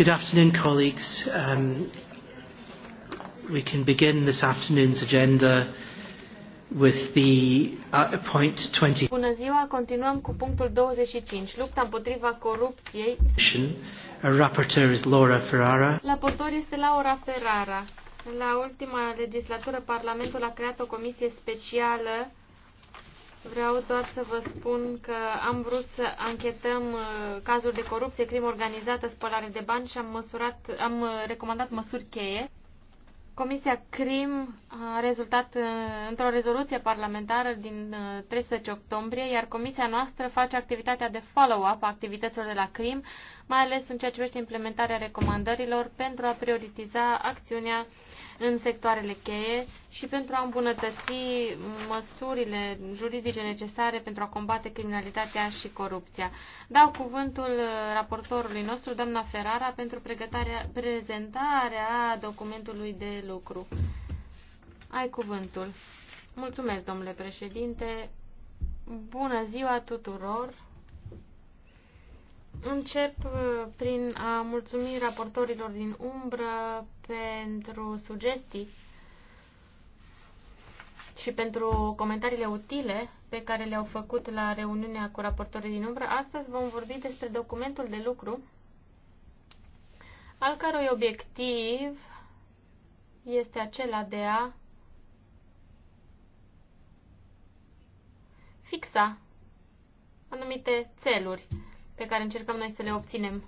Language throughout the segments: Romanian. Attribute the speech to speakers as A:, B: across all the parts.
A: Good afternoon, colleagues. Um, we can begin this afternoon's agenda
B: with the uh, point 20.
C: Bună ziua, continuăm cu punctul 25, lupta împotriva corupției.
B: A rapporteur is Laura Ferrara.
C: Raportor este Laura Ferrara. La ultima legislatură, Parlamentul a creat o comisie specială Vreau doar să vă spun că am vrut să anchetăm uh, cazuri de corupție, crimă organizată, spălare de bani și am, măsurat, am uh, recomandat măsuri cheie. Comisia CRIM a rezultat uh, într-o rezoluție parlamentară din 13 octombrie, iar comisia noastră face activitatea de follow-up a activităților de la CRIM, mai ales în ceea ce privește implementarea recomandărilor pentru a prioritiza acțiunea în sectoarele cheie și pentru a îmbunătăți măsurile juridice necesare pentru a combate criminalitatea și corupția. Dau cuvântul uh, raportorului nostru, doamna Ferrara, pentru prezentarea documentului de lucru. Ai cuvântul. Mulțumesc, domnule președinte. Bună ziua tuturor! Încep uh, prin a mulțumi raportorilor din umbră pentru sugestii și pentru comentariile utile pe care le-au făcut la reuniunea cu raportorii din umbră. Astăzi vom vorbi despre documentul de lucru al cărui obiectiv este acela de a fixa anumite țeluri pe care încercăm noi să le obținem.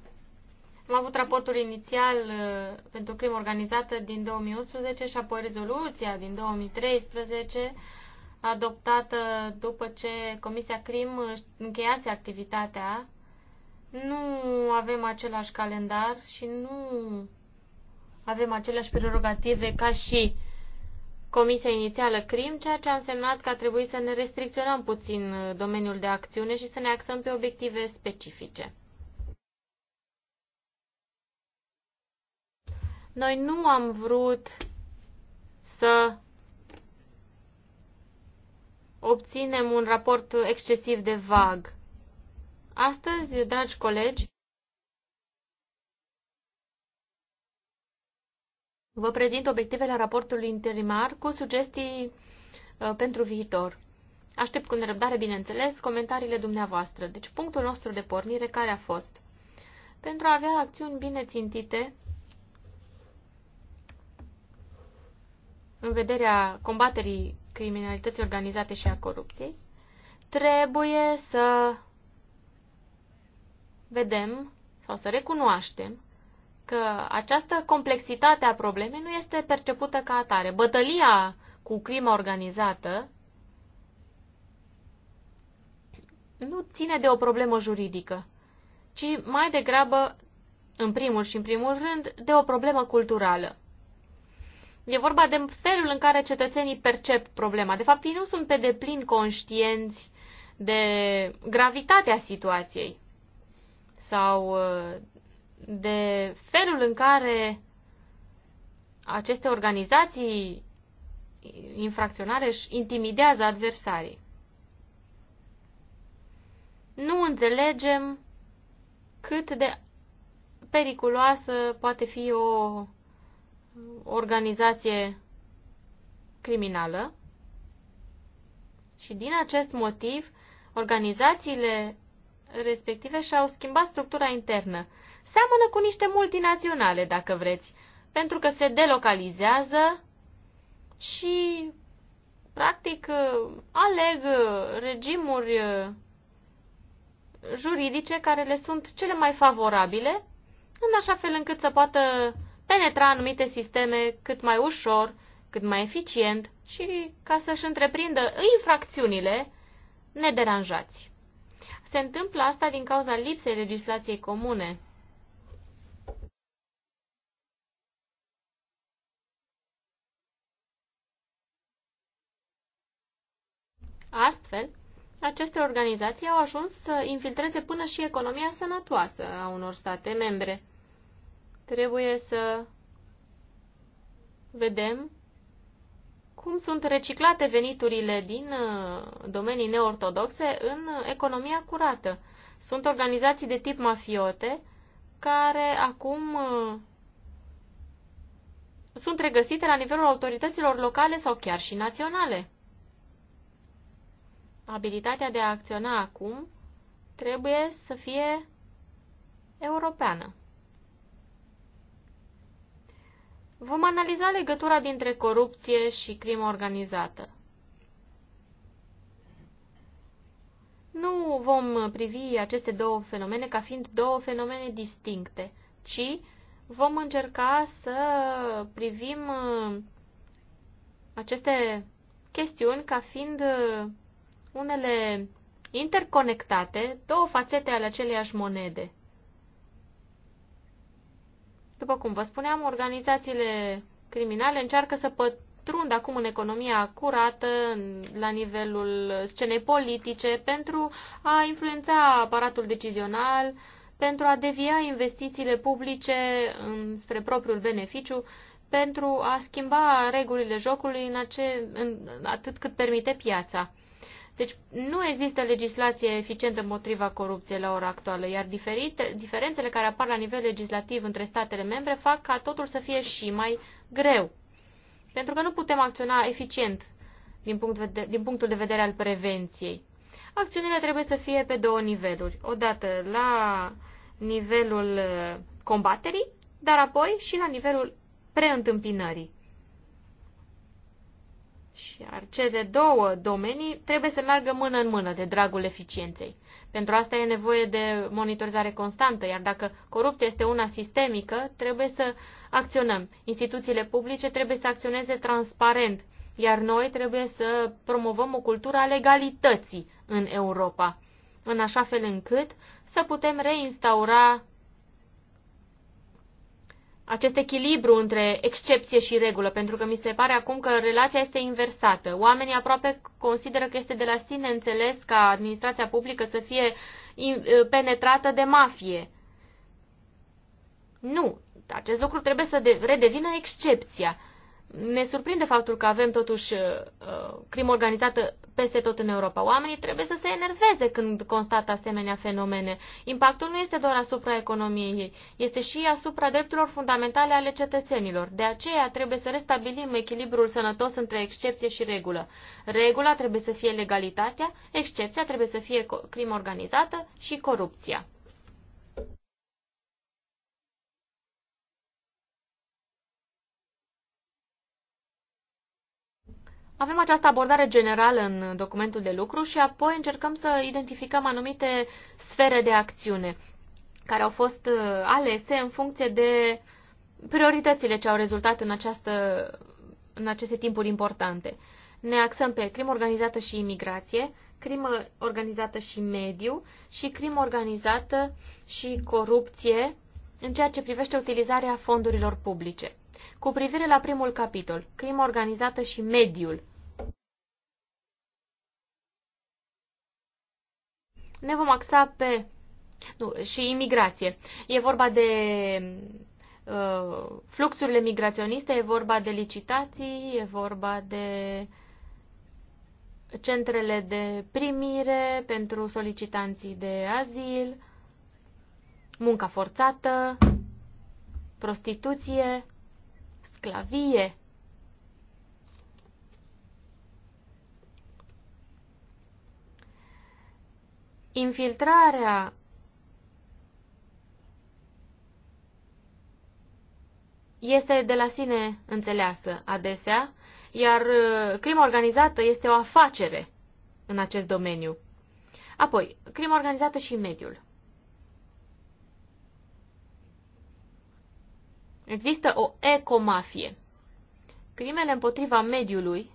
C: Am avut raportul inițial uh, pentru crimă organizată din 2011 și apoi rezoluția din 2013 adoptată după ce Comisia Crim încheiase activitatea. Nu avem același calendar și nu avem aceleași prerogative ca și uh, Comisia inițială CRIM, ceea ce a însemnat că a trebuit să ne restricționăm puțin uh, domeniul de acțiune și să ne axăm pe obiective specifice. Noi nu am vrut să obținem un raport excesiv de vag. Astăzi, dragi colegi, Vă prezint obiectivele raportului interimar cu sugestii uh, pentru viitor. Aștept cu nerăbdare, bineînțeles, comentariile dumneavoastră. Deci punctul nostru de pornire care a fost? Pentru a avea acțiuni bine țintite în vederea combaterii criminalității organizate și a corupției, trebuie să vedem sau să recunoaștem că această complexitate a problemei nu este percepută ca atare. Bătălia cu crima organizată nu ține de o problemă juridică, ci mai degrabă, în primul și în primul rând, de o problemă culturală. E vorba de felul în care cetățenii percep problema. De fapt, ei nu sunt pe deplin conștienți de gravitatea situației sau uh, de felul în care aceste organizații infracționale își intimidează adversarii. Nu înțelegem cât de periculoasă poate fi o organizație criminală și din acest motiv organizațiile respective și-au schimbat structura internă. Seamănă cu niște multinaționale, dacă vreți, pentru că se delocalizează și, practic, aleg regimuri juridice care le sunt cele mai favorabile, în așa fel încât să poată penetra anumite sisteme cât mai ușor, cât mai eficient și ca să-și întreprindă infracțiunile nederanjați. Se întâmplă asta din cauza lipsei legislației comune. Astfel, aceste organizații au ajuns să infiltreze până și economia sănătoasă a unor state membre. Trebuie să vedem cum sunt reciclate veniturile din uh, domenii neortodoxe în economia curată. Sunt organizații de tip mafiote care acum uh, sunt regăsite la nivelul autorităților locale sau chiar și naționale abilitatea de a acționa acum trebuie să fie europeană. Vom analiza legătura dintre corupție și crimă organizată. Nu vom privi aceste două fenomene ca fiind două fenomene distincte, ci vom încerca să privim uh, aceste chestiuni ca fiind uh, unele interconectate, două fațete ale aceleiași monede. După cum vă spuneam, organizațiile criminale încearcă să pătrund acum în economia curată, la nivelul scenei politice, pentru a influența aparatul decizional, pentru a devia investițiile publice spre propriul beneficiu, pentru a schimba regulile jocului în ace... în... atât cât permite piața. Deci nu există legislație eficientă împotriva corupției la ora actuală, iar diferite, diferențele care apar la nivel legislativ între statele membre fac ca totul să fie și mai greu. Pentru că nu putem acționa eficient din, punct vede- din punctul de vedere al prevenției. Acțiunile trebuie să fie pe două niveluri. Odată la nivelul uh, combaterii, dar apoi și la nivelul preîntâmpinării. Și ar cele două domenii trebuie să meargă mână în mână de dragul eficienței. Pentru asta e nevoie de monitorizare constantă, iar dacă corupția este una sistemică, trebuie să acționăm. Instituțiile publice trebuie să acționeze transparent, iar noi trebuie să promovăm o cultură a legalității în Europa, în așa fel încât să putem reinstaura acest echilibru între excepție și regulă, pentru că mi se pare acum că relația este inversată. Oamenii aproape consideră că este de la sine înțeles ca administrația publică să fie ă, penetrată de mafie. Nu, acest lucru trebuie să redevină excepția ne surprinde faptul că avem totuși uh, crimă organizată peste tot în Europa. Oamenii trebuie să se enerveze când constată asemenea fenomene. Impactul nu este doar asupra economiei ei, este și asupra drepturilor fundamentale ale cetățenilor. De aceea trebuie să restabilim echilibrul sănătos între excepție și regulă. Regula trebuie să fie legalitatea, excepția trebuie să fie crimă organizată și corupția. Avem această abordare generală în documentul de lucru și apoi încercăm să identificăm anumite sfere de acțiune care au fost uh, alese în funcție de prioritățile ce au rezultat în, această, în aceste timpuri importante. Ne axăm pe crimă organizată și imigrație, crimă organizată și mediu și crimă organizată și corupție în ceea ce privește utilizarea fondurilor publice. Cu privire la primul capitol, crimă organizată și mediul, Ne vom axa pe... Nu, și imigrație. E vorba de uh, fluxurile migraționiste, e vorba de licitații, e vorba de centrele de primire pentru solicitanții de azil, munca forțată, prostituție, sclavie. infiltrarea este de la sine înțeleasă adesea, iar uh, crima organizată este o afacere în acest domeniu. Apoi, crima organizată și mediul. Există o ecomafie. Crimele împotriva mediului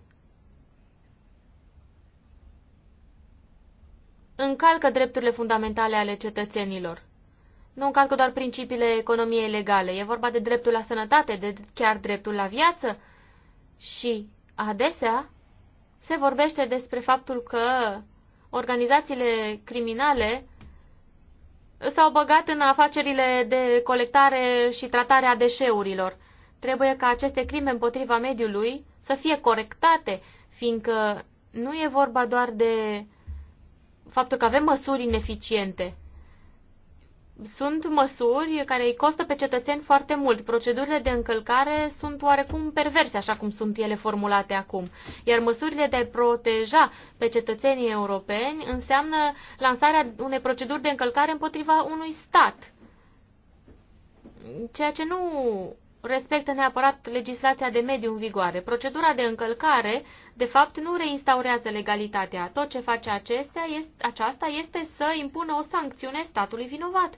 C: încalcă drepturile fundamentale ale cetățenilor. Nu încalcă doar principiile economiei legale, e vorba de dreptul la sănătate, de chiar dreptul la viață și adesea se vorbește despre faptul că organizațiile criminale s-au băgat în afacerile de colectare și tratare a deșeurilor. Trebuie ca aceste crime împotriva mediului să fie corectate, fiindcă nu e vorba doar de faptul că avem măsuri ineficiente. Sunt măsuri care îi costă pe cetățeni foarte mult. Procedurile de încălcare sunt oarecum perverse, așa cum sunt ele formulate acum. Iar măsurile de a proteja pe cetățenii europeni înseamnă lansarea unei proceduri de încălcare împotriva unui stat. Ceea ce nu respectă neapărat legislația de mediu în vigoare. Procedura de încălcare, de fapt, nu reinstaurează legalitatea. Tot ce face acestea este, aceasta este să impună o sancțiune statului vinovat.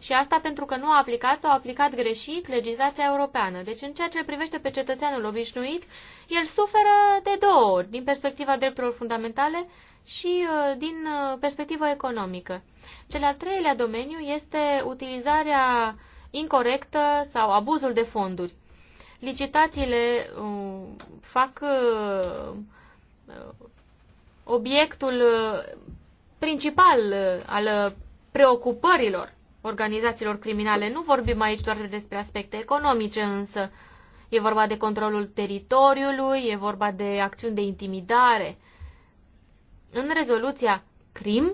C: Și asta pentru că nu a aplicat sau a aplicat greșit legislația europeană. Deci în ceea ce privește pe cetățeanul obișnuit, el suferă de două ori, din perspectiva drepturilor fundamentale și uh, din uh, perspectiva economică. Cel al treilea domeniu este utilizarea incorrectă sau abuzul de fonduri. Licitațiile uh, fac uh, obiectul uh, principal al preocupărilor organizațiilor criminale. Nu vorbim aici doar despre aspecte economice, însă e vorba de controlul teritoriului, e vorba de acțiuni de intimidare. În rezoluția CRIM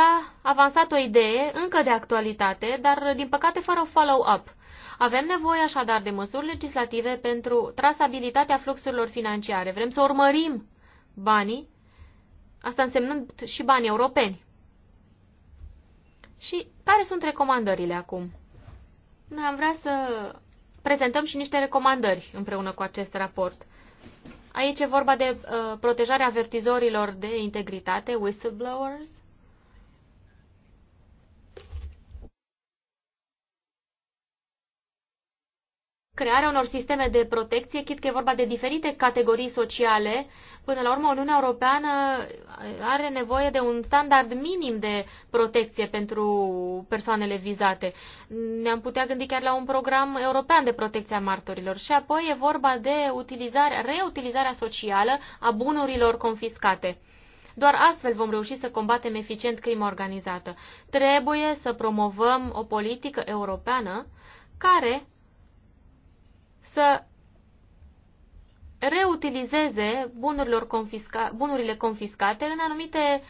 C: a avansat o idee încă de actualitate, dar din păcate fără follow-up. Avem nevoie așadar de măsuri legislative pentru trasabilitatea fluxurilor financiare. Vrem să urmărim banii, asta însemnând și bani europeni. Și care sunt recomandările acum? Noi am vrea să prezentăm și niște recomandări împreună cu acest raport. Aici e vorba de uh, protejarea avertizorilor de integritate, whistleblowers, crearea unor sisteme de protecție, chit că e vorba de diferite categorii sociale. Până la urmă, Uniunea Europeană are nevoie de un standard minim de protecție pentru persoanele vizate. Ne-am putea gândi chiar la un program european de protecție a martorilor. Și apoi e vorba de utilizarea, reutilizarea socială a bunurilor confiscate. Doar astfel vom reuși să combatem eficient crima organizată. Trebuie să promovăm o politică europeană care să reutilizeze bunurilor confisca, bunurile confiscate în anumite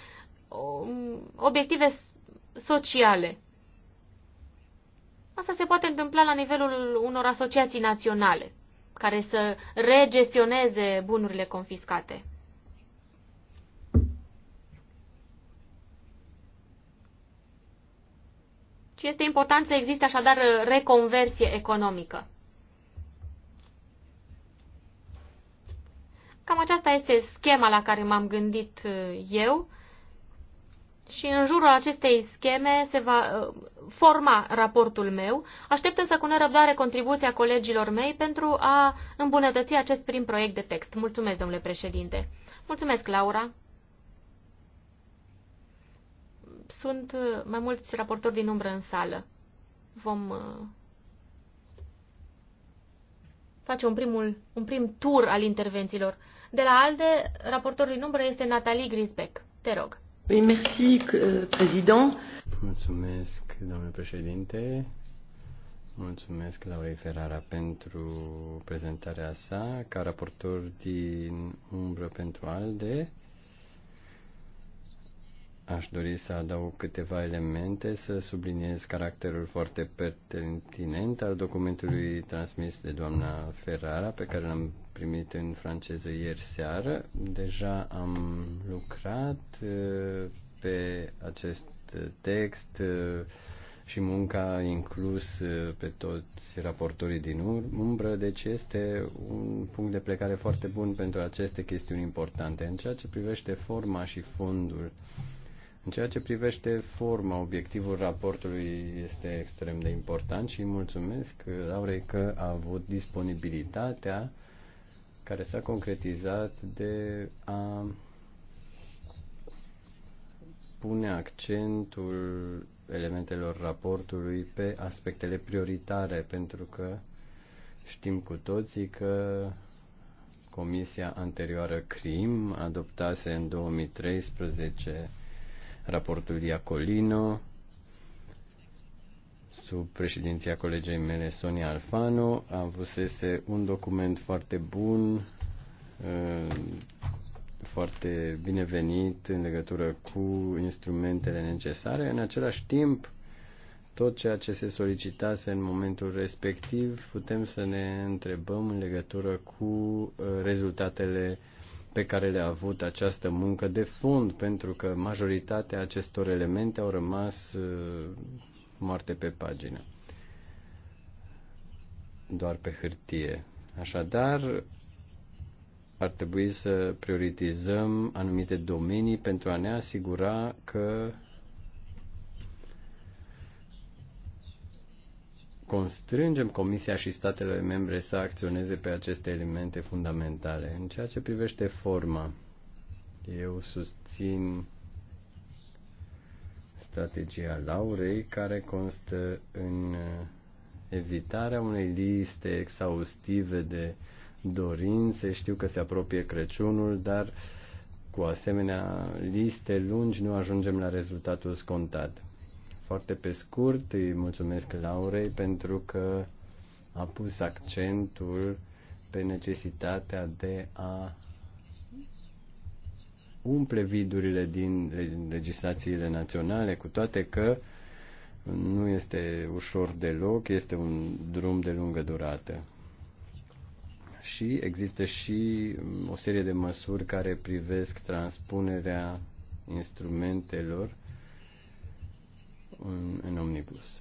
C: um, obiective sociale. Asta se poate întâmpla la nivelul unor asociații naționale care să regestioneze bunurile confiscate. Și este important să existe așadar reconversie economică. Cam aceasta este schema la care m-am gândit uh, eu și în jurul acestei scheme se va uh, forma raportul meu. Aștept însă cu nerăbdare contribuția colegilor mei pentru a îmbunătăți acest prim proiect de text. Mulțumesc, domnule președinte. Mulțumesc, Laura. Sunt uh, mai mulți raportori din umbră în sală. Vom face un, primul, un prim tur al intervențiilor. De la ALDE, raportorul în umbră este Natalie Grisbeck. Te rog.
B: Merci, euh, président. Mulțumesc, domnule președinte. Mulțumesc, Laurei Ferrara, pentru prezentarea sa ca raportor din umbră pentru ALDE. Aș dori să adaug câteva elemente, să subliniez caracterul foarte pertinent al documentului transmis de doamna Ferrara, pe care l-am primit în franceză ieri seară. Deja am lucrat uh, pe acest text uh, și munca inclus uh, pe toți raportorii din umbră, deci este un punct de plecare foarte bun pentru aceste chestiuni importante. În ceea ce privește forma și fondul, uh, în ceea ce privește forma, obiectivul raportului este extrem de important și îi mulțumesc Laurei că a avut disponibilitatea care s-a concretizat de a pune accentul elementelor raportului pe aspectele prioritare, pentru că știm cu toții că comisia anterioară CRIM adoptase în 2013 raportul Iacolino, sub președinția colegei mele Sonia Alfano, avusese un document foarte bun, uh, foarte binevenit în legătură cu instrumentele necesare. În același timp, tot ceea ce se solicitase în momentul respectiv, putem să ne întrebăm în legătură cu uh, rezultatele pe care le-a avut această muncă de fond, pentru că majoritatea acestor elemente au rămas uh, moarte pe pagină, doar pe hârtie. Așadar, ar trebui să prioritizăm anumite domenii pentru a ne asigura că constrângem Comisia și statele membre să acționeze pe aceste elemente fundamentale. În ceea ce privește forma, eu susțin strategia Laurei, care constă în uh, evitarea unei liste exhaustive de dorințe. Știu că se apropie Crăciunul, dar cu asemenea liste lungi nu ajungem la rezultatul scontat. Foarte pe scurt, îi mulțumesc Laurei pentru că a pus accentul pe necesitatea de a umple vidurile din legislațiile naționale, cu toate că nu este ușor deloc, este un drum de lungă durată. Și există și o serie de măsuri care privesc transpunerea instrumentelor în, în omnibus.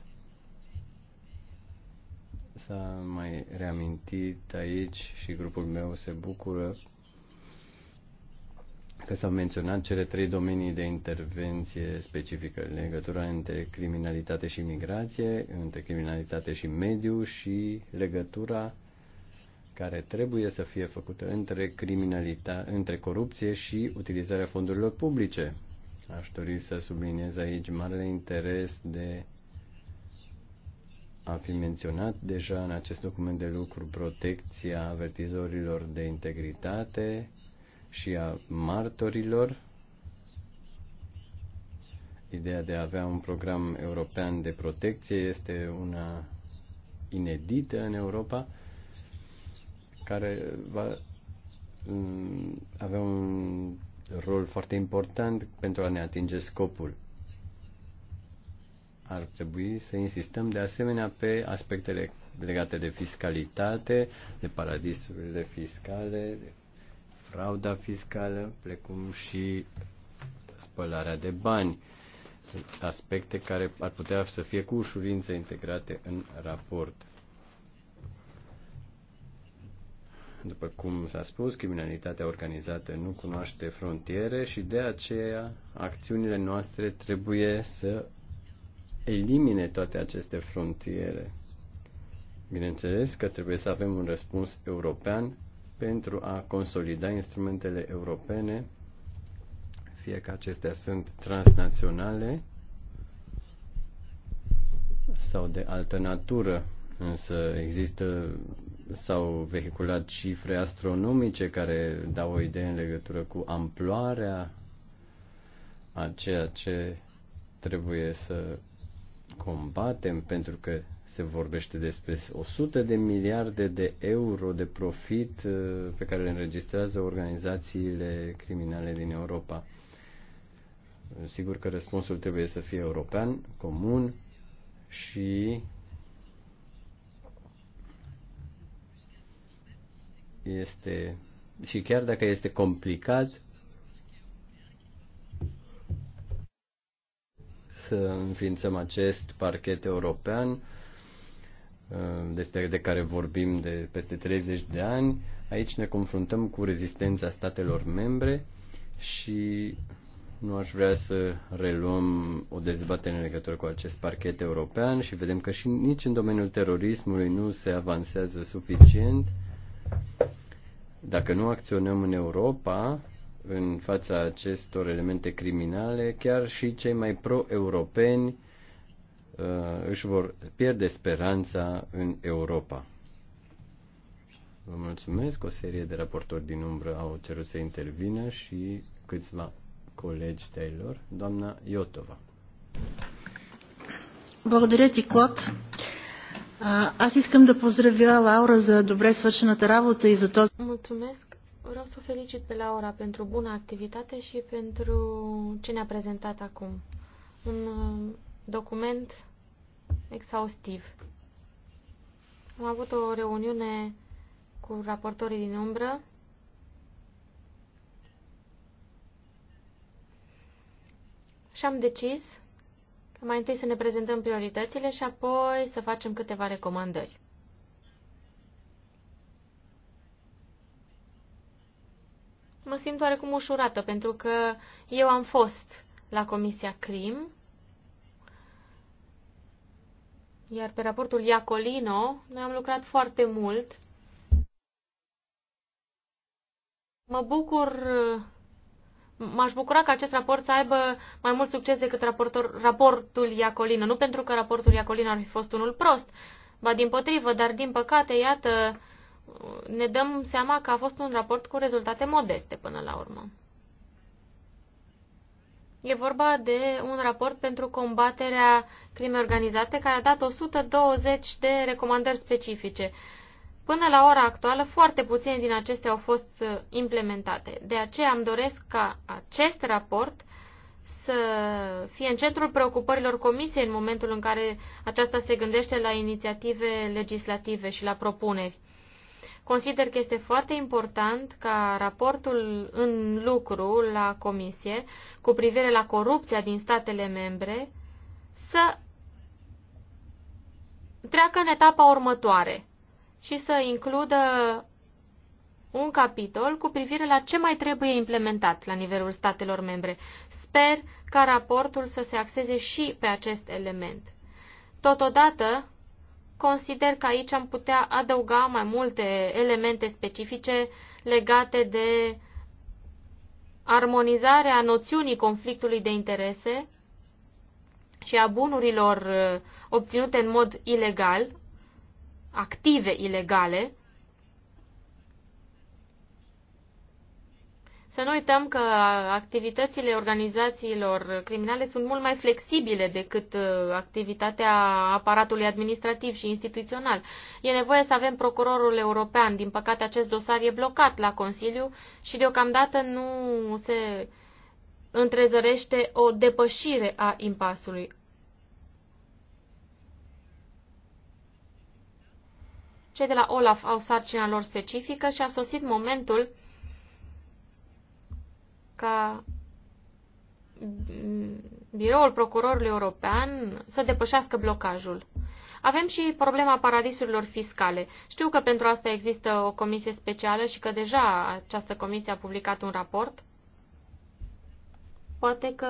B: S-a mai reamintit aici și grupul meu se bucură că s-au menționat cele trei domenii de intervenție specifică, legătura între criminalitate și migrație, între criminalitate și mediu și legătura care trebuie să fie făcută între, criminalita- între corupție și utilizarea fondurilor publice. Aș dori să subliniez aici marele interes de a fi menționat deja în acest document de lucru protecția avertizorilor de integritate și a martorilor, ideea de a avea un program european de protecție este una inedită în Europa, care va mm, avea un rol foarte important pentru a ne atinge scopul. Ar trebui să insistăm de asemenea pe aspectele legate de fiscalitate, de paradisurile fiscale, de frauda fiscală, precum și spălarea de bani, aspecte care ar putea să fie cu ușurință integrate în raport. După cum s-a spus, criminalitatea organizată nu cunoaște frontiere și de aceea acțiunile noastre trebuie să elimine toate aceste frontiere. Bineînțeles că trebuie să avem un răspuns european pentru a consolida instrumentele europene, fie că acestea sunt transnaționale sau de altă natură. Însă există, s-au vehiculat cifre astronomice care dau o idee în legătură cu amploarea a ceea ce trebuie să combatem, pentru că se vorbește despre 100 de miliarde de euro de profit uh, pe care le înregistrează organizațiile criminale din Europa. Sigur că răspunsul trebuie să fie european, comun și este și chiar dacă este complicat să înființăm acest parchet european uh, de care vorbim de peste 30 de ani, aici ne confruntăm cu rezistența statelor membre și nu aș vrea să reluăm o dezbatere în legătură cu acest parchet european și vedem că și nici în domeniul terorismului nu se avansează suficient. Dacă nu acționăm în Europa, în fața acestor elemente criminale, chiar și cei mai pro-europeni uh, își vor pierde speranța în Europa. Vă mulțumesc. O serie de raportori din umbră au cerut să intervină și câțiva colegi de lor. Doamna Iotova.
C: Благодаря ти, Аз искам да поздравя Лаура за добре свършената работа и за този... Mulțumesc! Vreau să o felicit pe Laura pentru bună activitate și pentru ce ne-a prezentat acum. Un uh, document exhaustiv. Am avut o reuniune cu raportorii din umbră și am decis mai întâi să ne prezentăm prioritățile și apoi să facem câteva recomandări. Mă simt oarecum ușurată pentru că eu am fost la Comisia CRIM, iar pe raportul Iacolino noi am lucrat foarte mult. Mă bucur M-aș bucura ca acest raport să aibă mai mult succes decât raportor, raportul Iacolino. Nu pentru că raportul Iacolino ar fi fost unul prost, ba din potrivă, dar din păcate, iată, ne dăm seama că a fost un raport cu rezultate modeste până la urmă. E vorba de un raport pentru combaterea crimei organizate care a dat 120 de recomandări specifice. Până la ora actuală, foarte puține din acestea au fost uh, implementate. De aceea îmi doresc ca acest raport să fie în centrul preocupărilor Comisiei în momentul în care aceasta se gândește la inițiative legislative și la propuneri. Consider că este foarte important ca raportul în lucru la Comisie cu privire la corupția din statele membre să treacă în etapa următoare – și să includă un capitol cu privire la ce mai trebuie implementat la nivelul statelor membre. Sper ca raportul să se axeze și pe acest element. Totodată, consider că aici am putea adăuga mai multe elemente specifice legate de armonizarea noțiunii conflictului de interese și a bunurilor uh, obținute în mod ilegal, active ilegale, Să nu uităm că activitățile organizațiilor criminale sunt mult mai flexibile decât uh, activitatea aparatului administrativ și instituțional. E nevoie să avem procurorul european. Din păcate, acest dosar e blocat la Consiliu și deocamdată nu se întrezărește o depășire a impasului. Cei de la Olaf au sarcina lor specifică și a sosit momentul ca biroul procurorului european să depășească blocajul. Avem și problema paradisurilor fiscale. Știu că pentru asta există o comisie specială și că deja această comisie a publicat un raport. Poate că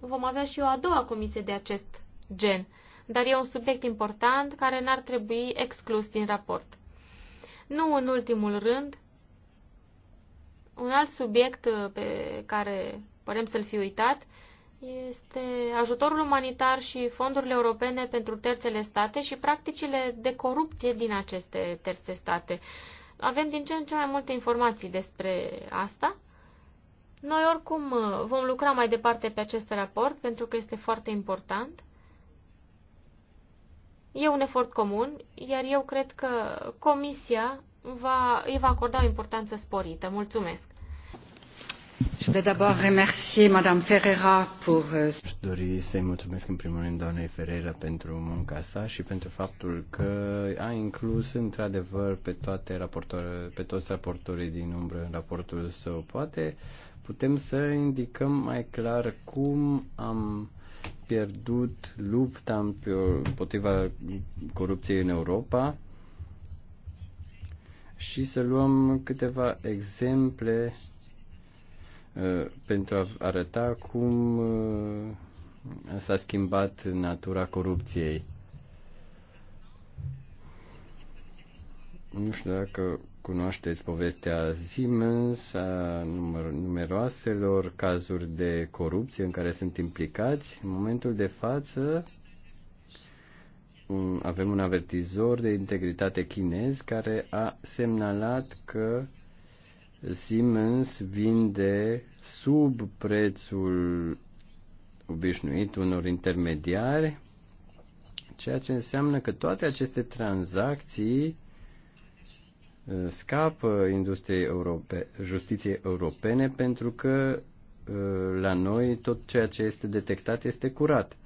C: vom avea și o a doua comisie de acest gen dar e un subiect important care n-ar trebui exclus din raport. Nu în ultimul rând, un alt subiect uh, pe care părem să-l fi uitat este ajutorul umanitar și fondurile europene pentru terțele state și practicile de corupție din aceste terțe state. Avem din ce în ce mai multe informații despre asta. Noi oricum uh, vom lucra mai departe pe acest raport pentru că este foarte important E un efort comun, iar eu cred că Comisia va, îi va acorda o importanță sporită. Mulțumesc!
A: Je voulais d'abord remercier Madame
B: Ferreira pour... Euh, Aș dori să-i mulțumesc în primul rând doamnei Ferreira pentru munca sa și pentru faptul că a inclus într-adevăr pe, toate pe toți raportorii din umbră în raportul său. Poate putem să indicăm mai clar cum am pierdut lupta împotriva corupției în Europa și să luăm câteva exemple uh, pentru a arăta cum uh, s-a schimbat natura corupției. Nu știu dacă Cunoașteți povestea Siemens, a numeroaselor cazuri de corupție în care sunt implicați. În momentul de față avem un avertizor de integritate chinez care a semnalat că Siemens vinde sub prețul obișnuit unor intermediari, ceea ce înseamnă că toate aceste tranzacții Uh, scapă industriei europe, justiției europene pentru că uh, la noi tot ceea ce este detectat este curat.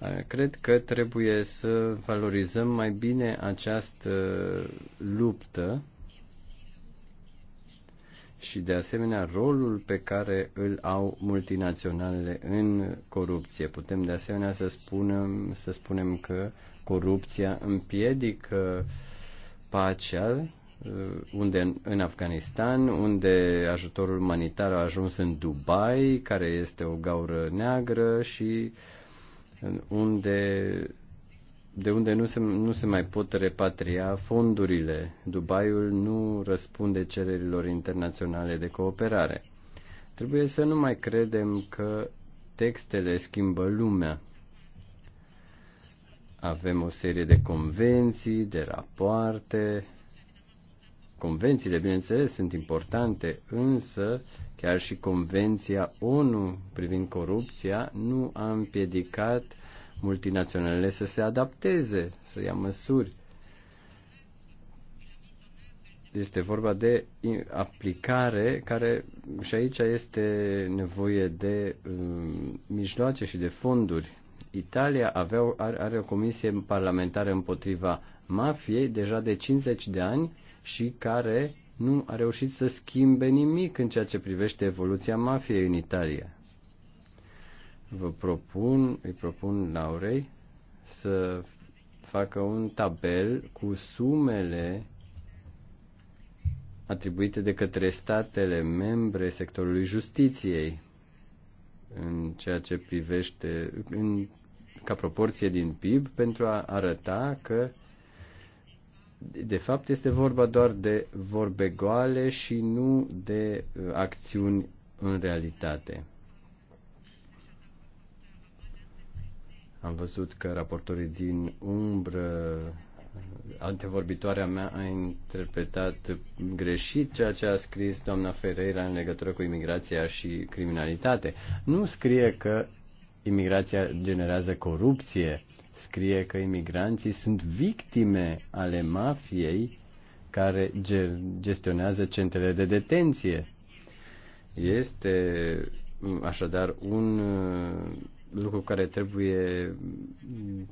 B: Uh, cred că trebuie să valorizăm mai bine această luptă și de asemenea rolul pe care îl au multinaționalele în corupție. Putem de asemenea să spunem, să spunem că corupția împiedică pacea Uh, unde în Afganistan, unde ajutorul umanitar a ajuns în Dubai, care este o gaură neagră și uh, unde de unde nu se, nu se mai pot repatria fondurile. Dubaiul nu răspunde cererilor internaționale de cooperare. Trebuie să nu mai credem că textele schimbă lumea. Avem o serie de convenții, de rapoarte, Convențiile, bineînțeles, sunt importante, însă chiar și Convenția ONU privind corupția nu a împiedicat multinaționalele să se adapteze, să ia măsuri. Este vorba de aplicare care și aici este nevoie de um, mijloace și de fonduri. Italia avea, are, are o comisie parlamentară împotriva mafiei deja de 50 de ani și care nu a reușit să schimbe nimic în ceea ce privește evoluția mafiei în Italia. Vă propun, îi propun Laurei să facă un tabel cu sumele atribuite de către statele membre sectorului justiției în ceea ce privește în, ca proporție din PIB pentru a arăta că de fapt este vorba doar de vorbe goale și nu de uh, acțiuni în realitate. Am văzut că raportorii din umbră, antevorbitoarea mea a interpretat greșit ceea ce a scris doamna Ferreira în legătură cu imigrația și criminalitate. Nu scrie că imigrația generează corupție Scrie că imigranții sunt victime ale mafiei care gestionează centrele de detenție. Este mm, așadar un uh, lucru care trebuie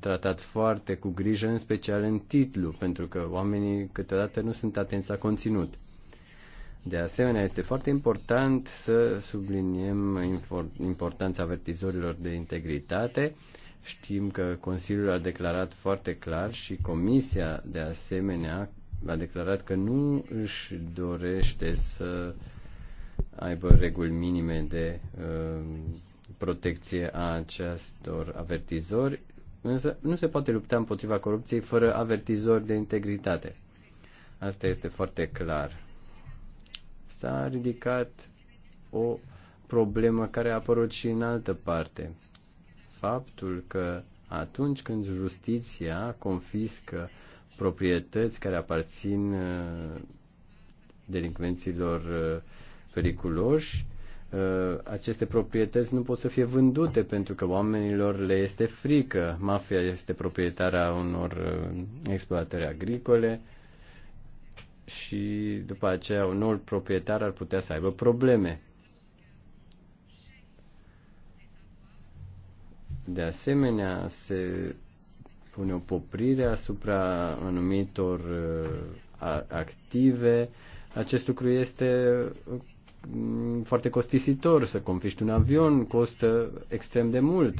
B: tratat foarte cu grijă, în special în titlu, pentru că oamenii câteodată nu sunt atenți la conținut. De asemenea, este foarte important să subliniem importanța avertizorilor de integritate Știm că Consiliul a declarat foarte clar și Comisia, de asemenea, a declarat că nu își dorește să aibă reguli minime de uh, protecție a acestor avertizori, însă nu se poate lupta împotriva corupției fără avertizori de integritate. Asta este foarte clar. S-a ridicat o problemă care a apărut și în altă parte faptul că atunci când justiția confiscă proprietăți care aparțin uh, delincvenților uh, periculoși, uh, aceste proprietăți nu pot să fie vândute pentru că oamenilor le este frică. Mafia este proprietarea unor exploatări agricole și după aceea un nou proprietar ar putea să aibă probleme. De asemenea, se pune o poprire asupra anumitor uh, active. Acest lucru este mm, foarte costisitor. Să confiști un avion costă extrem de mult.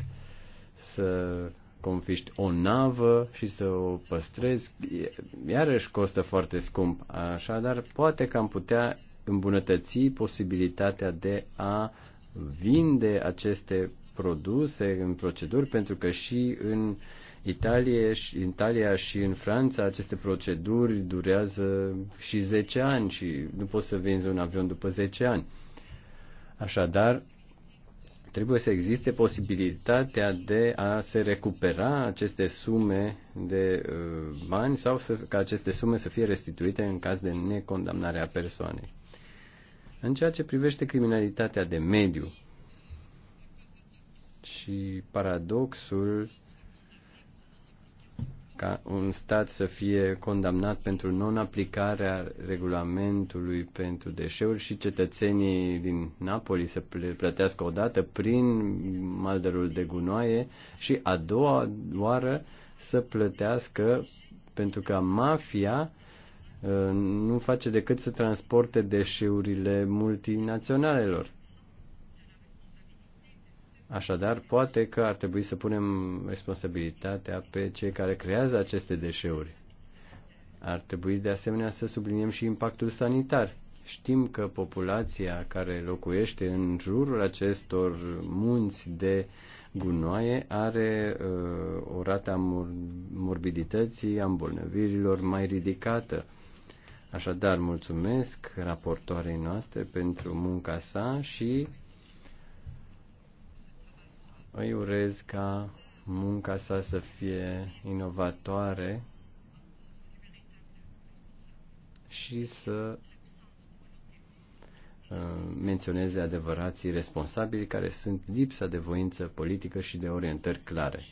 B: Să confiști o navă și să o păstrezi, iarăși costă foarte scump. Așadar, poate că am putea îmbunătăți posibilitatea de a vinde aceste produse, în proceduri, pentru că și în Italia și, în Italia și în Franța aceste proceduri durează și 10 ani și nu poți să vinzi un avion după 10 ani. Așadar, trebuie să existe posibilitatea de a se recupera aceste sume de uh, bani sau să, ca aceste sume să fie restituite în caz de necondamnare a persoanei. În ceea ce privește criminalitatea de mediu, și paradoxul ca un stat să fie condamnat pentru non-aplicarea regulamentului pentru deșeuri și cetățenii din Napoli să plătească o dată prin malderul de gunoaie și a doua oară să plătească pentru că mafia uh, nu face decât să transporte deșeurile multinaționalelor. Așadar, poate că ar trebui să punem responsabilitatea pe cei care creează aceste deșeuri. Ar trebui de asemenea să subliniem și impactul sanitar. Știm că populația care locuiește în jurul acestor munți de gunoaie are uh, o rată a mor- morbidității, a îmbolnăvirilor mai ridicată. Așadar, mulțumesc raportoarei noastre pentru munca sa și îi urez ca munca sa să fie inovatoare și să uh, menționeze adevărații responsabili care sunt lipsa de voință politică și de orientări clare.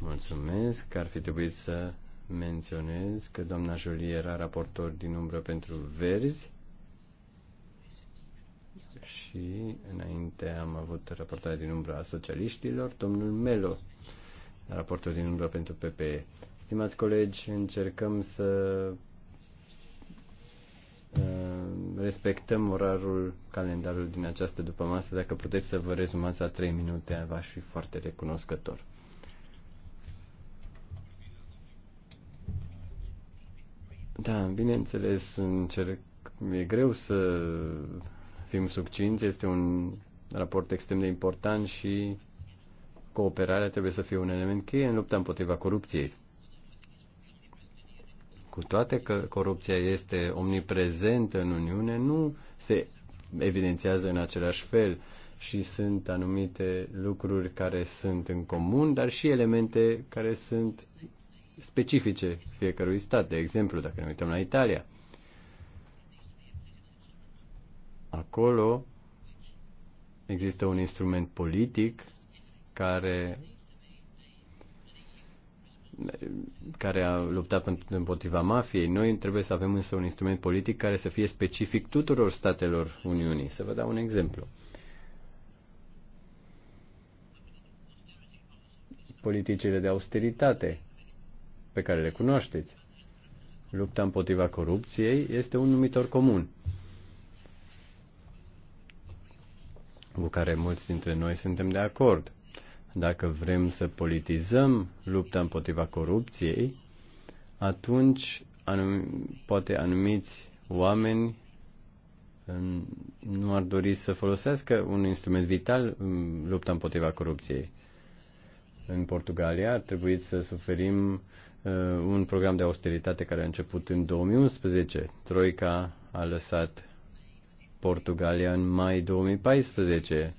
B: Mulțumesc că ar fi trebuit să menționez că doamna Jolie era raportor din umbră pentru Verzi și înainte am avut raportarea din umbra a socialiștilor, domnul Melo, raportul din umbra pentru PPE. Stimați colegi, încercăm să uh, respectăm orarul, calendarul din această după masă. Dacă puteți să vă rezumați la 3 minute, v-aș fi foarte recunoscător. Da, bineînțeles, încerc, e greu să fim succinți, este un raport extrem de important și cooperarea trebuie să fie un element cheie în lupta împotriva corupției. Cu toate că corupția este omniprezentă în Uniune, nu se evidențiază în același fel și sunt anumite lucruri care sunt în comun, dar și elemente care sunt specifice fiecărui stat. De exemplu, dacă ne uităm la Italia, Acolo există un instrument politic care care a luptat împotriva mafiei. Noi trebuie să avem însă un instrument politic care să fie specific tuturor statelor Uniunii. Să vă dau un exemplu. Politicile de austeritate pe care le cunoașteți. Lupta împotriva corupției este un numitor comun. cu care mulți dintre noi suntem de acord. Dacă vrem să politizăm lupta împotriva corupției, atunci anum, poate anumiți oameni nu ar dori să folosească un instrument vital în mm, lupta împotriva corupției. În Portugalia ar trebui să suferim uh, un program de austeritate care a început în 2011. Troica a lăsat Portugalia în mai 2014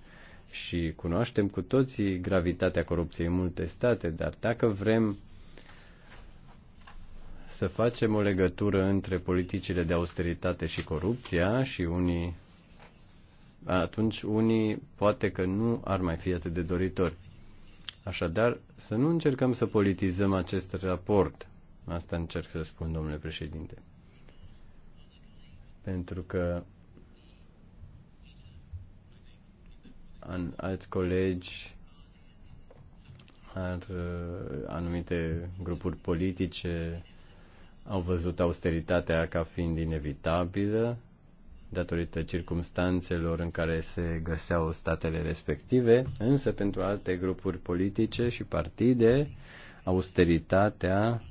B: și cunoaștem cu toții gravitatea corupției în multe state, dar dacă vrem să facem o legătură între politicile de austeritate și corupția și unii atunci unii poate că nu ar mai fi atât de doritori. Așadar, să nu încercăm să politizăm acest raport. Asta încerc să spun, domnule președinte. Pentru că an, alți colegi, ar, uh, anumite grupuri politice au văzut austeritatea ca fiind inevitabilă datorită circumstanțelor în care se găseau statele respective, însă pentru alte grupuri politice și partide, austeritatea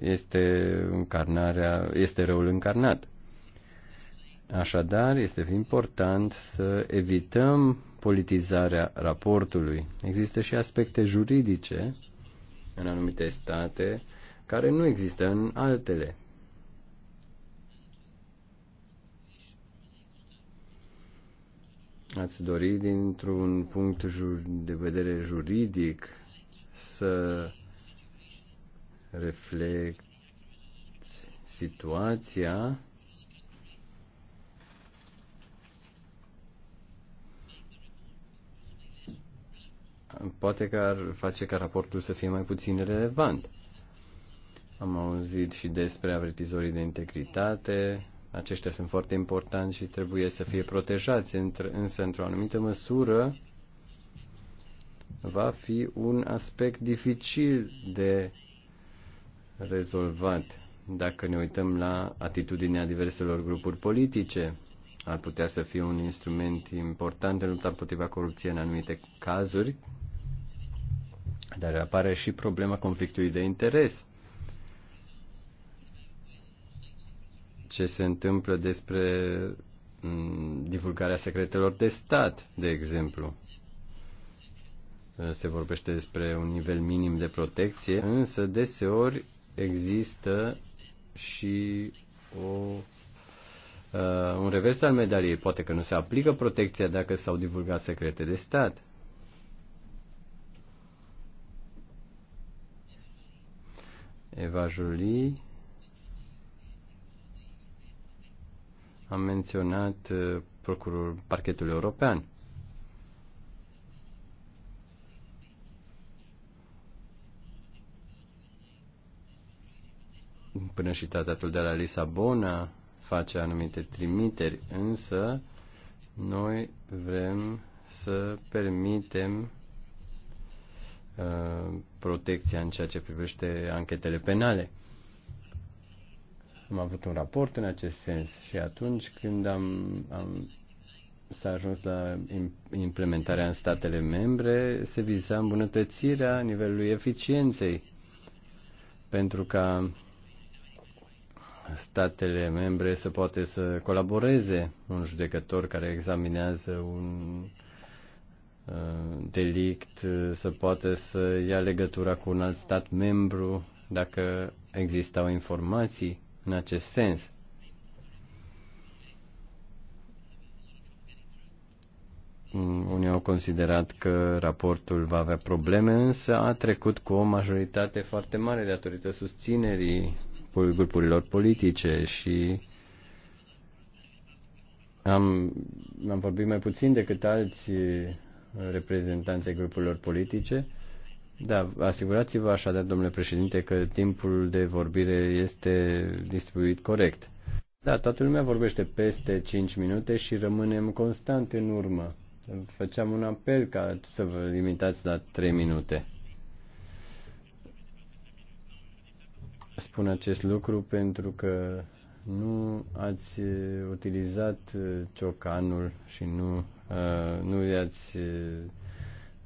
B: este încarnarea, este răul încarnat. Așadar, este important să evităm politizarea raportului. Există și aspecte juridice în anumite state care nu există în altele. Ați dori dintr-un punct de vedere juridic să reflect situația poate că ar face ca raportul să fie mai puțin relevant. Am auzit și despre avertizorii de integritate. Aceștia sunt foarte importanti și trebuie să fie protejați, însă, într-o anumită măsură, va fi un aspect dificil de rezolvat. Dacă ne uităm la atitudinea diverselor grupuri politice, ar putea să fie un instrument important în lupta împotriva corupției în anumite cazuri, dar apare și problema conflictului de interes. Ce se întâmplă despre divulgarea secretelor de stat, de exemplu. Se vorbește despre un nivel minim de protecție, însă deseori există și o, uh, un revers al medaliei. Poate că nu se aplică protecția dacă s-au divulgat secrete de stat. Eva Jolie a menționat uh, procurorul parchetului european. Până și tratatul de la Lisabona face anumite trimiteri, însă noi vrem să permitem uh, protecția în ceea ce privește anchetele penale. Am avut un raport în acest sens și atunci când am, am s-a ajuns la implementarea în statele membre, se viza îmbunătățirea nivelului eficienței pentru ca statele membre să poate să colaboreze un judecător care examinează un Uh, delict uh, să poată să ia legătura cu un alt stat membru dacă existau informații în acest sens. Unii au considerat că raportul va avea probleme, însă a trecut cu o majoritate foarte mare datorită susținerii grupurilor politice și am, am vorbit mai puțin decât alți reprezentanței grupurilor politice. Da, asigurați-vă așadar, domnule președinte, că timpul de vorbire este distribuit corect. Da, toată lumea vorbește peste 5 minute și rămânem constant în urmă. Făceam un apel ca să vă limitați la 3 minute. Spun acest lucru pentru că nu ați utilizat ciocanul și nu Uh, nu le-ați uh,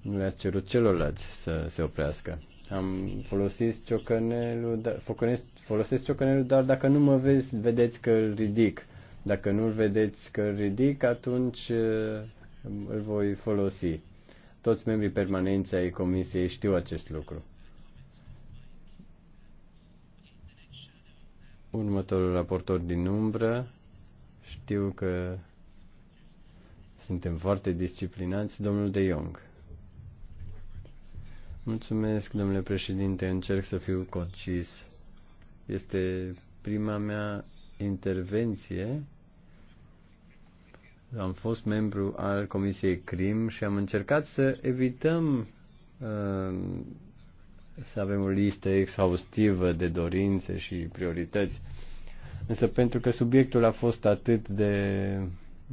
B: nu le-ați cerut celorlalți să se oprească. Am folosit dar, folosesc ciocănelul, dar dacă nu mă vezi, vedeți că îl ridic. Dacă nu vedeți că îl ridic, atunci uh, îl voi folosi. Toți membrii permanenți ai comisiei știu acest lucru. Următorul raportor din umbră știu că suntem foarte disciplinați, domnul De Jong. Mulțumesc, domnule președinte, încerc să fiu concis. Este prima mea intervenție. Am fost membru al Comisiei CRIM și am încercat să evităm uh, să avem o listă exhaustivă de dorințe și priorități. Însă pentru că subiectul a fost atât de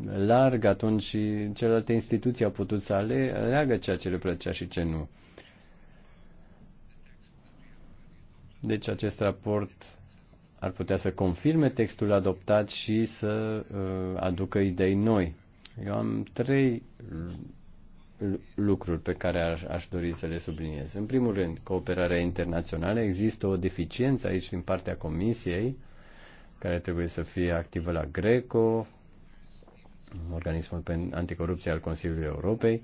B: larg atunci și celelalte instituții au putut să aleagă ceea ce le plăcea și ce nu. Deci acest raport ar putea să confirme textul adoptat și să uh, aducă idei noi. Eu am trei lucruri pe care aș, aș dori să le subliniez. În primul rând, cooperarea internațională. Există o deficiență aici din partea Comisiei, care trebuie să fie activă la Greco, organismul anticorupție al Consiliului Europei,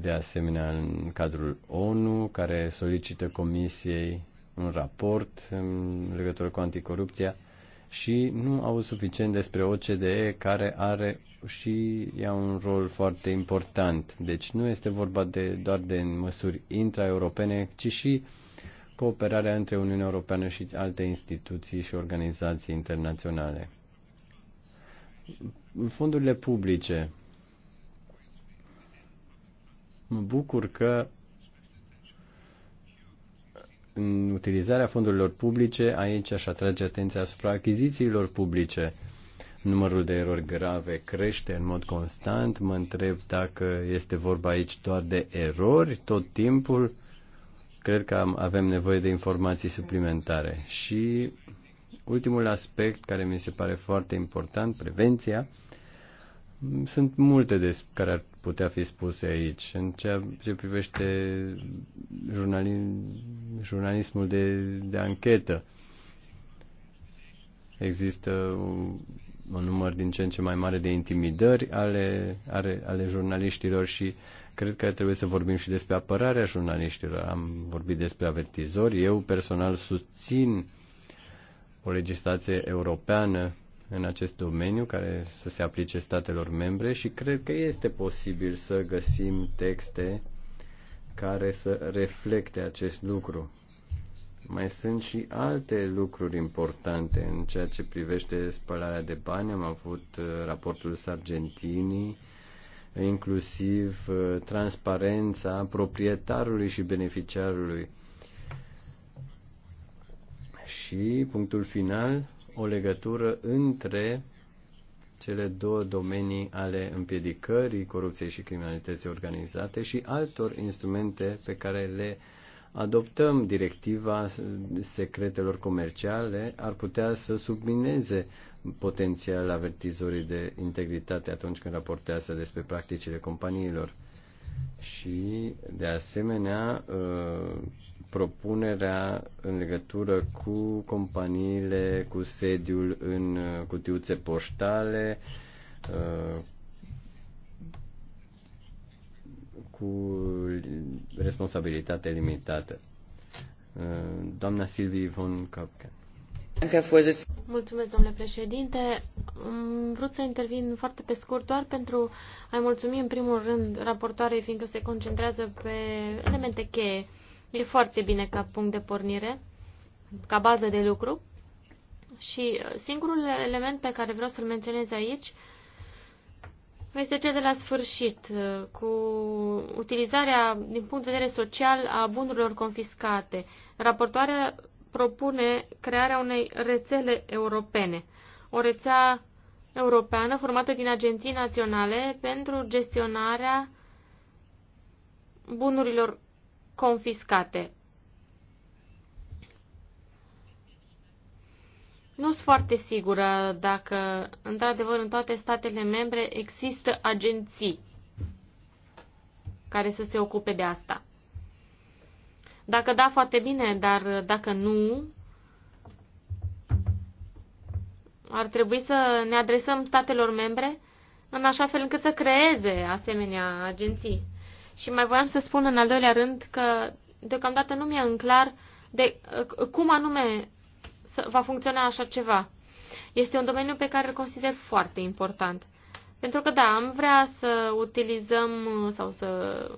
B: de asemenea în cadrul ONU, care solicită Comisiei un raport în legătură cu anticorupția și nu au suficient despre OCDE, care are și ea un rol foarte important. Deci nu este vorba de, doar de măsuri intraeuropene, ci și cooperarea între Uniunea Europeană și alte instituții și organizații internaționale fondurile publice. Mă bucur că în utilizarea fondurilor publice, aici aș atrage atenția asupra achizițiilor publice. Numărul de erori grave crește în mod constant. Mă întreb dacă este vorba aici doar de erori tot timpul. Cred că avem nevoie de informații suplimentare. Și Ultimul aspect care mi se pare foarte important, prevenția. Sunt multe de care ar putea fi spuse aici. În ceea ce privește jurnali- jurnalismul de, de anchetă, există un, un număr din ce în ce mai mare de intimidări ale, ale, ale jurnaliștilor și cred că trebuie să vorbim și despre apărarea jurnaliștilor. Am vorbit despre avertizori. Eu personal susțin uh, o legislație europeană în acest domeniu care să se aplice statelor membre și cred că este posibil să găsim texte care să reflecte acest lucru. Mai sunt și alte lucruri importante în ceea ce privește spălarea de bani. Am avut uh, raportul Sargentinii, inclusiv uh, transparența proprietarului și beneficiarului și punctul final, o legătură între cele două domenii ale împiedicării corupției și criminalității organizate și altor instrumente pe care le adoptăm. Directiva secretelor comerciale ar putea să submineze potențial avertizorii de integritate atunci când raportează despre practicile companiilor. Și, de asemenea, uh, propunerea în legătură cu companiile cu sediul în uh, cutiuțe poștale, uh, cu responsabilitate limitată. Uh, doamna Silvii von Kapken.
C: Mulțumesc, domnule președinte. Am vrut să intervin foarte pe scurt doar pentru a-i mulțumi în primul rând raportoarei, fiindcă se concentrează pe elemente cheie E foarte bine ca punct de pornire, ca bază de lucru. Și uh, singurul element pe care vreau să-l menționez aici este cel de la sfârșit, uh, cu utilizarea din punct de vedere social a bunurilor confiscate. Raportoarea propune crearea unei rețele europene, o rețea europeană formată din agenții naționale pentru gestionarea bunurilor confiscate. Nu sunt foarte sigură dacă, într-adevăr, în toate statele membre există agenții care să se ocupe de asta. Dacă da, foarte bine, dar dacă nu, ar trebui să ne adresăm statelor membre în așa fel încât să creeze asemenea agenții. Și mai voiam să spun în al doilea rând că deocamdată nu mi-e în clar de uh, cum anume va funcționa așa ceva. Este un domeniu pe care îl consider foarte important. Pentru că, da, am vrea să utilizăm sau să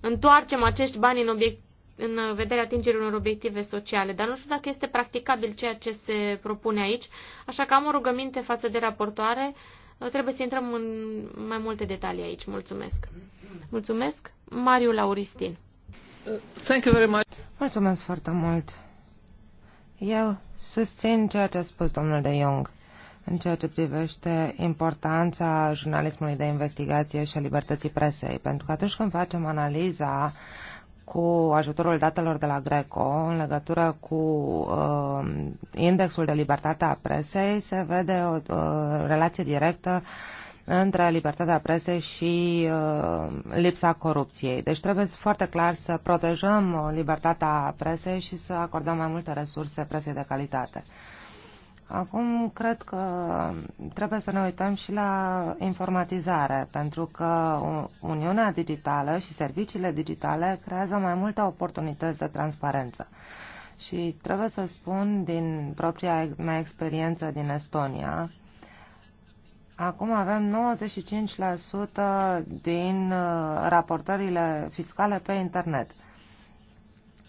C: întoarcem acești bani în, obiect, în vederea atingerii unor obiective sociale, dar nu știu dacă este practicabil ceea ce se propune aici, așa că am o rugăminte față de raportoare. Trebuie să intrăm în mai multe detalii aici. Mulțumesc. Mulțumesc. Mariu Lauristin. Thank you
A: very much. Mulțumesc foarte mult. Eu susțin ceea ce a spus domnul de Jong în ceea ce privește importanța jurnalismului de investigație și a libertății presei, pentru că atunci când facem analiza cu ajutorul datelor de la Greco în legătură cu uh, indexul de libertate a presei, se vede o uh, relație directă uh, între libertatea presei și uh, lipsa corupției. Deci trebuie foarte clar să protejăm uh, libertatea presei și să acordăm mai multe resurse presei de calitate. Acum cred că trebuie să ne uităm și la informatizare, pentru că Uniunea Digitală și serviciile digitale creează mai multe oportunități de transparență. Și trebuie să spun din propria mea experiență din Estonia, Acum avem 95% din uh, raportările fiscale pe internet.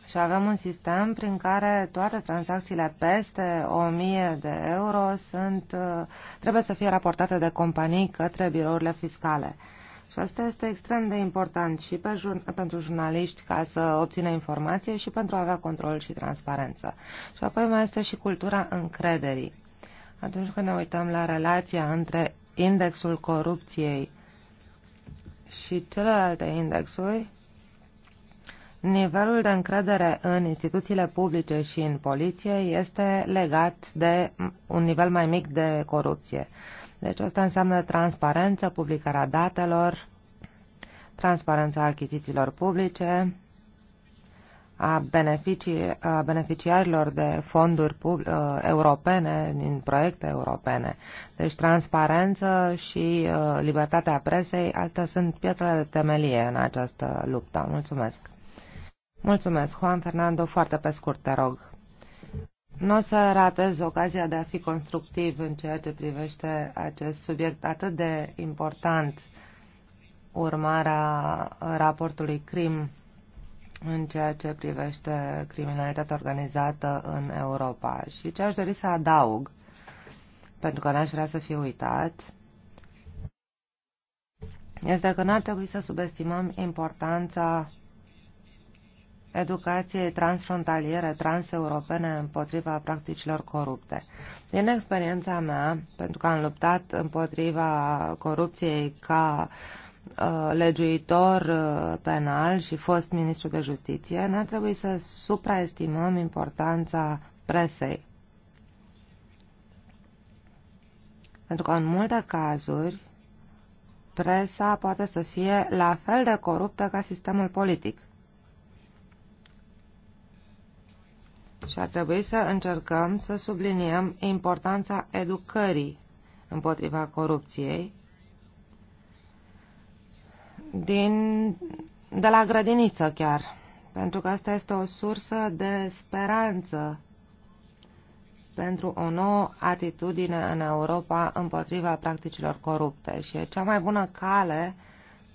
A: Și avem un sistem prin care toate tranzacțiile peste 1000 de euro sunt, uh, trebuie să fie raportate de companii către birourile fiscale. Și asta este extrem de important și pe jur- pentru jurnaliști ca să obțină informație și pentru a avea control și transparență. Și apoi mai este și cultura încrederii atunci când ne uităm la relația între indexul corupției și celelalte indexuri, nivelul de încredere în instituțiile publice și în poliție este legat de un nivel mai mic de corupție. Deci asta înseamnă transparență, publicarea datelor, transparența achizițiilor publice, a, beneficii, a beneficiarilor de fonduri uh, europene, din proiecte europene. Deci transparență și uh, libertatea presei, astea sunt pietrele de temelie în această luptă. Mulțumesc! Mulțumesc, Juan Fernando, foarte pe scurt, te rog. Nu o să ratez ocazia de a fi constructiv în ceea ce privește acest subiect atât de important, urmarea raportului CRIM în ceea ce privește criminalitatea organizată în Europa. Și ce aș dori să adaug, pentru că n-aș vrea să fiu uitat, este că n-ar trebui să subestimăm importanța educației transfrontaliere, transeuropene împotriva practicilor corupte. Din experiența mea, pentru că am luptat împotriva corupției ca uh, Uh, legiuitor uh, penal și fost ministru de justiție, n-ar trebui să supraestimăm importanța presei. Pentru că în multe cazuri presa poate să fie la fel de coruptă ca sistemul politic. Și ar trebui să încercăm să subliniem importanța educării împotriva corupției din, de la grădiniță chiar, pentru că asta este o sursă de speranță pentru o nouă atitudine în Europa împotriva practicilor corupte și e cea mai bună cale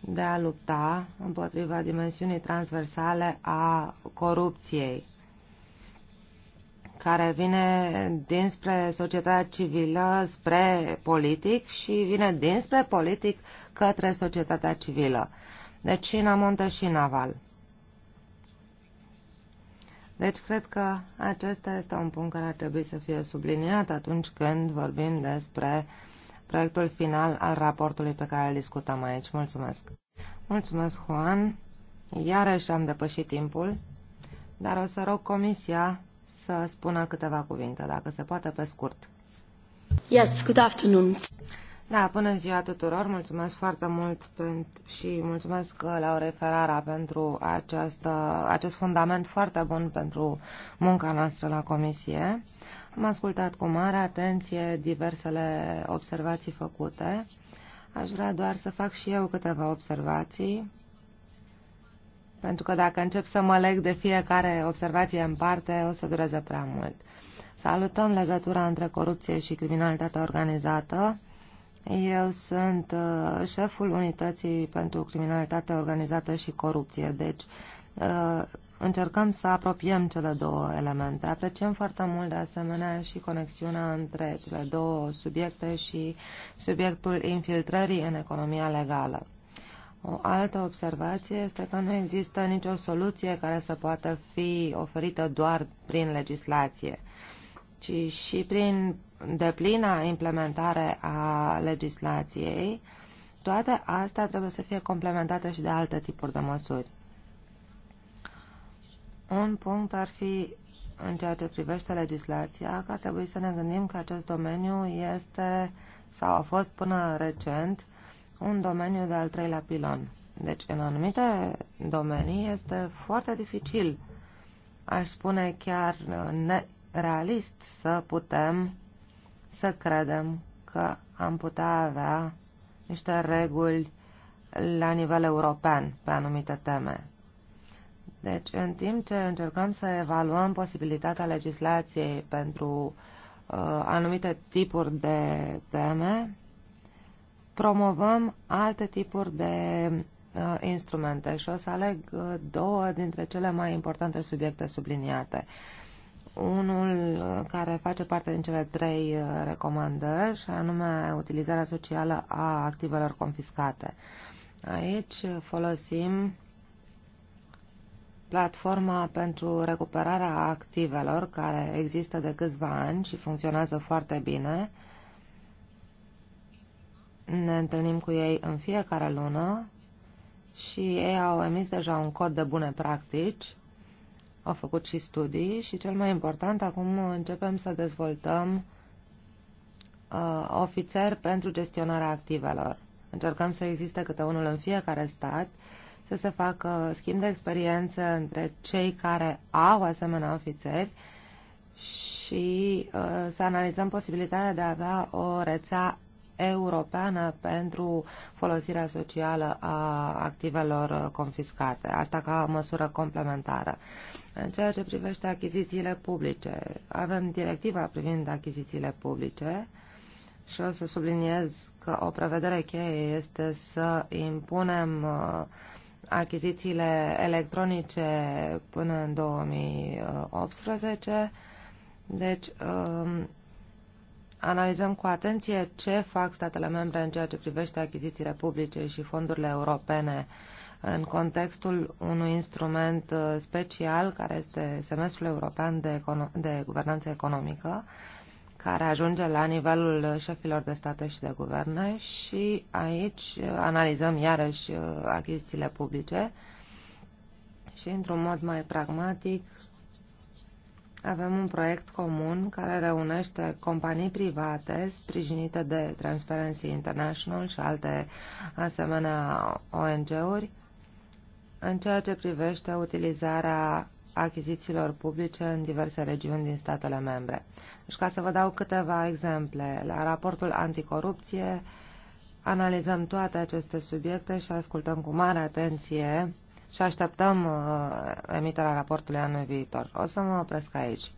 A: de a lupta împotriva dimensiunii transversale a corupției care vine dinspre societatea civilă spre politic și vine dinspre politic către societatea civilă. Deci și în amonte și în aval. Deci cred că acesta este un punct care ar trebui să fie subliniat atunci când vorbim despre proiectul final al raportului pe care îl discutăm aici. Mulțumesc! Mulțumesc, Juan! Iarăși am depășit timpul, dar o să rog Comisia să spună câteva cuvinte, dacă se poate, pe scurt.
B: Yes, good afternoon.
A: Da, până ziua tuturor, mulțumesc foarte mult pentru, și mulțumesc uh, Laurei Ferrara pentru această, acest fundament foarte bun pentru munca noastră la comisie. Am ascultat cu mare atenție diversele observații făcute. Aș vrea doar să fac și eu câteva observații pentru că dacă încep să mă leg de fiecare observație în parte, o să dureze prea mult. Salutăm legătura între corupție și criminalitatea organizată. Eu sunt uh, șeful unității pentru criminalitate organizată și corupție, deci uh, încercăm să apropiem cele două elemente. Apreciem foarte mult de asemenea și conexiunea între cele două subiecte și subiectul infiltrării în economia legală. O altă observație este că nu există nicio soluție care să poată fi oferită doar prin legislație, ci și prin deplina implementare a legislației. Toate astea trebuie să fie complementate și de alte tipuri de măsuri. Un punct ar fi, în ceea ce privește legislația, că ar trebui să ne gândim că acest domeniu este sau a fost până recent un domeniu de al treilea pilon. Deci, în anumite domenii este foarte dificil, aș spune chiar nerealist, să putem să credem că am putea avea niște reguli la nivel european pe anumite teme. Deci, în timp ce încercăm să evaluăm posibilitatea legislației pentru uh, anumite tipuri de teme, promovăm alte tipuri de uh, instrumente și o să aleg uh, două dintre cele mai importante subiecte subliniate. Unul uh, care face parte din cele trei uh, recomandări și anume utilizarea socială a activelor confiscate. Aici folosim platforma pentru recuperarea activelor care există de câțiva ani și funcționează foarte bine ne întâlnim cu ei în fiecare lună și ei au emis deja un cod de bune practici, au făcut și studii și cel mai important, acum începem să dezvoltăm uh, ofițeri pentru gestionarea activelor. Încercăm să existe câte unul în fiecare stat, să se facă schimb de experiență între cei care au asemenea ofițeri și uh, să analizăm posibilitatea de a avea o rețea europeană pentru folosirea socială a activelor confiscate, asta ca măsură complementară. În ceea ce privește achizițiile publice, avem directiva privind achizițiile publice și o să subliniez că o prevedere cheie este să impunem uh, achizițiile electronice până în 2018, deci um, Analizăm cu atenție ce fac statele membre în ceea ce privește achizițiile publice și fondurile europene în contextul unui instrument uh, special, care este semestrul european de, econo- de guvernanță economică, care ajunge la nivelul șefilor de state și de guverne și aici uh, analizăm iarăși uh, achizițiile publice și într-un mod mai pragmatic avem un proiect comun care reunește companii private sprijinite de Transparency International și alte asemenea ONG-uri în ceea ce privește utilizarea achizițiilor publice în diverse regiuni din statele membre. Și deci, ca să vă dau câteva exemple, la raportul anticorupție analizăm toate aceste subiecte și ascultăm cu mare atenție și așteptăm uh, emiterea raportului anul viitor. O să mă opresc aici.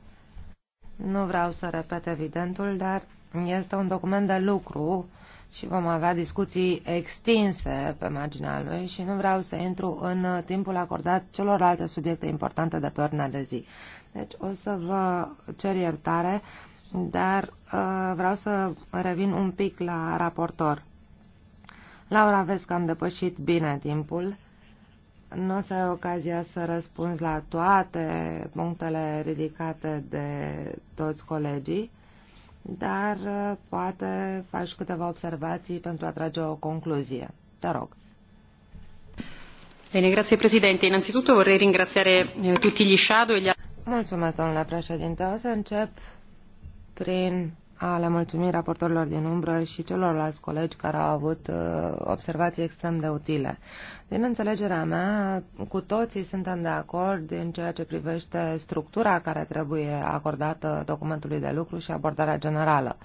A: Nu vreau să repet evidentul, dar este un document de lucru și vom avea discuții extinse pe marginea lui și nu vreau să intru în timpul acordat celorlalte subiecte importante de pe ordinea de zi. Deci o să vă cer iertare, dar uh, vreau să revin un pic la raportor. Laura, vezi că am depășit bine timpul nu o să ai ocazia să răspunzi la toate punctele ridicate de toți colegii, dar uh, poate faci câteva observații pentru a trage o concluzie. Te rog.
C: Bine, grazie Presidente. Innanzitutto vorrei ringraziare eh, tutti gli shadow e gli
A: Mulțumesc, domnule președinte. O să încep prin a le mulțumi raportorilor din umbră și celorlalți colegi care au avut uh, observații extrem de utile. Din înțelegerea mea, cu toții suntem de acord în ceea ce privește structura care trebuie acordată documentului de lucru și abordarea generală.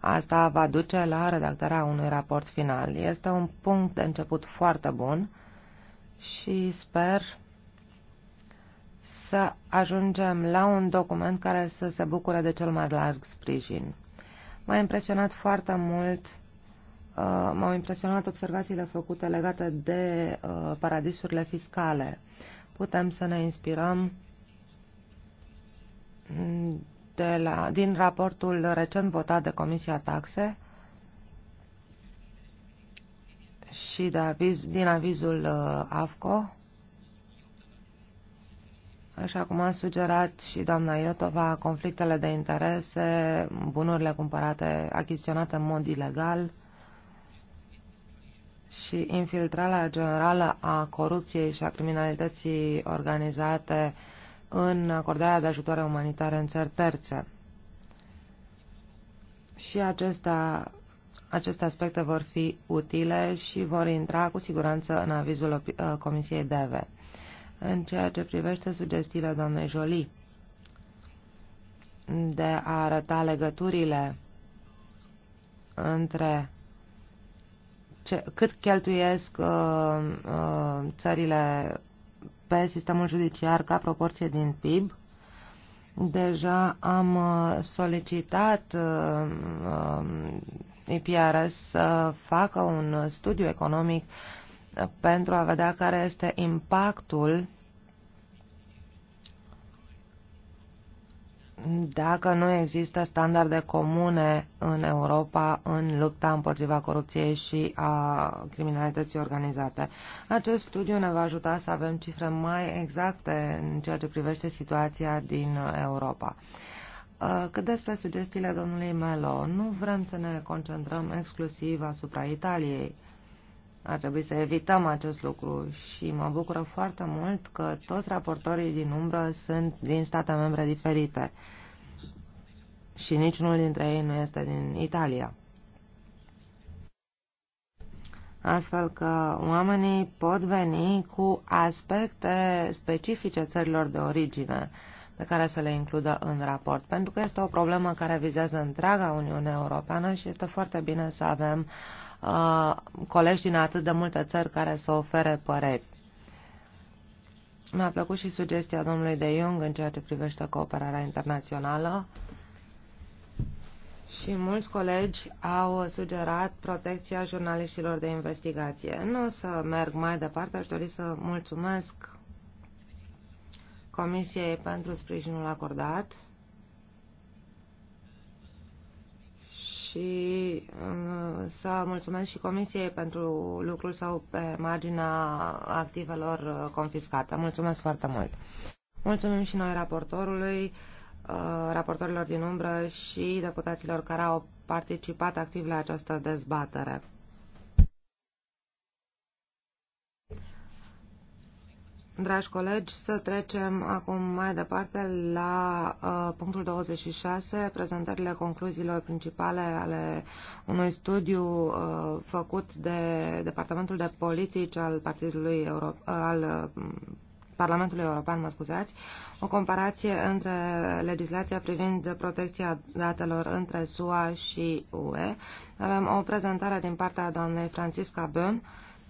A: Asta va duce la redactarea unui raport final. Este un punct de început foarte bun și sper să ajungem la un document care să se bucure de cel mai larg sprijin. M-a impresionat foarte mult, uh, m-au impresionat observațiile făcute legate de uh, paradisurile fiscale. Putem să ne inspirăm de la, din raportul recent votat de Comisia Taxe și de aviz, din avizul uh, AFCO Așa cum a sugerat și doamna Iotova, conflictele de interese, bunurile cumpărate, achiziționate în mod ilegal și infiltrarea generală a corupției și a criminalității organizate în acordarea de ajutoare umanitare în țări terțe. Și acestea, aceste aspecte vor fi utile și vor intra cu siguranță în avizul Comisiei DEVE în ceea ce privește sugestiile doamnei Jolie de a arăta legăturile între ce, cât cheltuiesc uh, uh, țările pe sistemul judiciar ca proporție din PIB. Deja am uh, solicitat uh, uh, IPRS să facă un studiu economic uh, pentru a vedea care este impactul dacă nu există standarde comune în Europa în lupta împotriva corupției și a criminalității organizate. Acest studiu ne va ajuta să avem cifre mai exacte în ceea ce privește situația din Europa. Uh, cât despre sugestiile domnului Melo, nu vrem să ne concentrăm exclusiv asupra Italiei ar trebui să evităm acest lucru și mă bucură foarte mult că toți raportorii din umbră sunt din state membre diferite și niciunul dintre ei nu este din Italia. Astfel că oamenii pot veni cu aspecte specifice țărilor de origine pe care să le includă în raport, pentru că este o problemă care vizează întreaga Uniune Europeană și este foarte bine să avem uh, Uh, colegi din atât de multe țări care să ofere păreri. Mi-a plăcut și sugestia domnului de Jung în ceea ce privește cooperarea internațională. Și mulți colegi au sugerat protecția jurnaliștilor de investigație. Nu o să merg mai departe, aș dori să mulțumesc Comisiei pentru sprijinul acordat și uh, să mulțumesc și Comisiei pentru lucrul sau pe marginea activelor uh, confiscate. Mulțumesc foarte mult! Mulțumim și noi raportorului, uh, raportorilor din umbră și deputaților care au participat activ la această dezbatere. Dragi colegi, să trecem acum mai departe la uh, punctul 26, prezentările concluziilor principale ale unui studiu uh, făcut de Departamentul de Politici al Partidului Euro uh, al uh, Parlamentului European, mă scuzați, o comparație între legislația privind protecția datelor între SUA și UE. Avem o prezentare din partea doamnei Francisca Bön,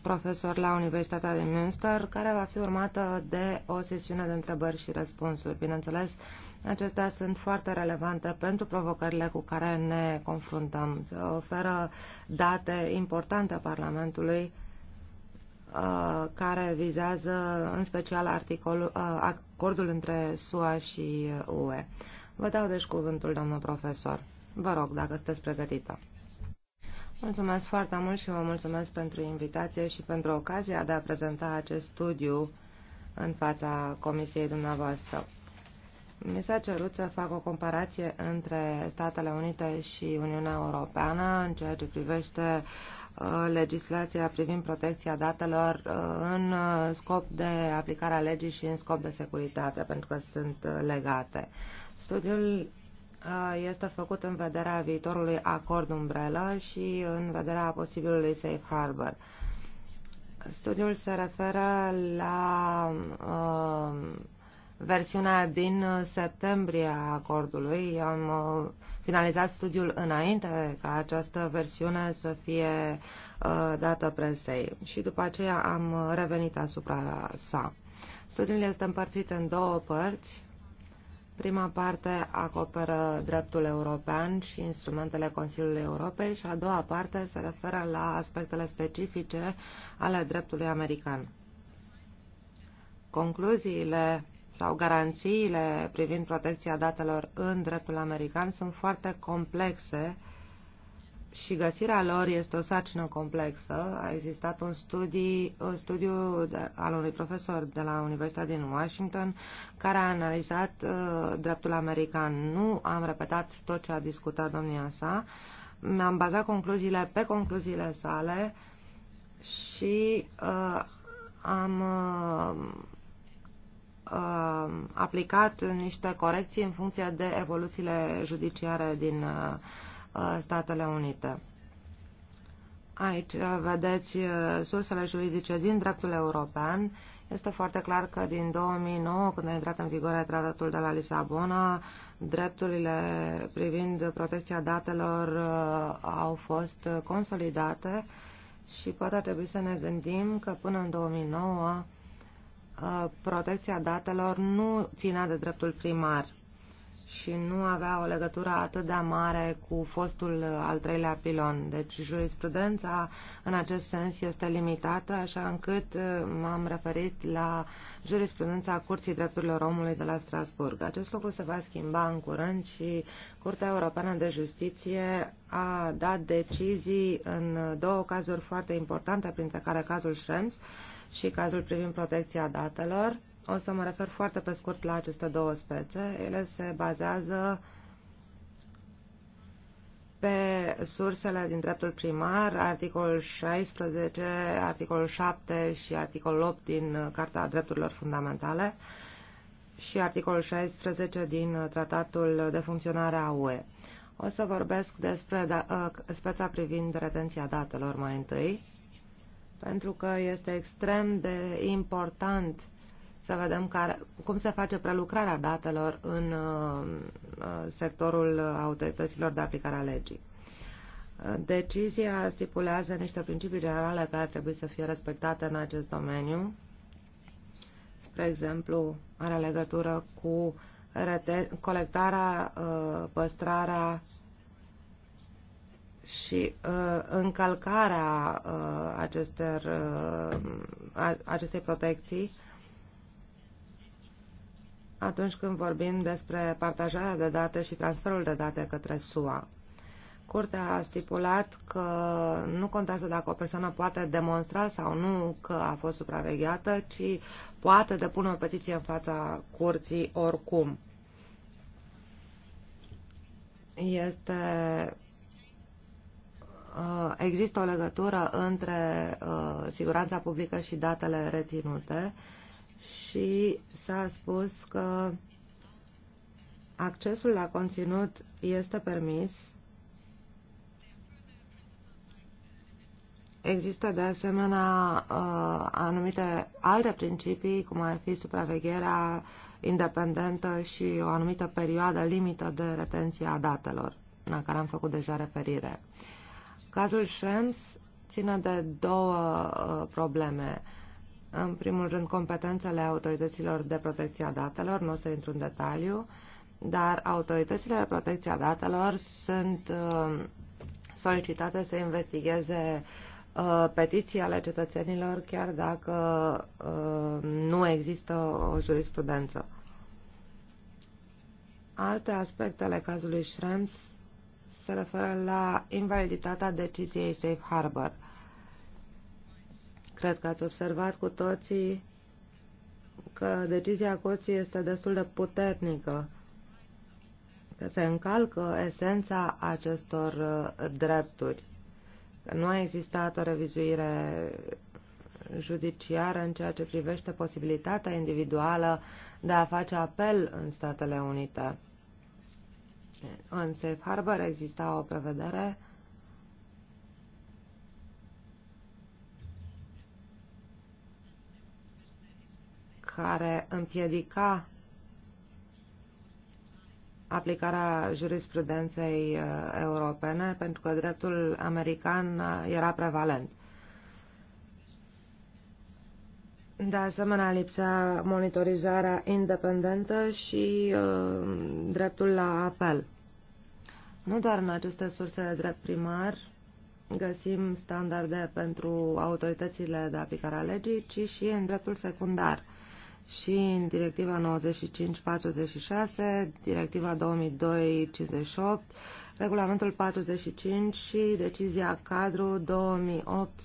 A: profesor la Universitatea de Münster, care va fi urmată de o sesiune de întrebări și răspunsuri. Bineînțeles, acestea sunt foarte relevante pentru provocările cu care ne confruntăm. Se oferă date importante a Parlamentului uh, care vizează în special articolul, uh, acordul între SUA și UE. Uh, Vă dau deci cuvântul, doamnă profesor. Vă rog, dacă sunteți pregătită. Mulțumesc foarte mult și vă mulțumesc pentru invitație și pentru ocazia de a prezenta acest studiu în fața comisiei dumneavoastră. Mi s-a cerut să fac o comparație între Statele Unite și Uniunea Europeană în ceea ce privește uh, legislația privind protecția datelor uh, în uh, scop de aplicare a legii și în scop de securitate, pentru că sunt legate. Studiul Ah, este făcut în vederea viitorului acord umbrelă și în vederea posibilului safe harbor. Studiul se referă la uh, versiunea din septembrie a acordului. Am uh, finalizat studiul înainte ca această versiune să fie uh, dată presei și după aceea am revenit asupra sa. Studiul este împărțit în două părți Prima parte acoperă dreptul european și instrumentele Consiliului Europei și a doua parte se referă la aspectele specifice ale dreptului american. Concluziile sau garanțiile privind protecția datelor în dreptul american sunt foarte complexe și găsirea lor este o sarcină complexă. A existat un, studiu, un studiu de, al unui profesor de la Universitatea din Washington care a analizat uh, dreptul american. Nu am repetat tot ce a discutat domnia sa. Mi-am bazat concluziile pe concluziile sale și uh, am uh, uh, aplicat niște corecții în funcție de evoluțiile judiciare din uh, Uh, Statele Unite. Aici uh, vedeți uh, sursele juridice din dreptul european. Este foarte clar că din 2009, când a intrat în vigoare tratatul de la Lisabona, drepturile privind protecția datelor au fost consolidate și poate ar trebui să ne gândim că până în 2009 protecția datelor nu ținea de dreptul primar și nu avea o legătură atât de mare cu fostul al treilea pilon. Deci jurisprudența în acest sens este limitată, așa încât uh, m-am referit la jurisprudența Curții Drepturilor Omului de la Strasburg. Acest lucru se va schimba în curând și Curtea Europeană de Justiție a dat decizii în două cazuri foarte importante, printre care cazul Schrems și cazul privind protecția datelor, o să mă refer foarte pe scurt la aceste două spețe. Ele se bazează pe sursele din dreptul primar, articolul 16, articolul 7 și articolul 8 din Carta Drepturilor Fundamentale și articolul 16 din Tratatul de Funcționare a UE. O să vorbesc despre da, ă, speța privind retenția datelor mai întâi, pentru că este extrem de important să vedem care, cum se face prelucrarea datelor în uh, uh, sectorul autorităților de aplicare a legii. Uh, decizia stipulează niște principii generale care ar trebui să fie respectate în acest domeniu. Spre exemplu, are legătură cu colectarea, păstrarea și încălcarea acestor, acestei protecții atunci când vorbim despre partajarea de date și transferul de date către SUA. Curtea a stipulat că nu contează dacă o persoană poate demonstra sau nu că a fost supravegheată, ci poate depune o petiție în fața curții oricum. Este uh, există o legătură între uh, siguranța publică și datele reținute și s-a spus că accesul la conținut este permis. Există de asemenea uh, anumite alte principii, cum ar fi supravegherea independentă și o anumită perioadă limită de retenție a datelor, la care am făcut deja referire. Cazul Schrems ține de două uh, probleme. Uh, în primul rând, competențele autorităților de protecție a datelor, nu o să intru în detaliu, dar autoritățile de protecție a datelor sunt uh, solicitate să investigheze uh, petiții ale cetățenilor, chiar dacă uh, nu există o jurisprudență. Alte aspecte ale cazului Schrems se referă la invaliditatea deciziei Safe Harbor. Uh, Cred că ați observat cu toții că decizia Curții este destul de puternică, că se încalcă esența acestor uh, drepturi. Nu a existat o revizuire judiciară în ceea ce privește posibilitatea individuală de a face apel în Statele Unite. În Safe Harbor exista o prevedere care împiedica aplicarea jurisprudenței uh, europene, pentru că dreptul american uh, era prevalent. De asemenea, lipsea monitorizarea independentă și uh, dreptul la apel. Nu doar în aceste surse de drept primar găsim standarde pentru autoritățile de aplicare a legii, ci și în dreptul secundar și în directiva 95-46, directiva 2002-58, regulamentul 45 și decizia cadru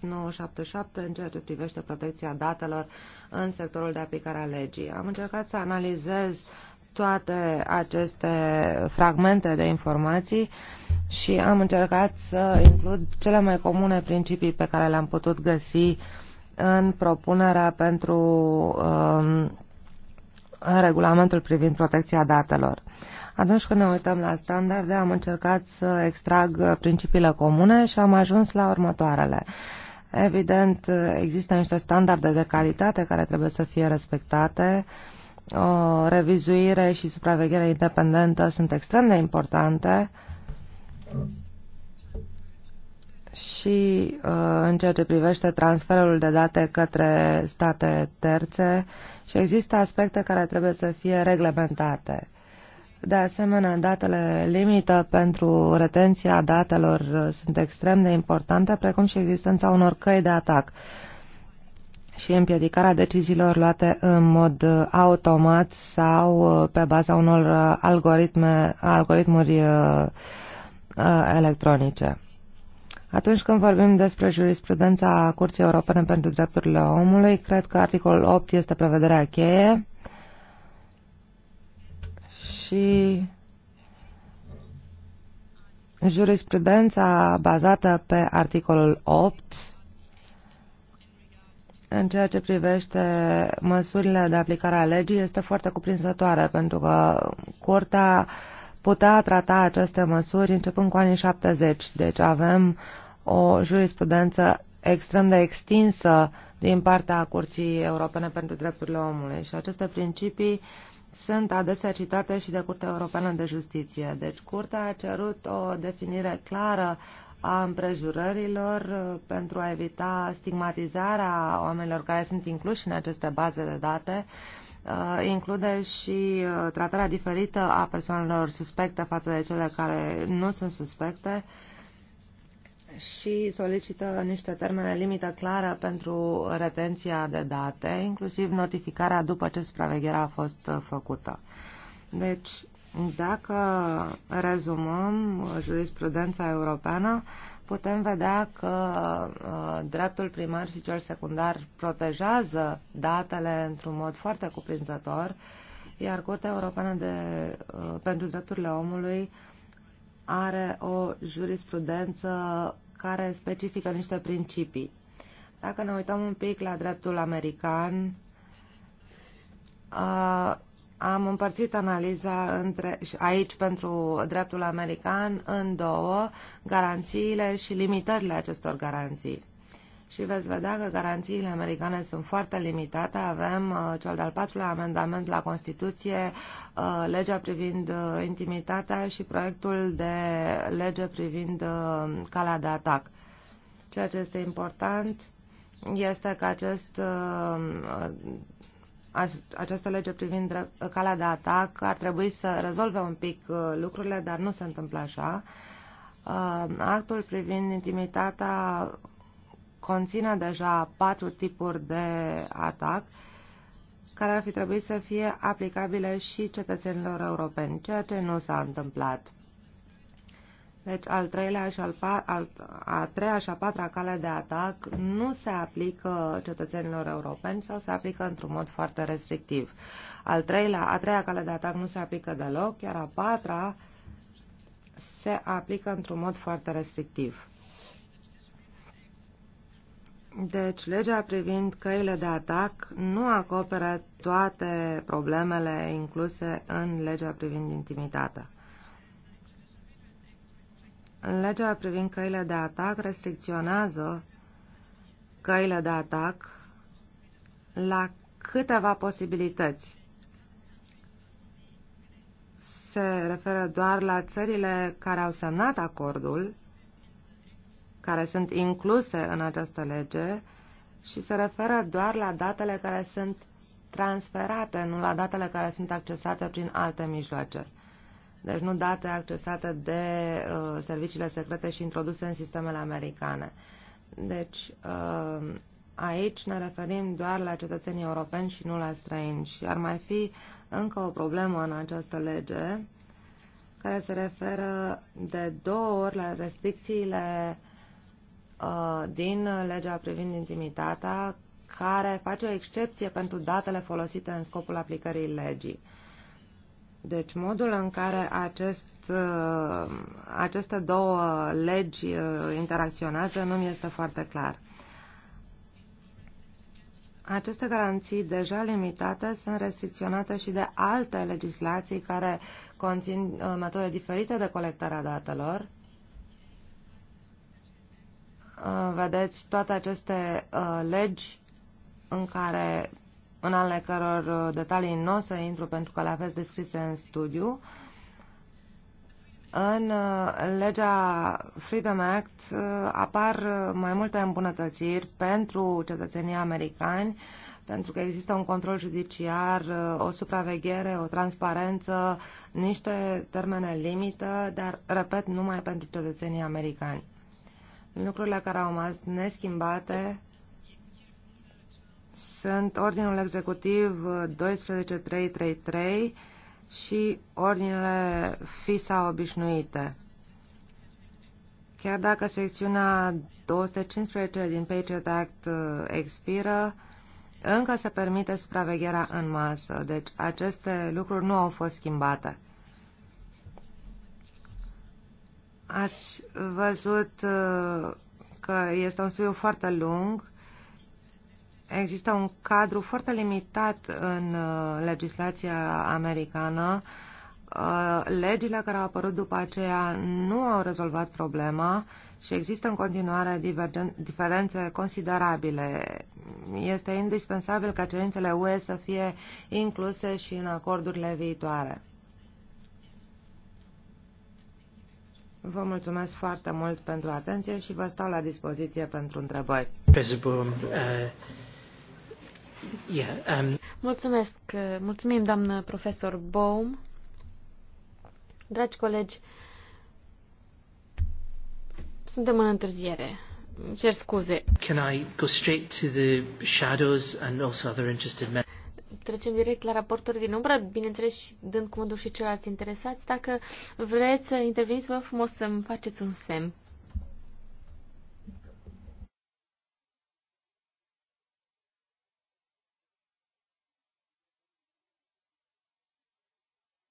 A: 2008-977 în ceea ce privește protecția datelor în sectorul de aplicare a legii. Am încercat să analizez toate aceste fragmente de informații și am încercat să includ cele mai comune principii pe care le-am putut găsi uh, în propunerea pentru um, regulamentul privind protecția datelor. Atunci când ne uităm la standarde, am încercat să extrag principiile comune și am ajuns la următoarele. Evident, există niște standarde de calitate care trebuie să fie respectate. O revizuire și supraveghere independentă sunt extrem de importante și uh, în ceea ce privește transferul de date către state terțe și există aspecte care trebuie să fie reglementate. De asemenea, datele limită pentru retenția datelor uh, sunt extrem de importante, precum și existența unor căi de atac și împiedicarea deciziilor luate în mod uh, automat sau pe baza unor algoritme, algoritmuri electronice. Atunci când vorbim despre jurisprudența Curții Europene pentru Drepturile Omului, cred că articolul 8 este prevederea cheie și jurisprudența bazată pe articolul 8 în ceea ce privește măsurile de aplicare a legii este foarte cuprinzătoare pentru că Curtea putea trata aceste măsuri începând cu anii 70. Deci avem o jurisprudență extrem de extinsă din partea Curții Europene pentru Drepturile Omului și aceste principii sunt adesea citate și de Curtea Europeană de Justiție. Deci Curtea a cerut o definire clară a împrejurărilor uh, pentru a evita stigmatizarea oamenilor care sunt incluși în aceste baze de date uh, Uh, include și uh, tratarea diferită a persoanelor suspecte față de cele care nu sunt suspecte și solicită niște termene limită clare pentru retenția de date, inclusiv notificarea după ce supravegherea a fost uh, făcută. Deci, dacă rezumăm jurisprudența europeană, putem vedea că uh, dreptul primar și cel secundar protejează datele într-un mod foarte cuprinzător, iar Curtea Europeană de, uh, pentru Drepturile Omului are o jurisprudență care specifică niște principii. Dacă ne uităm un pic la dreptul american, uh, am împărțit analiza între, aici pentru dreptul american în două, garanțiile și limitările acestor garanții. Și veți vedea că garanțiile americane sunt foarte limitate. Avem uh, cel de-al patrulea amendament la Constituție, uh, legea privind uh, intimitatea și proiectul de lege privind uh, calea de atac. Ceea ce este important este că acest uh, această lege privind calea de atac ar trebui să rezolve un pic uh, lucrurile, dar nu se întâmplă așa. Uh, actul privind intimitatea conține deja patru tipuri de atac care ar fi trebuit să fie aplicabile și cetățenilor europeni, ceea ce nu s-a întâmplat. Deci al treilea și al, pa, al a treia și a patra cale de atac nu se aplică cetățenilor europeni sau se aplică într-un mod foarte restrictiv. Al treilea, a treia cale de atac nu se aplică deloc, iar a patra se aplică într-un mod foarte restrictiv. Deci, legea privind căile de atac nu acoperă toate problemele incluse în legea privind intimitatea. Legea privind căile de atac restricționează căile de atac la câteva posibilități. Se referă doar la țările care au semnat acordul, care sunt incluse în această lege, și se referă doar la datele care sunt transferate, nu la datele care sunt accesate prin alte mijloace deci nu date accesate de uh, serviciile secrete și introduse în sistemele americane. Deci, uh, aici ne referim doar la cetățenii europeni și nu la străini. Și ar mai fi încă o problemă în această lege, care se referă de două ori la restricțiile uh, din legea privind intimitatea, care face o excepție pentru datele folosite în scopul aplicării legii. Deci modul în care acest, uh, aceste două legi uh, interacționează nu mi este foarte clar. Aceste garanții deja limitate sunt restricționate și de alte legislații care conțin uh, metode diferite de colectare a datelor. Vedeți toate aceste legi în care în ale căror uh, detalii nu o să intru pentru că le aveți descrise în studiu. În uh, legea Freedom Act uh, apar mai multe îmbunătățiri pentru cetățenii americani, pentru că există un control judiciar, o supraveghere, o transparență, niște termene limită, dar, repet, numai pentru cetățenii americani. Lucrurile care au rămas neschimbate sunt Ordinul Executiv 12333 uh, și ordinele FISA obișnuite. Chiar dacă secțiunea 215 din Patriot Act uh, expiră, încă se permite supravegherea în masă, deci aceste lucruri nu au fost schimbate. Ați văzut uh, că este un studiu foarte lung există un cadru foarte limitat în uh, legislația americană. Uh, legile care au apărut după aceea nu au rezolvat problema și există în continuare diferențe considerabile. Este indispensabil ca cerințele UE să fie incluse și în acordurile viitoare. Vă mulțumesc foarte mult pentru atenție și vă stau la dispoziție pentru întrebări. Uh, Yeah,
C: um... Mulțumesc. Mulțumim, doamnă profesor Baum. Dragi colegi, suntem în întârziere. Cer scuze. Can I go straight to the shadows and also other interested men? Trecem direct la raporturi din umbră, bineînțeles și dând cuvântul și celorlalți interesați. Dacă vreți să interveniți, vă frumos să-mi faceți un semn.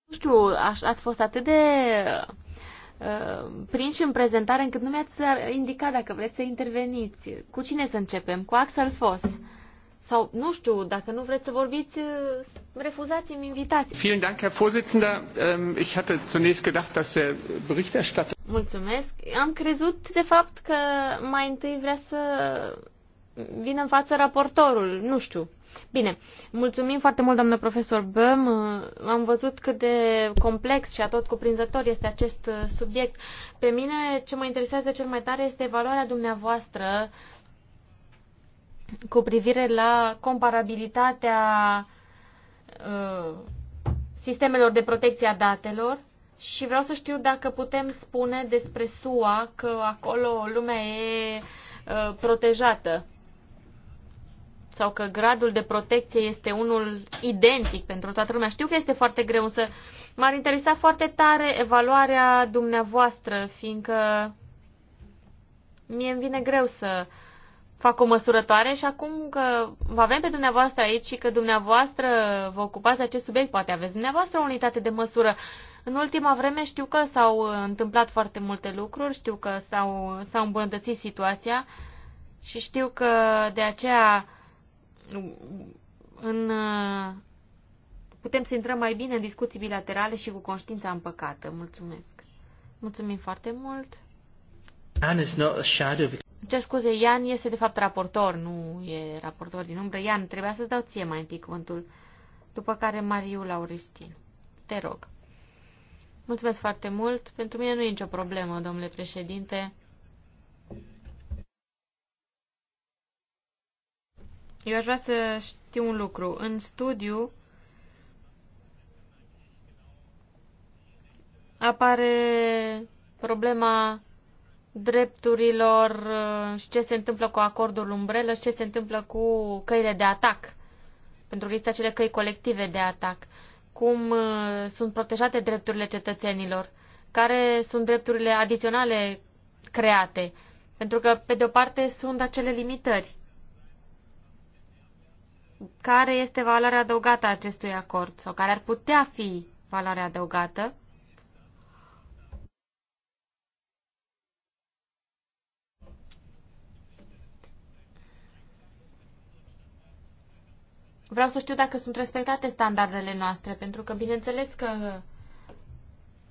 C: Nu știu, ați fost atât de uh, prinși în prezentare încât nu mi-ați indicat dacă vreți să interveniți. Cu cine să începem? Cu Axel Foss? Sau, nu știu, dacă nu vreți să vorbiți, uh, refuzați-mi invitații.
B: Vielen Dank, Herr Vorsitzender. Ähm, ich hatte zunächst gedacht, dass der Berichterstatter...
C: Mulțumesc. Am crezut, de fapt, că mai întâi vrea să vin în față raportorul, nu știu. Bine, mulțumim foarte mult, doamnă profesor Băm. Am văzut cât de complex și atot cuprinzător este acest uh, subiect. Pe mine ce mă interesează cel mai tare este valoarea dumneavoastră cu privire la comparabilitatea uh, sistemelor de protecție a datelor și vreau să știu dacă putem spune despre SUA că acolo lumea e uh, protejată sau că gradul de protecție este unul identic pentru toată lumea. Știu că este foarte greu, însă m-ar interesa foarte tare evaluarea dumneavoastră, fiindcă mie îmi vine greu să fac o măsurătoare și acum că vă avem pe dumneavoastră aici și că dumneavoastră vă ocupați de acest subiect, poate aveți dumneavoastră o unitate de măsură. În ultima vreme știu că s-au întâmplat foarte multe lucruri, știu că s-au, s-au îmbunătățit situația și știu că de aceea în, uh, putem să intrăm mai bine în discuții bilaterale și cu conștiința împăcată. Mulțumesc. Mulțumim foarte mult.
A: Anne is not a shadow.
C: Ce scuze, Ian este de fapt raportor, nu e raportor din umbră. Ian, trebuia să-ți dau ție mai întâi cuvântul, după care Mariu Lauristin. Te rog. Mulțumesc foarte mult. Pentru mine nu e nicio problemă, domnule președinte. Eu aș vrea să știu un lucru. În studiu apare problema drepturilor uh, și ce se întâmplă cu acordul umbrelă și ce se întâmplă cu căile de atac. Pentru că există acele căi colective de atac. Cum uh, sunt protejate drepturile cetățenilor? Care sunt drepturile adiționale create? Pentru că, pe de o parte, sunt acele limitări care este valoarea adăugată a acestui acord sau care ar putea fi valoarea adăugată. Vreau să știu dacă sunt respectate standardele noastre, pentru că bineînțeles că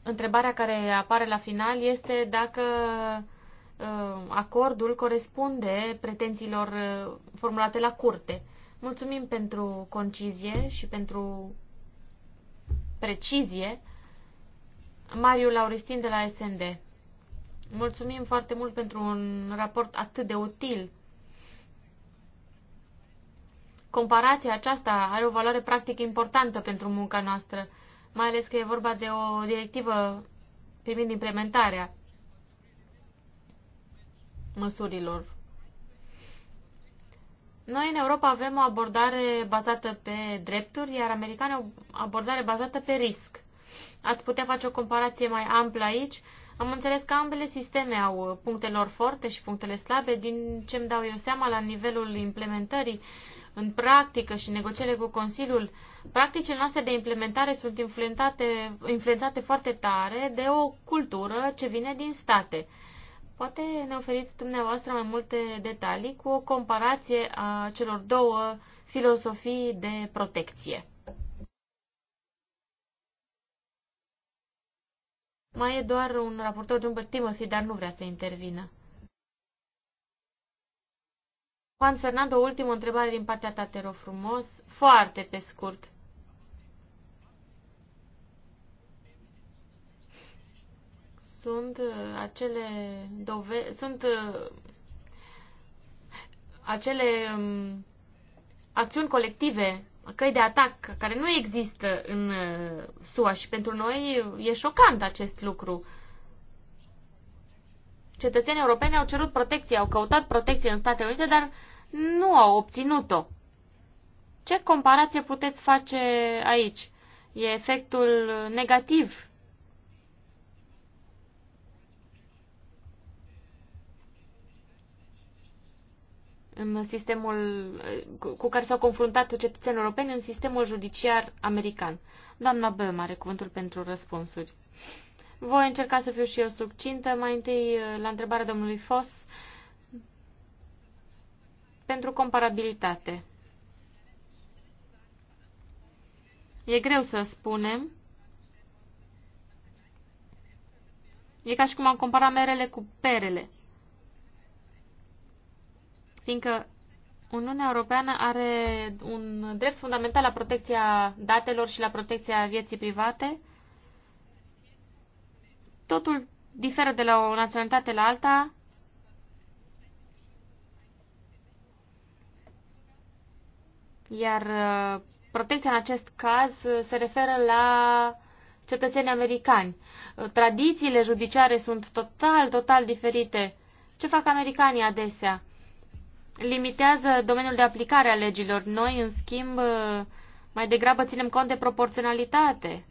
C: întrebarea care apare la final este dacă uh, acordul corespunde pretențiilor uh, formulate la curte. Mulțumim pentru concizie și pentru precizie. Mariu Lauristin de la SND. Mulțumim foarte mult pentru un raport atât de util. Comparația aceasta are o valoare practic importantă pentru munca noastră, mai ales că e vorba de o directivă privind implementarea măsurilor noi în Europa avem o abordare bazată pe drepturi, iar americanii o abordare bazată pe risc. Ați putea face o comparație mai amplă aici? Am înțeles că ambele sisteme au punctele lor forte și punctele slabe. Din ce îmi dau eu seama la nivelul implementării, în practică și negocierile cu Consiliul, practicile noastre de implementare sunt influențate, influențate foarte tare de o cultură ce vine din state. Poate ne oferiți dumneavoastră mai multe detalii cu o comparație a celor două filozofii de protecție. Mai e doar un raportor de un Timothy, dar nu vrea să intervină. Juan Fernando, o ultimă întrebare din partea ta, te rog frumos, foarte pe scurt. sunt uh, acele dove- sunt uh, acele um, acțiuni colective, căi de atac care nu există în uh, SUA și pentru noi e șocant acest lucru. Cetățenii europeni au cerut protecție, au căutat protecție în Statele Unite, dar nu au obținut-o. Ce comparație puteți face aici? E efectul negativ în sistemul cu care s-au confruntat cetățenii europeni în sistemul judiciar american. Doamna bem, are cuvântul pentru răspunsuri. Voi încerca să fiu și eu succintă. Mai întâi la întrebarea domnului Foss pentru comparabilitate. E greu să spunem. E ca și cum am comparat merele cu perele fiindcă Uniunea Europeană are un drept fundamental la protecția datelor și la protecția vieții private. Totul diferă de la o naționalitate la alta. Iar uh, protecția în acest caz uh, se referă la cetățenii americani. Uh, tradițiile judiciare sunt total, total diferite. Ce fac americanii adesea? limitează domeniul de aplicare a legilor. Noi, în schimb, uh, mai degrabă ținem cont de proporționalitate.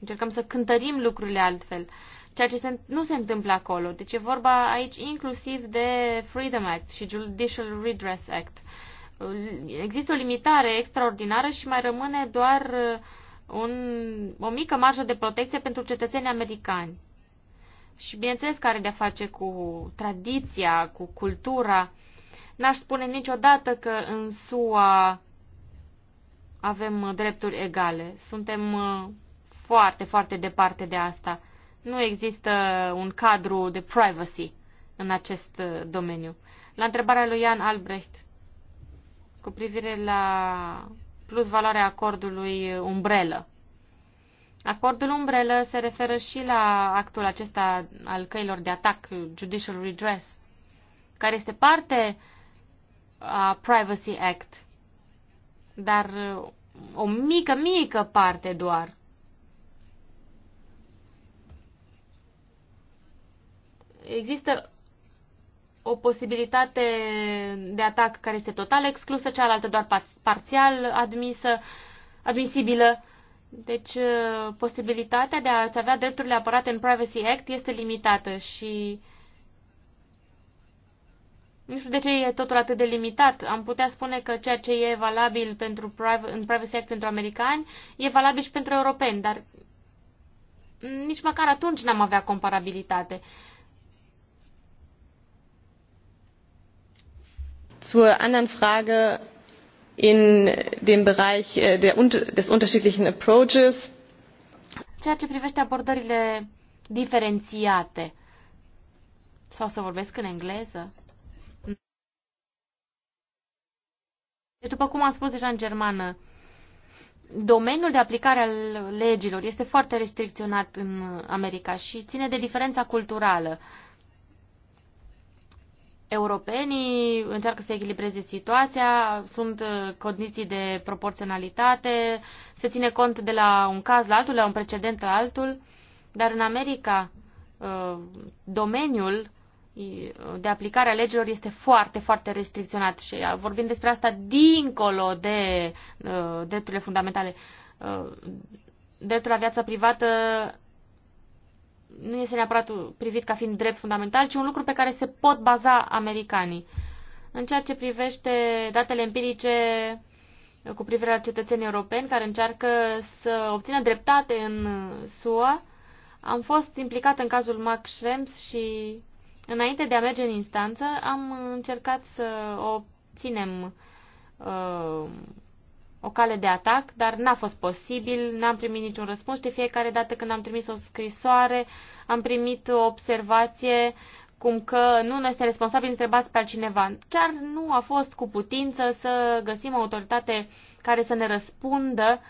C: Încercăm să cântărim lucrurile altfel, ceea ce se, nu se întâmplă acolo. Deci e vorba aici inclusiv de Freedom Act și Judicial Redress Act. Uh, există o limitare extraordinară și mai rămâne doar uh, un, o mică marjă de protecție pentru cetățenii americani. Și bineînțeles care de-a face cu tradiția, cu cultura, N-aș spune niciodată că în SUA avem uh, drepturi egale. Suntem uh, foarte, foarte departe de asta. Nu există un cadru de privacy în acest uh, domeniu. La întrebarea lui Ian Albrecht cu privire la plus valoarea acordului umbrelă. Acordul umbrelă se referă și la actul acesta al căilor de atac, judicial redress, care este parte a Privacy Act, dar uh, o mică, mică parte doar. Există o posibilitate de atac care este total exclusă, cealaltă doar parțial admisă, admisibilă. Deci, uh, posibilitatea de a-ți avea drepturile apărate în Privacy Act este limitată și uh, nu știu de ce e totul atât de limitat. Am putea spune că ceea ce e valabil pentru priv- în Privacy Act pentru americani e valabil și pentru europeni, dar nici măcar atunci n-am avea comparabilitate. Zur anderen Frage in dem Bereich äh, der, des unterschiedlichen approaches. Ceea ce privește abordările diferențiate. Sau să vorbesc în engleză? Deci, după cum am spus deja în germană, domeniul de aplicare al legilor este foarte restricționat în America și ține de diferența culturală. Europenii încearcă să echilibreze situația, sunt uh, condiții de proporționalitate, se ține cont de la un caz la altul, la un precedent la altul, dar în America uh, domeniul de aplicare a legilor este foarte, foarte restricționat și vorbim despre asta dincolo de uh, drepturile fundamentale. Uh, dreptul la viața privată nu este neapărat privit ca fiind drept fundamental, ci un lucru pe care se pot baza americanii. În ceea ce privește datele empirice cu privire la cetățenii europeni care încearcă să obțină dreptate în SUA, am fost implicat în cazul Max Schrems și Înainte de a merge în instanță, am încercat să obținem uh, o cale de atac, dar n-a fost posibil, n-am primit niciun răspuns. De fiecare dată când am trimis o scrisoare, am primit o observație cum că nu ne este responsabil, întrebați pe altcineva. Chiar nu a fost cu putință să găsim o autoritate care să ne răspundă,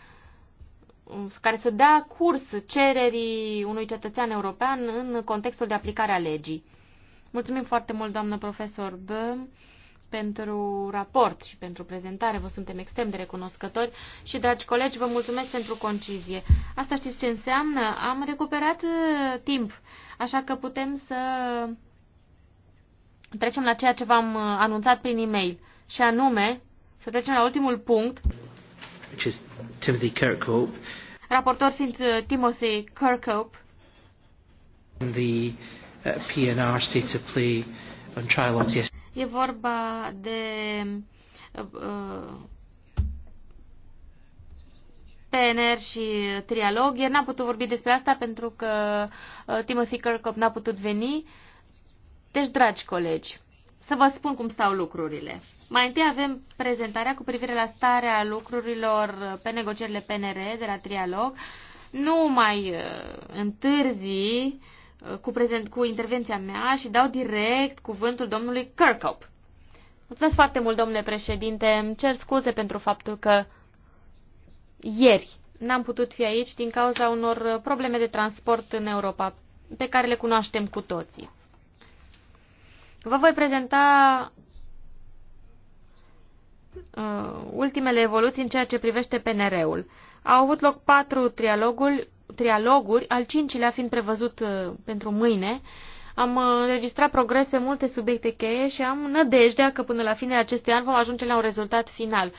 C: care să dea curs cererii unui cetățean european în contextul de aplicare a legii. Mulțumim foarte mult, doamnă profesor B, pentru raport și pentru prezentare. Vă suntem extrem de recunoscători și, dragi colegi, vă mulțumesc pentru concizie. Asta știți ce înseamnă? Am recuperat uh, timp, așa că putem să trecem la ceea ce v-am uh, anunțat prin e-mail și anume să trecem la ultimul punct. Which
A: is Timothy Kirkhope.
C: Raportor fiind uh, Timothy Kirkhope.
A: The PNR state to play on trialogues yesterday.
C: E vorba de uh, PNR și trialog. Ieri n-am putut vorbi despre asta pentru că uh, Timothy Kirkhope n-a putut veni. Deci, dragi colegi, să vă spun cum stau lucrurile. Mai întâi avem prezentarea cu privire la starea lucrurilor pe negocierile PNR de la trialog. Nu mai uh, întârzi uh, Uh, cu, prezent, cu intervenția mea și dau direct cuvântul domnului Kirkhope. Mulțumesc foarte mult, domnule președinte. Îmi cer scuze pentru faptul că ieri n-am putut fi aici din cauza unor probleme de transport în Europa, pe care le cunoaștem cu toții. Vă voi prezenta uh, ultimele evoluții în ceea ce privește PNR-ul. Au avut loc patru trialoguri, trialoguri, al cincilea fiind prevăzut uh, pentru mâine. Am uh, înregistrat progres pe multe subiecte cheie și am nădejdea că până la finele acestui an vom ajunge la un rezultat final.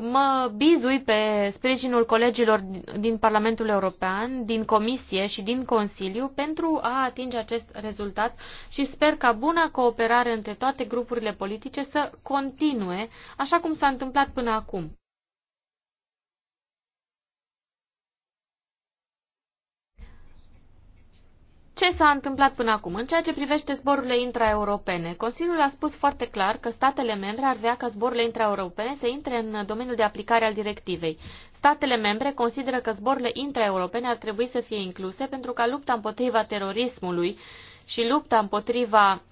C: Mă bizui pe sprijinul colegilor din Parlamentul European, din Comisie și din Consiliu pentru a atinge acest rezultat și sper ca buna cooperare între toate grupurile politice să continue, așa cum s-a întâmplat până acum. Ce s-a întâmplat până acum? În ceea ce privește zborurile intraeuropene, Consiliul a spus foarte clar că statele membre ar vrea ca zborurile intraeuropene să intre în domeniul de aplicare al directivei. Statele membre consideră că zborurile intraeuropene ar trebui să fie incluse pentru ca lupta împotriva terorismului și lupta împotriva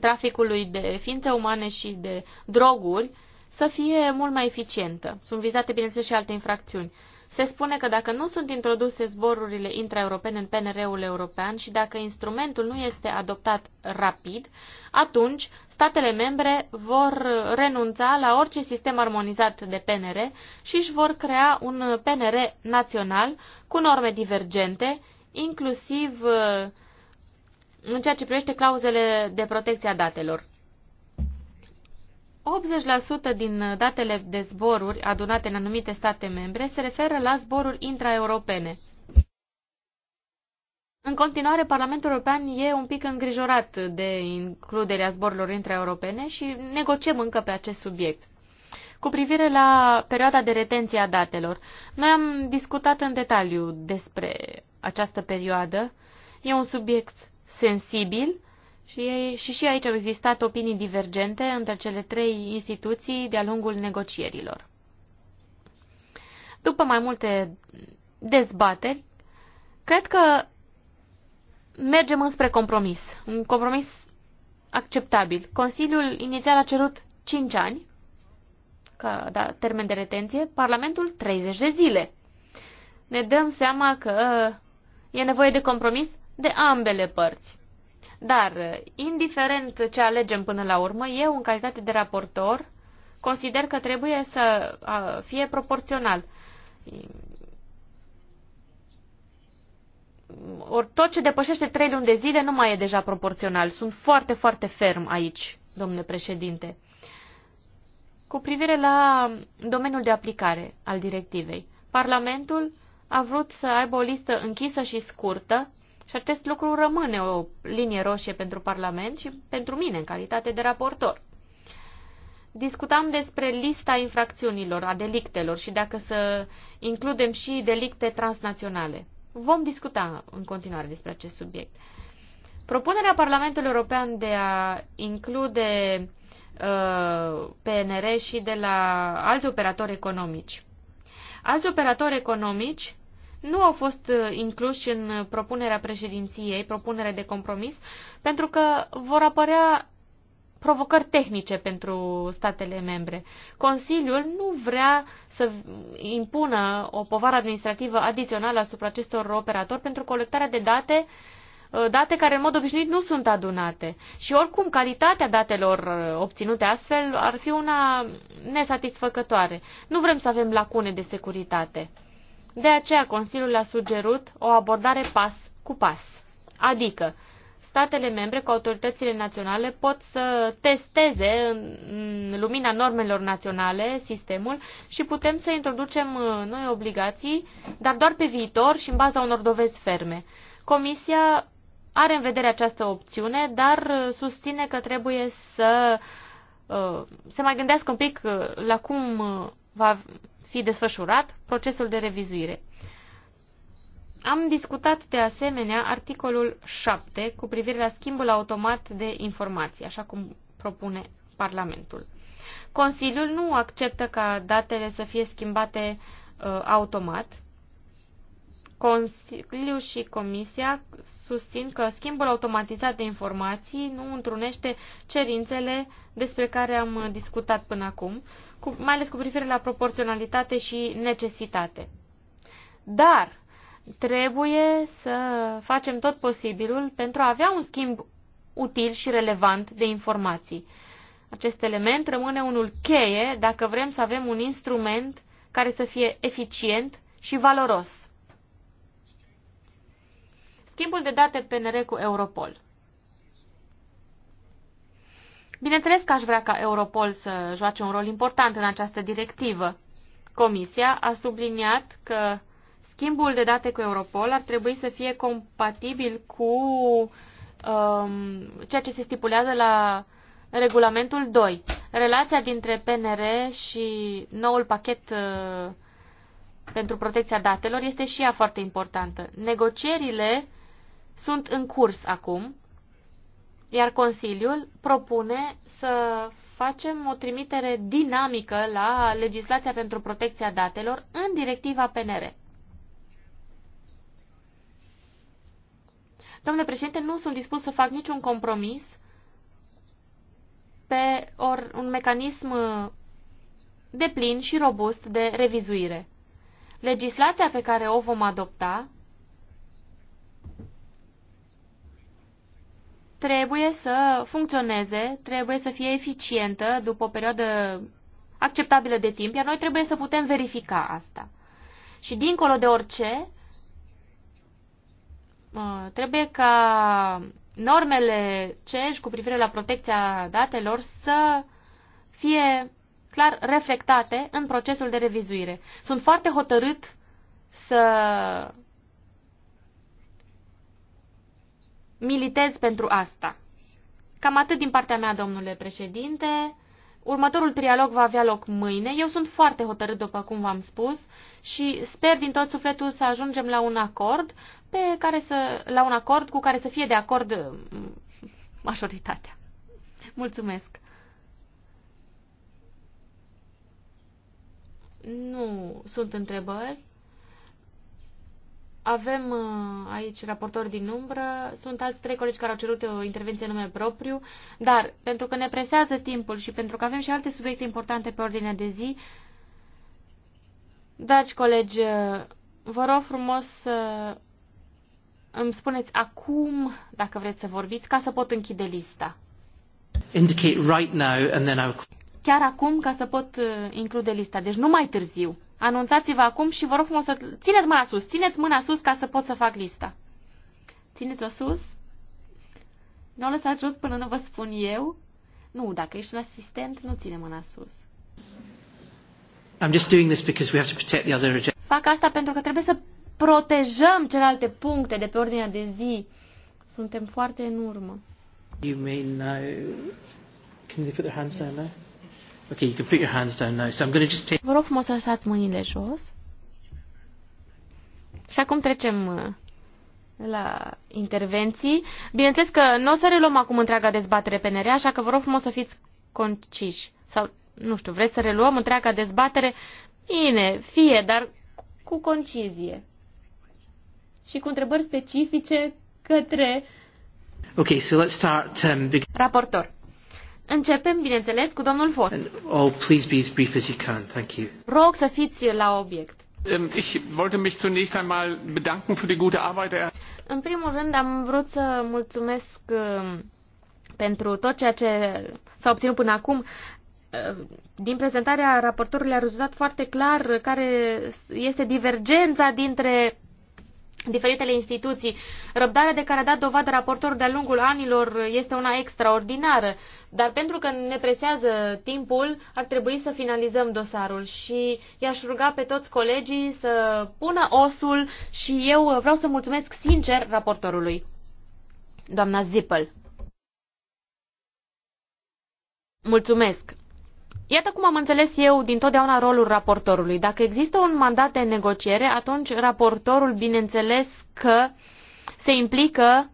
C: traficului de ființe umane și de droguri să fie mult mai eficientă. Sunt vizate, bineînțeles, și alte infracțiuni se spune că dacă nu sunt introduse zborurile intraeuropene în PNR-ul european și dacă instrumentul nu este adoptat rapid, atunci statele membre vor renunța la orice sistem armonizat de PNR și își vor crea un PNR național cu norme divergente, inclusiv uh, în ceea ce privește clauzele de protecție a datelor. 80% din uh, datele de zboruri adunate în anumite state membre se referă la zboruri intraeuropene. În continuare, Parlamentul European e un pic îngrijorat de includerea zborurilor intraeuropene și negociem încă pe acest subiect. Cu privire la perioada de retenție a datelor, noi am discutat în detaliu despre această perioadă. E un subiect sensibil și, și și aici au existat opinii divergente între cele trei instituții de-a lungul negocierilor. După mai multe dezbateri, cred că mergem înspre compromis, un compromis acceptabil. Consiliul inițial a cerut 5 ani ca da, termen de retenție, Parlamentul 30 de zile. Ne dăm seama că uh, e nevoie de compromis de ambele părți. Dar, indiferent ce alegem până la urmă, eu, în calitate de raportor, consider că trebuie să fie proporțional. Or, tot ce depășește trei luni de zile nu mai e deja proporțional. Sunt foarte, foarte ferm aici, domnule președinte. Cu privire la domeniul de aplicare al directivei, Parlamentul a vrut să aibă o listă închisă și scurtă și acest lucru rămâne o linie roșie pentru Parlament și pentru mine în calitate de raportor. Discutam despre lista infracțiunilor, a delictelor și dacă să includem și delicte transnaționale. Vom discuta în continuare despre acest subiect. Propunerea Parlamentului European de a include uh, PNR și de la alți operatori economici. Alți operatori economici nu au fost uh, incluși în uh, propunerea președinției, propunere de compromis, pentru că vor apărea provocări tehnice pentru statele membre. Consiliul nu vrea să impună o povară administrativă adițională asupra acestor operatori pentru colectarea de date uh, date care în mod obișnuit nu sunt adunate. Și oricum calitatea datelor obținute astfel ar fi una nesatisfăcătoare. Nu vrem să avem lacune de securitate. De aceea Consiliul a sugerut o abordare pas cu pas, adică statele membre cu autoritățile naționale pot să testeze în lumina normelor naționale sistemul și putem să introducem uh, noi obligații, dar doar pe viitor și în baza unor dovezi ferme. Comisia are în vedere această opțiune, dar uh, susține că trebuie să uh, se mai gândească un pic la cum va fi desfășurat procesul de revizuire. Am discutat de asemenea articolul 7 cu privire la schimbul automat de informații, așa cum propune Parlamentul. Consiliul nu acceptă ca datele să fie schimbate uh, automat, Consiliul și Comisia susțin că schimbul automatizat de informații nu întrunește cerințele despre care am discutat până acum, cu, mai ales cu privire la proporționalitate și necesitate. Dar trebuie să facem tot posibilul pentru a avea un schimb util și relevant de informații. Acest element rămâne unul cheie dacă vrem să avem un instrument care să fie eficient și valoros. Schimbul de date PNR cu Europol. Bineînțeles că aș vrea ca Europol să joace un rol important în această directivă. Comisia a subliniat că schimbul de date cu Europol ar trebui să fie compatibil cu um, ceea ce se stipulează la regulamentul 2. Relația dintre PNR și noul pachet uh, pentru protecția datelor este și ea foarte importantă. Negocierile sunt în curs acum, iar Consiliul propune să facem o trimitere dinamică la legislația pentru protecția datelor în directiva PNR. Domnule președinte, nu sunt dispus să fac niciun compromis pe or, un mecanism uh, deplin și robust de revizuire. Legislația pe care o vom adopta trebuie să funcționeze, trebuie să fie eficientă după o perioadă acceptabilă de timp, iar noi trebuie să putem verifica asta. Și dincolo de orice, uh, trebuie ca normele CEJ cu privire la protecția datelor să fie clar reflectate în procesul de revizuire. Sunt foarte hotărât să militez pentru asta. Cam atât din partea mea, domnule președinte. Următorul trialog va avea loc mâine. Eu sunt foarte hotărât, după cum v-am spus, și sper din tot sufletul să ajungem la un acord pe care să, la un acord cu care să fie de acord mm, majoritatea. Mulțumesc. Nu sunt întrebări. Avem uh, aici raportori din umbră, sunt alți trei colegi care au cerut o intervenție în nume propriu, dar pentru că ne presează timpul și pentru că avem și alte subiecte importante pe ordinea de zi, dragi colegi, uh, vă rog frumos să îmi spuneți acum, dacă vreți să vorbiți, ca să pot închide lista.
A: Indicate right now and
C: then Chiar acum, ca să pot uh, include lista, deci nu mai târziu. Anunțați-vă acum și vă rog frumos să... Țineți mâna sus, țineți mâna sus ca să pot să fac lista. Țineți-o sus. Nu o lăsați jos până nu vă spun eu. Nu, dacă ești un asistent, nu ține mâna sus. I'm just doing this because we have to protect the other Fac asta pentru că trebuie să protejăm celelalte puncte de pe ordinea de zi. Suntem foarte în urmă.
A: You may now... Can they put their hands yes. down there? Okay, you can put your hands down now. So I'm going to just take...
C: Vă rog frumos să lăsați mâinile jos. Și acum trecem uh, la intervenții. Bineînțeles că nu o să reluăm acum întreaga dezbatere PNR, așa că vă rog frumos să fiți conciși. Sau, nu știu, vreți să reluăm întreaga dezbatere? Bine, fie, dar cu concizie. Și cu întrebări specifice către... Okay, so let's start, um, Raportor. Începem, bineînțeles, cu domnul Fos. And, oh, please be as brief as you can. Thank you. Rog să fiți la obiect.
B: Ähm, ich wollte mich zunächst einmal bedanken für die gute Arbeit er-
C: În primul rând am vrut să mulțumesc um, pentru tot ceea ce s-a obținut până acum. Uh, din prezentarea raportorului a rezultat foarte clar care este divergența dintre diferitele instituții. Răbdarea de care a dat dovadă raportorul de-a lungul anilor este una extraordinară, dar pentru că ne presează timpul, ar trebui să finalizăm dosarul și i-aș ruga pe toți colegii să pună osul și eu vreau să mulțumesc sincer raportorului. Doamna Zippel. Mulțumesc. Iată cum am înțeles eu din totdeauna rolul raportorului. Dacă există un mandat de negociere, atunci raportorul, bineînțeles, că se implică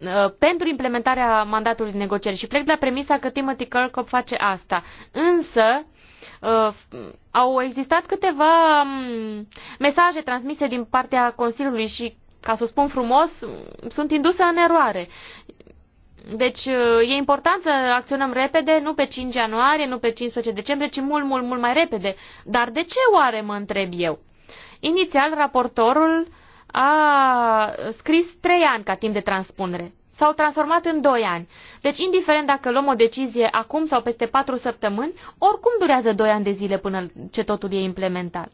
C: uh, pentru implementarea mandatului de negociere și plec de la premisa că Timothy Kirkhope face asta. Însă, uh, au existat câteva um, mesaje transmise din partea Consiliului și, ca să o spun frumos, sunt indusă în eroare. Deci uh, e important să acționăm repede, nu pe 5 ianuarie, nu pe 15 decembrie, ci mult, mult, mult mai repede. Dar de ce oare, mă întreb eu? Inițial, raportorul a scris 3 ani ca timp de transpunere. S-au transformat în 2 ani. Deci, indiferent dacă luăm o decizie acum sau peste 4 săptămâni, oricum durează 2 ani de zile până ce totul e implementat.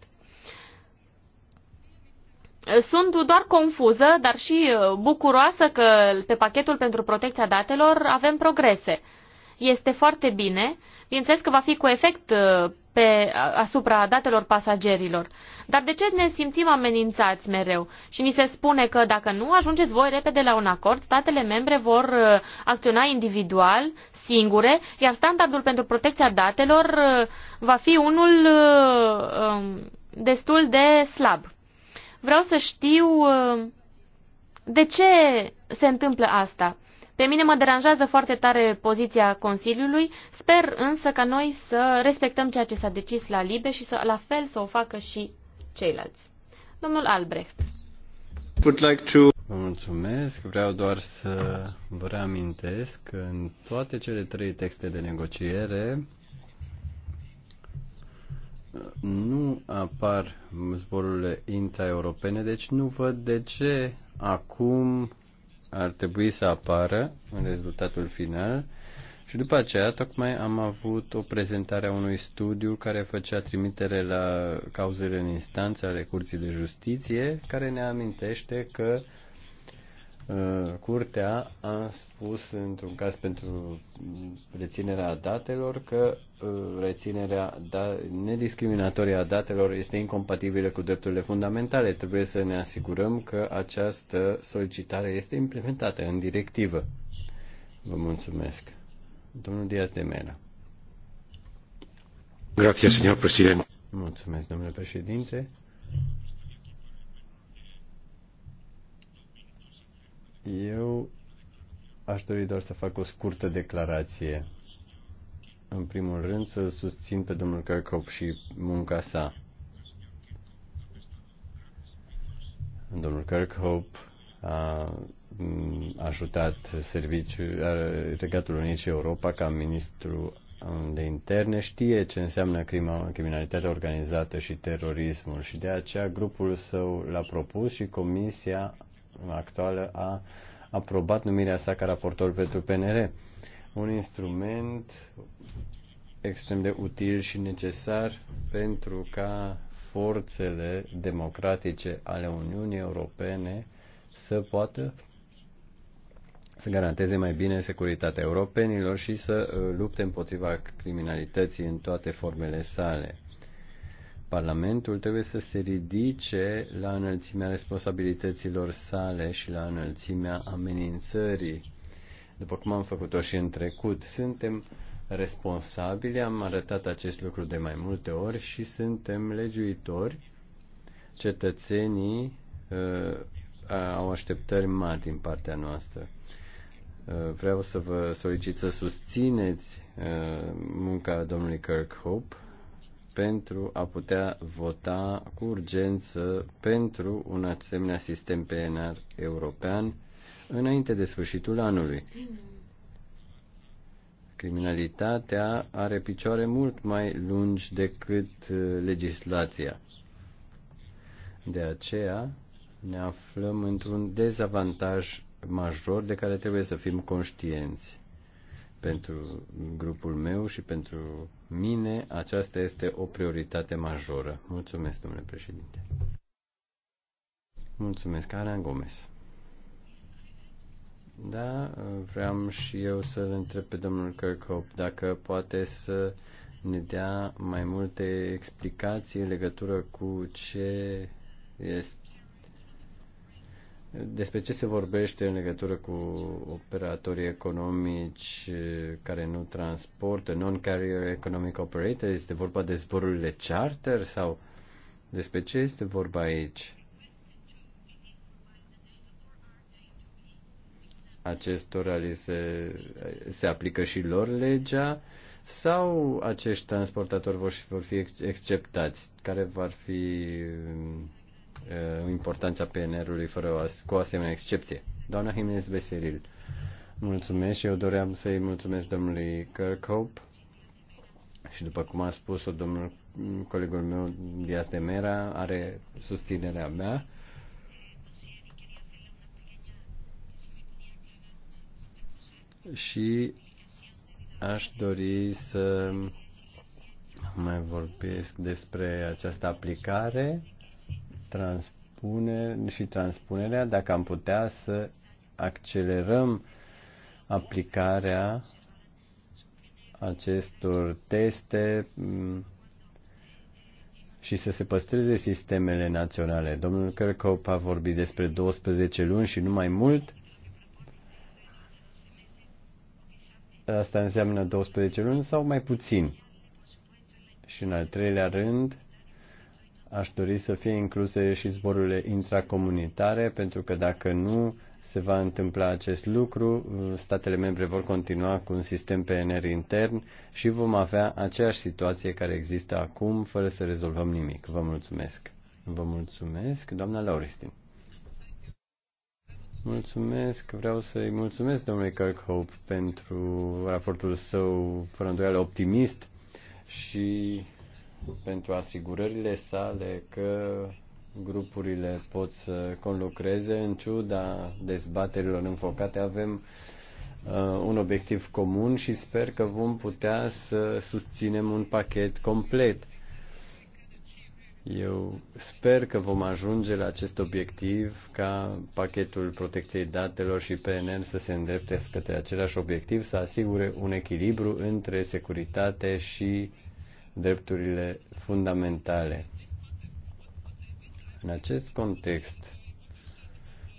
C: Sunt doar confuză, dar și uh, bucuroasă că pe pachetul pentru protecția datelor avem progrese. Este foarte bine, bineînțeles că va fi cu efect uh, pe, asupra datelor pasagerilor. Dar de ce ne simțim amenințați mereu? Și ni se spune că dacă nu ajungeți voi repede la un acord, statele membre vor uh, acționa individual, singure, iar standardul pentru protecția datelor va fi unul um, destul de slab. Vreau să știu uh, de ce se întâmplă asta. Pe mine mă deranjează foarte tare poziția Consiliului, sper însă ca noi să respectăm ceea ce s-a decis la Libe și să, la fel să o facă și ceilalți. Domnul Albrecht.
B: Would like to... Vă mulțumesc, vreau doar să vă reamintesc că în toate cele trei texte de negociere nu apar zborurile intraeuropene, deci nu văd de ce acum ar trebui să apară în rezultatul final. Și după aceea, tocmai am avut o prezentare a unui studiu care făcea trimitere la cauzele în instanță ale Curții de Justiție, care ne amintește că uh, Uh, curtea a spus într-un caz pentru reținerea datelor că uh, reținerea da- nediscriminatorie a datelor este incompatibilă cu drepturile fundamentale. Trebuie să ne asigurăm că această solicitare este implementată în directivă. Vă mulțumesc. Domnul Diaz de Mera. Grazie, signor Presidente. Mulțumesc, domnule președinte. Eu aș dori doar să fac o scurtă declarație. În primul rând să susțin pe domnul Kirchhoff și munca sa. Domnul Kirchhoff a ajutat serviciul Regatul Unit Europa ca ministru de interne știe ce înseamnă crima, criminalitatea organizată și terorismul și de aceea grupul său l-a propus și comisia actuală a aprobat numirea sa ca raportor pentru PNR, un instrument extrem de util și necesar pentru ca forțele democratice ale Uniunii Europene să poată să garanteze mai bine securitatea europenilor și să uh, lupte împotriva criminalității în toate formele sale. Parlamentul trebuie să se ridice la înălțimea responsabilităților sale și la înălțimea amenințării, după cum am făcut-o și în trecut. Suntem responsabili, am arătat acest lucru de mai multe ori și suntem legiuitori. Cetățenii uh, au așteptări mari din partea noastră. Uh, vreau să vă solicit să susțineți uh, munca domnului Kirk Hope pentru a putea vota cu urgență pentru un asemenea sistem PNR european înainte de sfârșitul anului. Criminalitatea are picioare mult mai lungi decât uh, legislația. De aceea ne aflăm într-un dezavantaj major de care trebuie să fim conștienți pentru grupul meu și pentru mine aceasta este o prioritate majoră. Mulțumesc, domnule președinte. Mulțumesc, Ana Gomes. Da, vreau și eu să întreb pe domnul Kirkhope dacă poate să ne dea mai multe explicații în legătură cu ce este despre ce se vorbește în legătură cu operatorii economici care nu transportă, non-carrier economic operator? Este vorba de zborurile charter sau despre ce este vorba aici? Acestora li se, se aplică și lor legea sau acești transportatori vor, vor fi exceptați? Care vor fi Uh, importanța PNR-ului fără o, cu o asemenea excepție. Doamna Jimenez Veseril, mulțumesc și eu doream să-i mulțumesc domnului Kirkhope și după cum a spus-o domnul colegul meu Dias de Mera, are susținerea mea. Și aș dori să mai vorbesc despre această aplicare transpune și transpunerea, dacă am putea să accelerăm aplicarea acestor teste mm, și să se păstreze sistemele naționale. Domnul Kirchhoff a vorbit despre 12 luni și nu mai mult. Asta înseamnă 12 luni sau mai puțin. Și în al treilea rând, Aș dori să fie incluse și zborurile intracomunitare, pentru că dacă nu se va întâmpla acest lucru, statele membre vor continua cu un sistem PNR intern și vom avea aceeași situație care există acum, fără să rezolvăm nimic. Vă mulțumesc. Vă mulțumesc, doamna Lauristin. Mulțumesc, vreau să-i mulțumesc domnului Kirkhope pentru raportul său, fără îndoială optimist și pentru asigurările sale că grupurile pot să conlucreze în ciuda dezbaterilor înfocate. Avem uh, un obiectiv comun și sper că vom putea să susținem un pachet complet. Eu sper că vom ajunge la acest obiectiv ca pachetul protecției datelor și PNR să se îndrepte către același obiectiv, să asigure un echilibru între securitate și drepturile fundamentale. În acest context,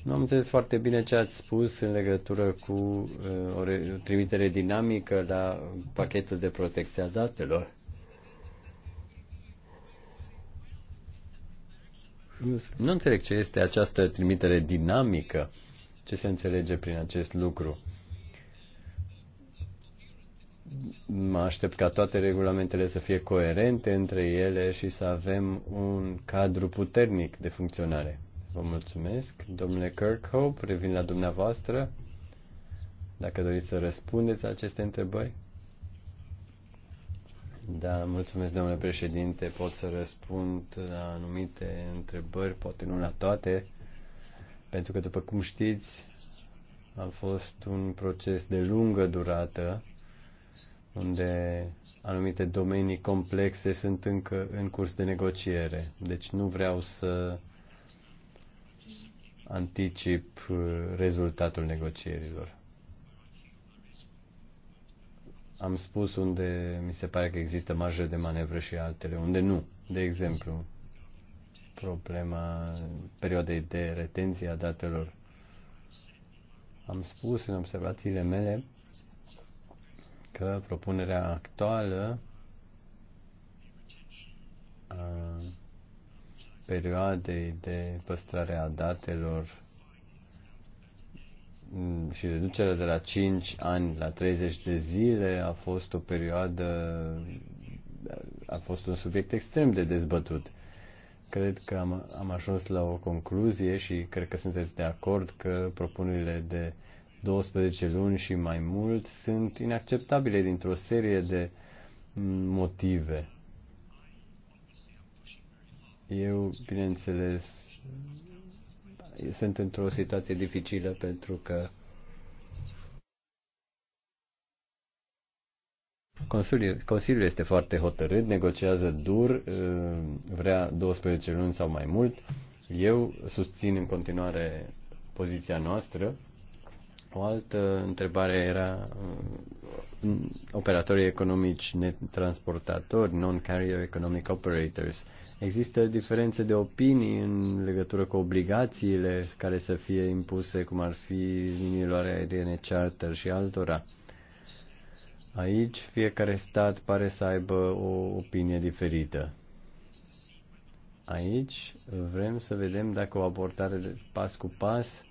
B: nu am înțeles foarte bine ce ați spus în legătură cu uh, o trimitere dinamică la pachetul de protecție a datelor. Nu înțeleg ce este această trimitere dinamică, ce se înțelege prin acest lucru mă aștept ca toate regulamentele să fie coerente între ele și să avem un cadru puternic de funcționare. Vă mulțumesc. Domnule Kirkhope, revin la dumneavoastră. Dacă doriți să răspundeți aceste întrebări. Da, mulțumesc, domnule președinte. Pot să răspund la anumite întrebări, poate nu la toate, pentru că, după cum știți, a fost un proces de lungă durată unde anumite domenii complexe sunt încă în curs de negociere. Deci nu vreau să anticip uh, rezultatul negocierilor. Am spus unde mi se pare că există marjă de manevră și altele, unde nu. De exemplu, problema perioadei de retenție a datelor. Am spus în observațiile mele că propunerea actuală a perioadei de păstrare a datelor mm, și reducerea de la 5 ani la 30 de zile a fost o perioadă, a fost un subiect extrem de dezbătut. Cred că am, am ajuns la o concluzie și cred că sunteți de acord că propunerile de 12 luni și mai mult sunt inacceptabile dintr-o serie de motive. Eu, bineînțeles, sunt într-o situație dificilă pentru că Consiliul, este foarte hotărât, negociază dur, uh, vrea 12 luni sau mai mult. Eu susțin în continuare poziția noastră o altă întrebare era um, operatorii economici netransportatori, non-carrier economic operators. Există diferențe de opinii în legătură cu obligațiile care să fie impuse, cum ar fi liniilor aeriene charter și altora. Aici fiecare stat pare să aibă o opinie diferită. Aici vrem să vedem dacă o abordare pas cu pas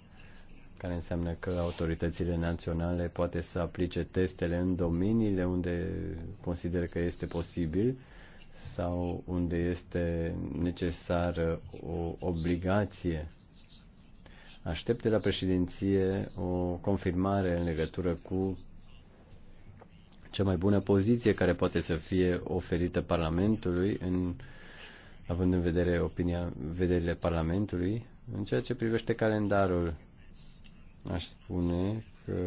B: care înseamnă că autoritățile naționale poate să aplice testele în domeniile unde consideră că este posibil sau unde este necesară o obligație. de la președinție o confirmare în legătură cu cea mai bună poziție care poate să fie oferită Parlamentului, în, având în vedere opinia, vederile Parlamentului, în ceea ce privește calendarul aș spune că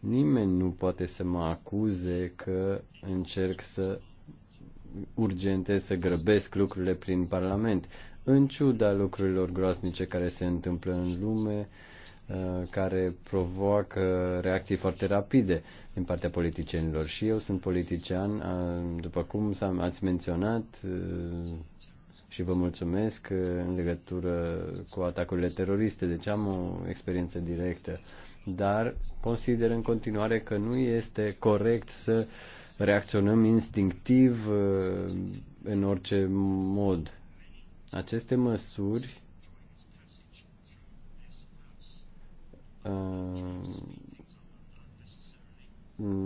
B: nimeni nu poate să mă acuze că încerc să urgente să grăbesc lucrurile prin Parlament, în ciuda lucrurilor groaznice care se întâmplă în lume, uh, care provoacă reacții foarte rapide din partea politicienilor. Și eu sunt politician, uh, după cum ați menționat, uh, și vă mulțumesc uh, în legătură cu atacurile teroriste, deci am o experiență directă, dar consider în continuare că nu este corect să reacționăm instinctiv uh, în orice mod. Aceste măsuri uh,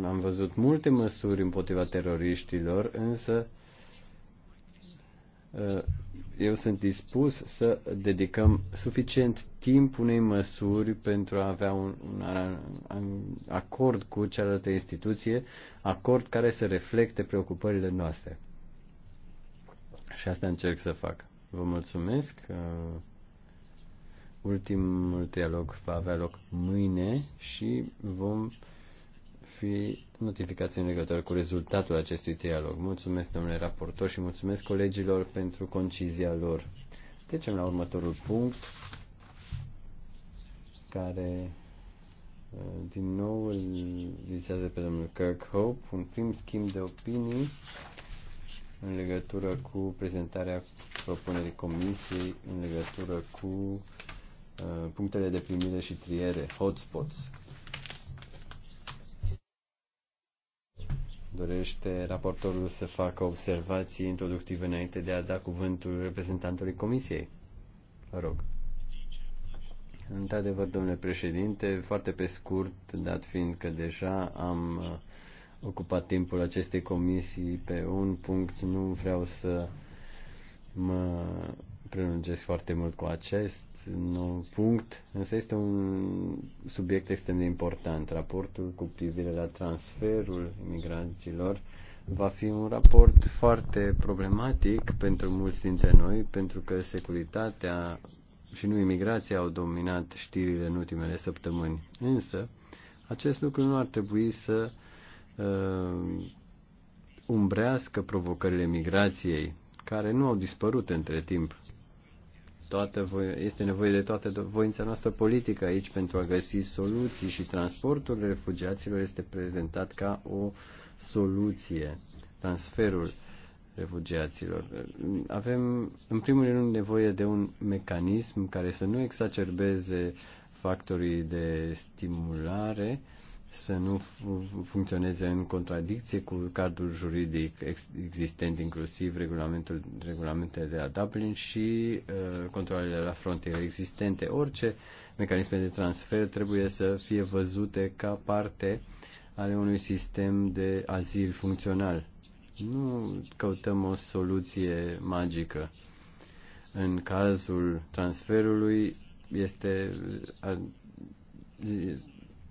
B: am văzut multe măsuri împotriva teroriștilor, însă Eh, eu sunt dispus să dedicăm suficient timp unei măsuri pentru a avea un, un, un acord cu cealaltă instituție, acord care să reflecte preocupările noastre. Și asta încerc să fac. Vă mulțumesc. Eh, ultimul dialog va avea loc mâine și vom fi notificați în legătură cu rezultatul acestui trialog. Mulțumesc, domnule raportor, și mulțumesc colegilor pentru concizia lor. Trecem la următorul punct, care uh, din nou îl vizează pe domnul Kirkhope, un prim schimb de opinii în legătură cu prezentarea propunerii comisiei în legătură cu uh, punctele de primire și triere, hotspots. Dorește raportorul să facă observații introductive înainte de a da cuvântul reprezentantului Comisiei? Vă rog. Într-adevăr, domnule președinte, foarte pe scurt, dat fiind că deja am uh, ocupat timpul acestei comisii pe un punct, nu vreau să mă prelungesc foarte mult cu acest nou punct, însă este un subiect extrem de important. Raportul cu privire la transferul imigranților va fi un raport foarte problematic pentru mulți dintre noi, pentru că securitatea și nu imigrația au dominat știrile în ultimele săptămâni. Însă, acest lucru nu ar trebui să uh, umbrească provocările migrației, care nu au dispărut între timp toată, este nevoie de toată voința noastră politică aici pentru a găsi soluții și transportul refugiaților este prezentat ca o soluție, transferul refugiaților. Avem, în primul rând, nevoie de un mecanism care să nu exacerbeze factorii de stimulare să nu funcționeze în contradicție cu cadrul juridic existent, inclusiv regulamentul, regulamentele de la Dublin și uh, controlele la frontieră existente. Orice mecanisme de transfer trebuie să fie văzute ca parte ale unui sistem de azil funcțional. Nu căutăm o soluție magică. În cazul transferului este uh,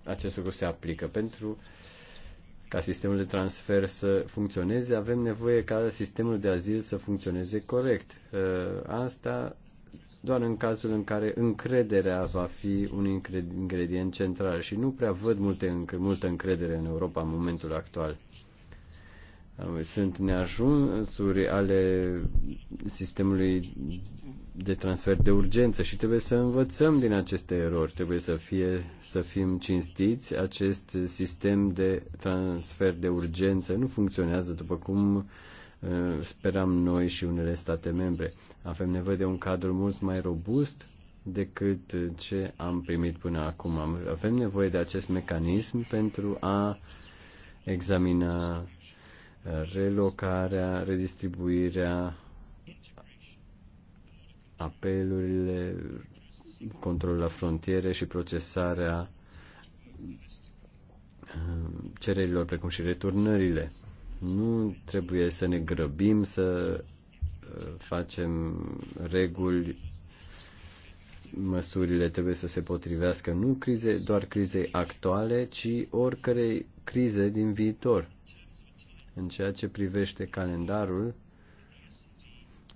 B: acest lucru se aplică. Pentru ca sistemul de transfer să funcționeze, avem nevoie ca sistemul de azil să funcționeze corect. Uh, asta doar în cazul în care încrederea va fi un ingredient central și nu prea văd multe, multă încredere în Europa în momentul actual sunt neajunsuri ale sistemului de transfer de urgență și trebuie să învățăm din aceste erori, trebuie să, fie, să fim cinstiți. Acest sistem de transfer de urgență nu funcționează după cum uh, speram noi și unele state membre. Avem nevoie de un cadru mult mai robust decât ce am primit până acum. Avem nevoie de acest mecanism pentru a examina relocarea, redistribuirea, apelurile, controlul la frontiere și procesarea uh, cererilor, precum și returnările. Nu trebuie să ne grăbim să uh, facem reguli, măsurile trebuie să se potrivească nu crize, doar crizei actuale, ci oricărei crize din viitor. În ceea ce privește calendarul,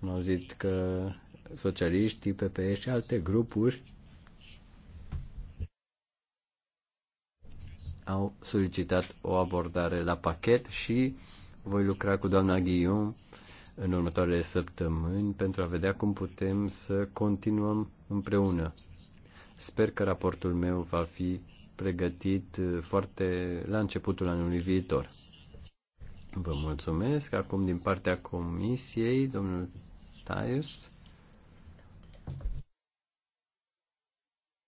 B: am auzit că socialiștii, PPE și alte grupuri au solicitat o abordare la pachet și voi lucra cu doamna Ghiun în următoarele săptămâni pentru a vedea cum putem să continuăm împreună. Sper că raportul meu va fi pregătit foarte la începutul anului viitor. Vă mulțumesc. Acum din partea comisiei, domnul Taius.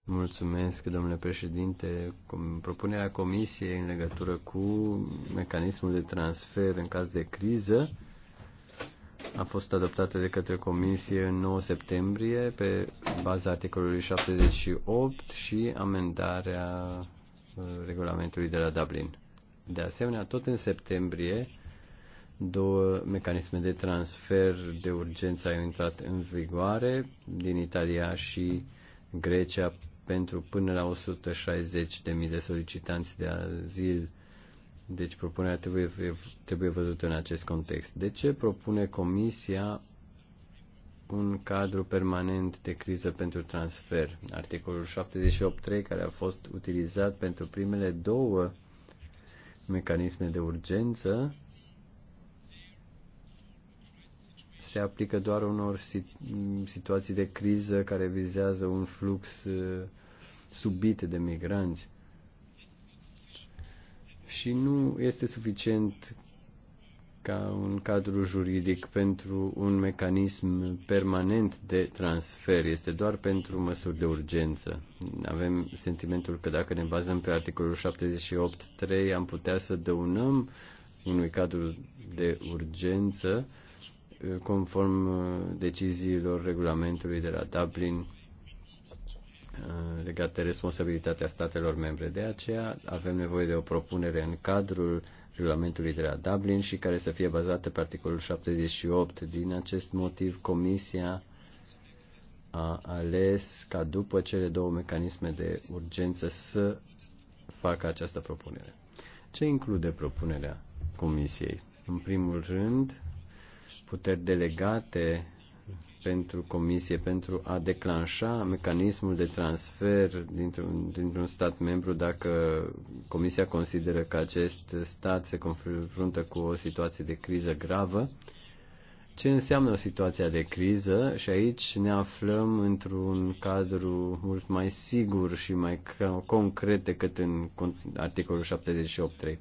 B: Mulțumesc, domnule președinte. Propunerea comisiei în legătură cu mecanismul de transfer în caz de criză a fost adoptată de către comisie în 9 septembrie pe baza articolului 78 și amendarea uh, regulamentului de la Dublin. De asemenea, tot în septembrie, două mecanisme de transfer de urgență au intrat în vigoare din Italia și Grecia pentru până la 160.000 de solicitanți de azil. Deci propunerea trebuie, trebuie văzută în acest context. De ce propune Comisia un cadru permanent de criză pentru transfer? Articolul 78.3 care a fost utilizat pentru primele două mecanisme de urgență se aplică doar unor situații de criză care vizează un flux uh, subit de migranți. Și nu este suficient ca un cadru juridic pentru un mecanism permanent de transfer. Este doar pentru măsuri de urgență. Avem sentimentul că dacă ne bazăm pe articolul 78.3 am putea să dăunăm unui cadru de urgență eh, conform eh, deciziilor regulamentului de la Dublin eh, legate de responsabilitatea statelor membre. De aceea avem nevoie de o propunere în cadrul uh, regulamentului de la Dublin și care să fie bazată pe articolul 78. Din acest motiv, Comisia a ales ca după cele două mecanisme de urgență să facă această propunere. Ce include propunerea Comisiei? În primul rând, puteri delegate pentru Comisie pentru a declanșa mecanismul de transfer dintr-un, dintr-un stat membru dacă Comisia consideră că acest stat se confruntă cu o situație de criză gravă. Ce înseamnă o situație de criză? Și aici ne aflăm într-un cadru mult mai sigur și mai concret decât în articolul 78.3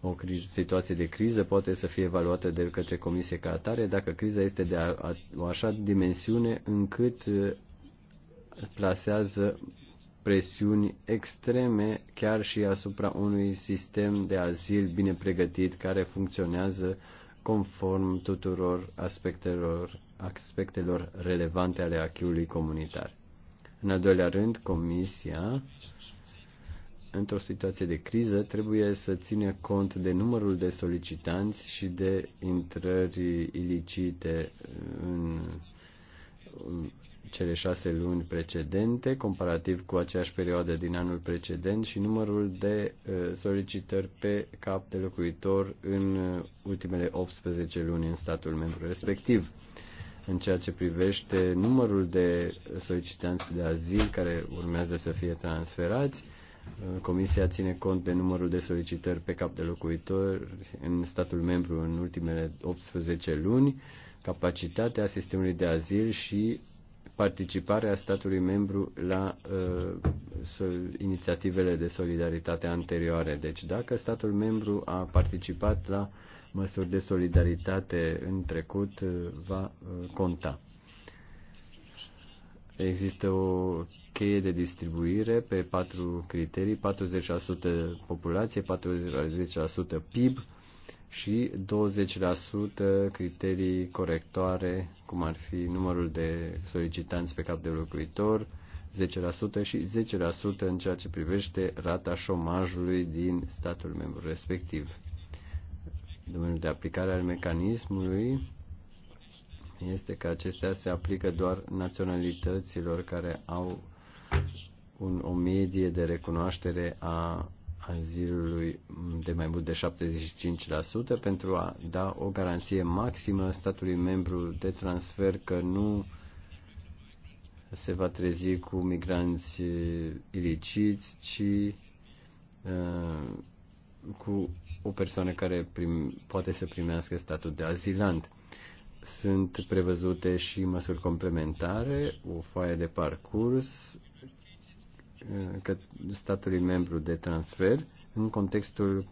B: o criză, situație de criză poate să fie evaluată de către comisie ca atare dacă criza este de a, a, o așa dimensiune încât uh, plasează presiuni extreme chiar și asupra unui sistem de azil bine pregătit care funcționează conform tuturor aspectelor, aspectelor relevante ale acquis comunitar. În al doilea rând, Comisia într-o situație de criză, trebuie să ține cont de numărul de solicitanți și de intrări ilicite în cele șase luni precedente, comparativ cu aceeași perioadă din anul precedent și numărul de uh, solicitări pe cap de locuitor în uh, ultimele 18 luni în statul membru respectiv. În ceea ce privește numărul de solicitanți de azil care urmează să fie transferați, Comisia ține cont de numărul de solicitări pe cap de locuitor în statul membru în ultimele 18 luni, capacitatea sistemului de azil și participarea statului membru la uh, sol, inițiativele de solidaritate anterioare. Deci dacă statul membru a participat la măsuri de solidaritate în trecut, uh, va uh, conta. Există o cheie de distribuire pe patru criterii, 40% populație, 40% PIB și 20% criterii corectoare, cum ar fi numărul de solicitanți pe cap de locuitor, 10% și 10% în ceea ce privește rata șomajului din statul membru respectiv. Domeniul de aplicare al mecanismului este că acestea se aplică doar naționalităților care au un, o medie de recunoaștere a azilului de mai mult de 75% pentru a da o garanție maximă statului membru de transfer că nu se va trezi cu migranți iliciți, ci uh, cu o persoană care prim, poate să primească statut de azilant. Sunt prevăzute și măsuri complementare, o foaie de parcurs uh, că statului membru de transfer. În contextul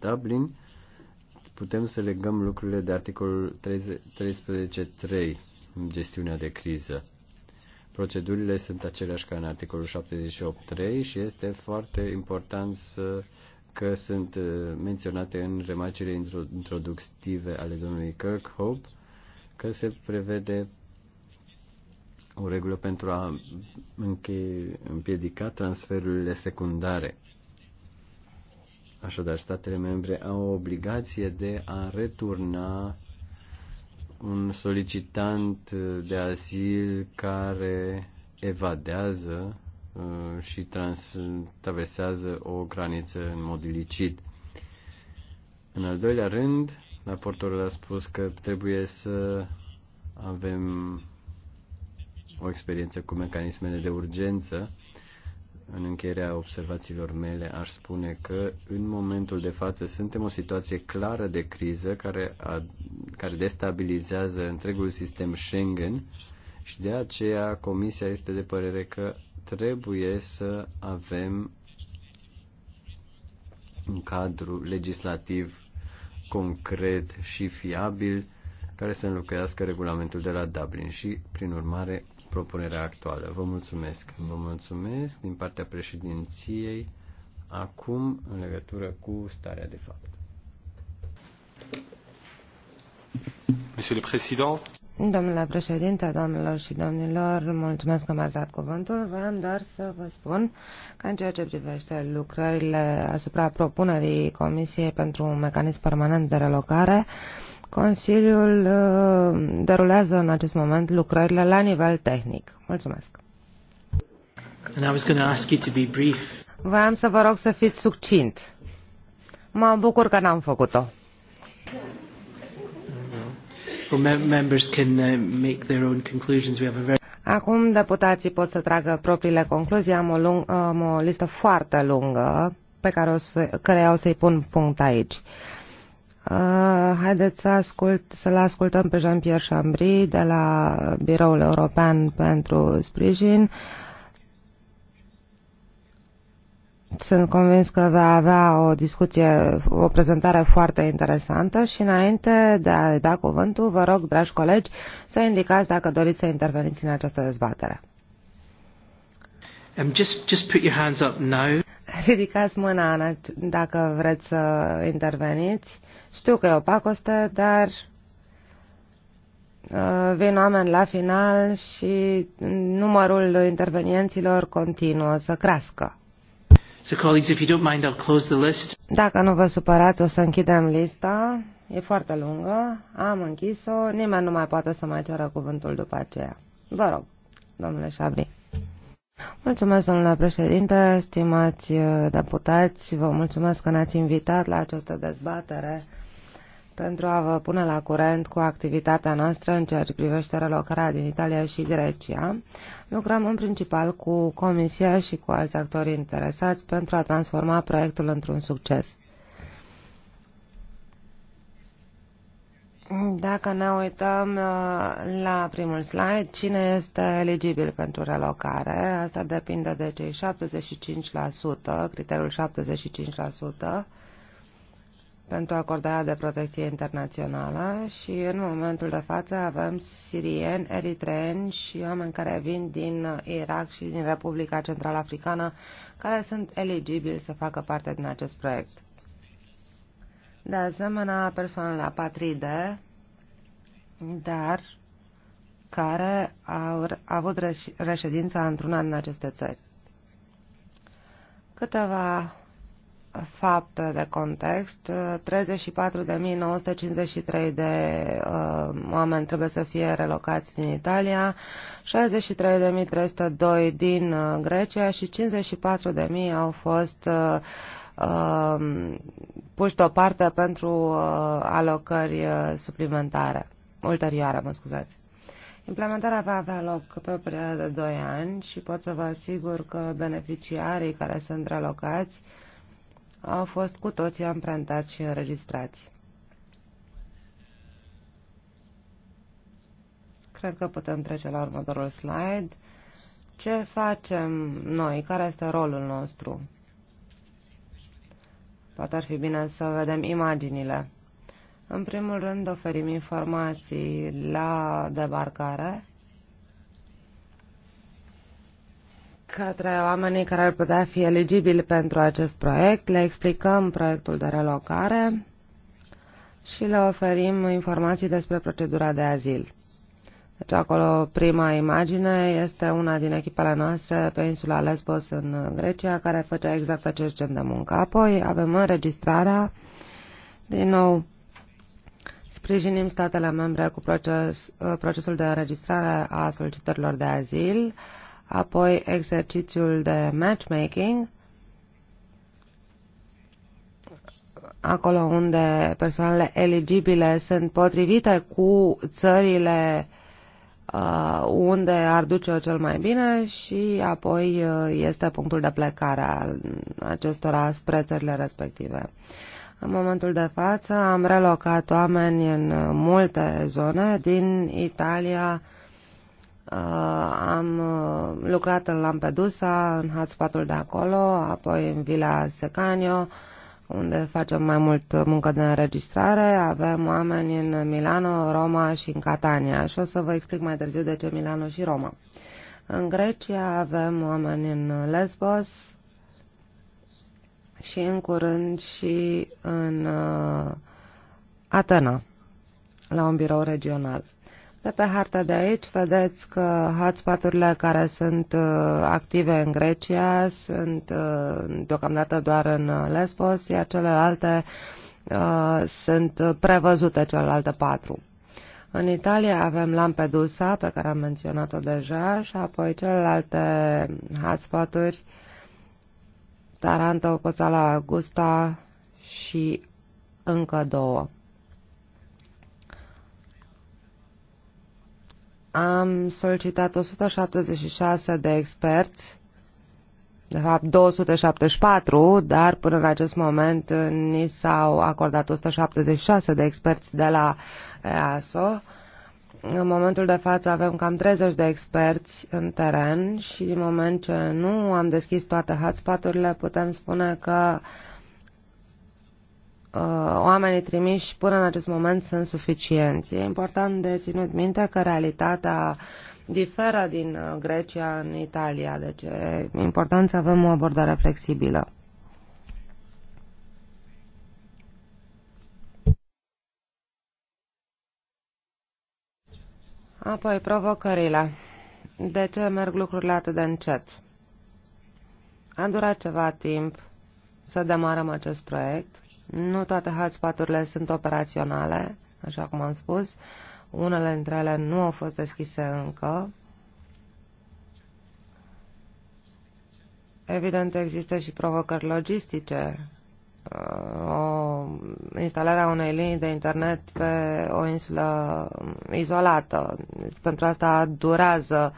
B: Dublin putem să legăm lucrurile de articolul 13.3, gestiunea de criză. Procedurile sunt aceleași ca în articolul 78.3 și este foarte important să că sunt uh, menționate în remarcile introductive ale domnului Kirkhope că se prevede o regulă pentru a împiedica transferurile secundare. Așadar, statele membre au o obligație de a returna un solicitant de azil care evadează Uh, și trans, traversează o graniță în mod licit. În al doilea rând, raportorul a spus că trebuie să avem o experiență cu mecanismele de urgență. În încheierea observațiilor mele aș spune că în momentul de față suntem o situație clară de criză care, a, care destabilizează întregul sistem Schengen și de aceea Comisia este de părere că trebuie să avem un cadru legislativ concret și fiabil care să înlocuiască regulamentul de la Dublin și, prin urmare, propunerea actuală. Vă mulțumesc. Vă mulțumesc din partea președinției acum în legătură cu starea de fapt. Monsieur le Président,
A: Domnule președinte, domnilor și domnilor, mulțumesc că mi-ați dat cuvântul. Vreau doar să vă spun că în ceea ce privește lucrările asupra propunerii Comisiei pentru un mecanism permanent de relocare, Consiliul uh, derulează în acest moment lucrările la nivel tehnic. Mulțumesc. And I was going to ask you to be brief. Voiam să vă rog să fiți succint. Mă bucur că n-am făcut-o. Acum deputații pot să tragă propriile concluzii. Am o, lung, am o listă foarte lungă pe care o să, care o să-i pun punct aici. Uh, haideți să, ascult, să-l ascultăm pe Jean-Pierre Chambry de la Biroul European pentru Sprijin. Uh, Sunt convins că va avea o discuție, o prezentare foarte interesantă și înainte de a da cuvântul, vă rog, dragi colegi, să indicați dacă doriți să interveniți în această dezbatere. Um, just, just put your hands up now. Ridicați mâna Ana, dacă vreți să interveniți. Știu că e o pacoste, dar uh, vin oameni la final și numărul intervenienților continuă să crească. So, colleagues, if you don't mind, I'll close the list. Dacă nu vă supărați, o să închidem lista. E foarte lungă. Am închis-o. Nimeni nu mai poate să mai ceară cuvântul după aceea. Vă rog, domnule Șabri. Mulțumesc, domnule președinte, stimați uh, deputați, vă mulțumesc că ne-ați invitat la această dezbatere pentru a vă pune la curent cu activitatea noastră în ceea ce privește relocarea din Italia și Grecia. Lucrăm în principal cu Comisia și cu alți actori interesați pentru a transforma proiectul într-un succes. Dacă ne uităm uh, la primul slide, cine este eligibil pentru relocare? Asta depinde de cei 75%, criteriul 75% pentru acordarea de protecție internațională și în momentul de față avem sirieni, eritreeni și oameni care vin din Irak și din Republica Central Africană care sunt eligibili să facă parte din acest proiect. De asemenea, persoanele apatride, dar care au avut reședința într-una din aceste țări. Câteva faptă de context. 34.953 de uh, oameni trebuie să fie relocați din Italia, 63.302 din uh, Grecia și 54.000 au fost uh, uh, puși deoparte pentru uh, alocări uh, suplimentare, ulterioare, mă scuzați. Implementarea va avea loc pe o perioadă de 2 ani și pot să vă asigur că beneficiarii care sunt relocați uh, au fost cu toții amprentați și înregistrați. Cred că putem trece la următorul slide. Ce facem noi? Care este rolul nostru? Poate ar fi bine să vedem imaginile. În primul rând, oferim informații la debarcare către oamenii care ar putea fi eligibili pentru acest proiect, le explicăm proiectul de relocare și le oferim informații despre procedura de azil. Deci acolo prima imagine este una din echipele noastre pe insula Lesbos în Grecia, care făcea exact acest gen de muncă. Apoi avem înregistrarea, din nou sprijinim statele membre cu proces, procesul de înregistrare a solicitărilor de azil, uh, apoi exercițiul de matchmaking, acolo unde persoanele eligibile sunt potrivite cu țările uh, unde ar duce-o cel mai bine și apoi uh, este punctul de plecare al acestora spre țările respective. În momentul de față am relocat oameni în multe zone din Italia, Uh, am uh, lucrat în Lampedusa, în hotspotul de acolo, apoi în Villa Secanio, unde facem mai mult muncă de înregistrare. Avem oameni în Milano, Roma și în Catania și o să vă explic mai târziu de ce Milano și Roma. În Grecia avem oameni în Lesbos și în curând și în uh, Atena, la un birou regional. De pe harta de aici vedeți că hotspot-urile care sunt uh, active în Grecia sunt uh, deocamdată doar în uh, Lesbos, iar celelalte sunt prevăzute, celelalte patru. În Italia avem Lampedusa, pe care am menționat-o deja, și apoi celelalte hotspot-uri, Taranto, Poțala Augusta și încă două. am solicitat 176 de experți, de fapt 274, dar până în acest moment ni s-au acordat 176 de experți de la EASO. În momentul de față avem cam 30 de experți în teren și din moment ce nu am deschis toate hotspot-urile, putem spune că uh, Uh, oamenii trimiși până în acest moment sunt suficienți. E important de ținut minte că realitatea diferă din uh, Grecia în Italia, deci e important să avem o abordare flexibilă. Apoi, provocările. De ce merg lucrurile atât de încet? A durat ceva timp să demarăm acest proiect nu toate hotspot-urile sunt operaționale, așa cum am spus. Unele dintre ele nu au fost deschise încă. Evident, există și provocări logistice. Uh, o, instalarea unei linii de internet pe o insulă um, izolată. Pentru asta durează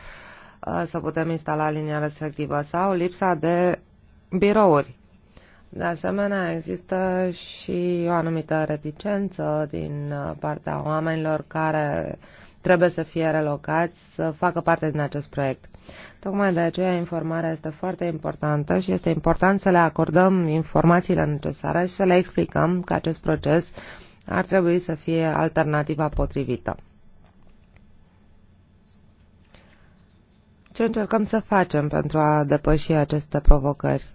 A: uh, să putem instala linia respectivă sau lipsa de birouri de asemenea, există și o anumită reticență din partea oamenilor care trebuie să fie relocați, să facă parte din acest proiect. Tocmai de aceea informarea este foarte importantă și este important să le acordăm informațiile necesare și să le explicăm că acest proces ar trebui să fie alternativa potrivită. Ce încercăm să facem pentru a depăși aceste provocări?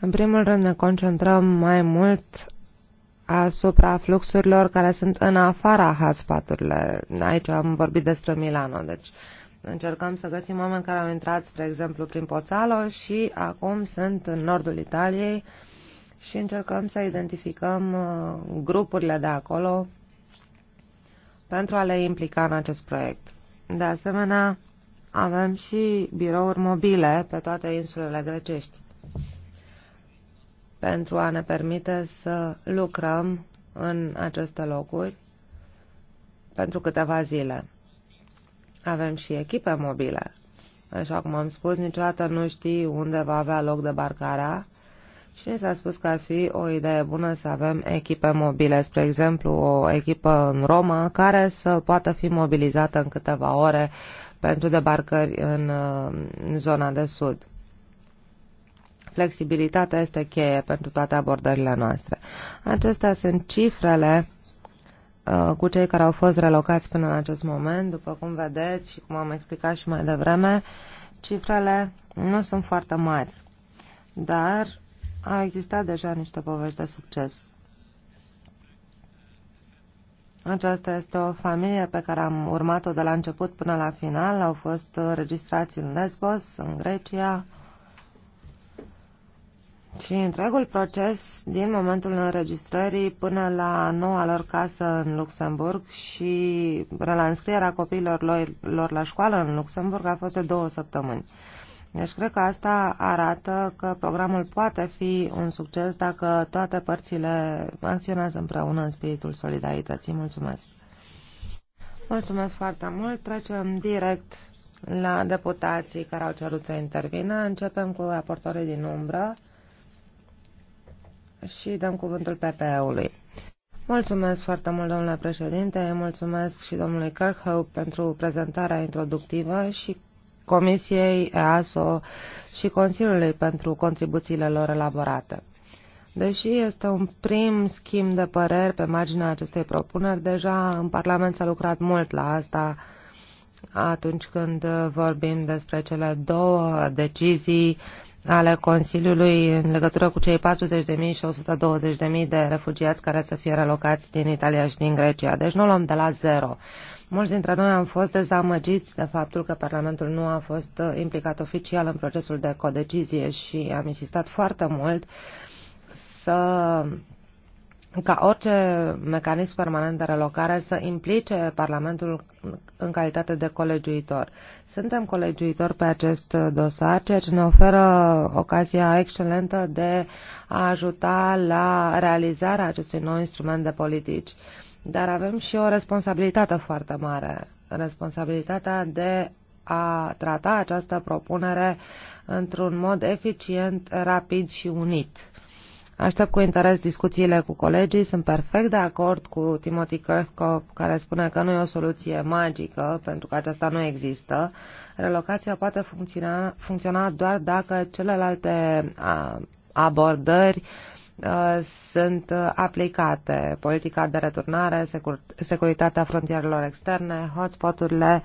A: În primul rând ne concentrăm mai mult asupra fluxurilor care sunt în afara hotspot-urilor. Aici am vorbit despre Milano, deci încercăm să găsim oameni care au intrat, spre exemplu, prin Pozzalo și acum sunt în nordul Italiei și încercăm să identificăm uh, grupurile de acolo pentru a le implica în acest proiect. De asemenea, avem și birouri mobile pe toate insulele grecești pentru a ne permite să lucrăm în aceste locuri pentru câteva zile. Avem și echipe mobile. Așa cum am spus, niciodată nu știi unde va avea loc debarcarea și ni s-a spus că ar fi o idee bună să avem echipe mobile, spre exemplu o echipă în Roma care să poată fi mobilizată în câteva ore pentru debarcări în zona de sud. Flexibilitatea este cheie pentru toate abordările noastre. Acestea sunt cifrele uh, cu cei care au fost relocați până în acest moment, după cum vedeți și cum am explicat și mai devreme, cifrele nu sunt foarte mari, dar au existat deja niște povești de succes. Aceasta este o familie pe care am urmat-o de la început până la final. Au fost registrați în Lesbos, în Grecia, și întregul proces, din momentul înregistrării până la noua lor casă în Luxemburg și relanscrierea copiilor lor, lor la școală în Luxemburg, a fost de două săptămâni. Deci cred că asta arată că programul poate fi un succes dacă toate părțile acționează împreună în spiritul solidarității. Mulțumesc! Mulțumesc foarte mult! Trecem direct la deputații care au cerut să intervină. Începem cu raportorii din umbră și dăm cuvântul PPE-ului. Mulțumesc foarte mult, domnule președinte, mulțumesc și domnului Kirkhope pentru prezentarea introductivă și Comisiei EASO și Consiliului pentru contribuțiile lor elaborate. Deși este un prim schimb de păreri pe marginea acestei propuneri, deja în Parlament s-a lucrat mult la asta atunci când vorbim despre cele două decizii ale Consiliului în legătură cu cei 40.000 și 120.000 de refugiați care să fie relocați din Italia și din Grecia. Deci nu luăm de la zero. Mulți dintre noi am fost dezamăgiți de faptul că Parlamentul nu a fost uh, implicat oficial în procesul de codecizie și am insistat foarte mult să ca orice mecanism permanent de relocare să implice Parlamentul în calitate de colegiuitor. Suntem colegiuitori pe acest dosar, ceea ce ne oferă ocazia excelentă de a ajuta la realizarea acestui nou instrument de politici. Dar avem și o responsabilitate foarte mare, responsabilitatea de a trata această propunere într-un mod eficient, rapid și unit Aștept cu interes discuțiile cu colegii. Sunt perfect de acord cu Timothy Kirchhoff, care spune că nu e o soluție magică, pentru că aceasta nu există. Relocația poate funcționa, funcționa doar dacă celelalte abordări sunt aplicate. Politica de returnare, securitatea frontierelor externe, hotspoturile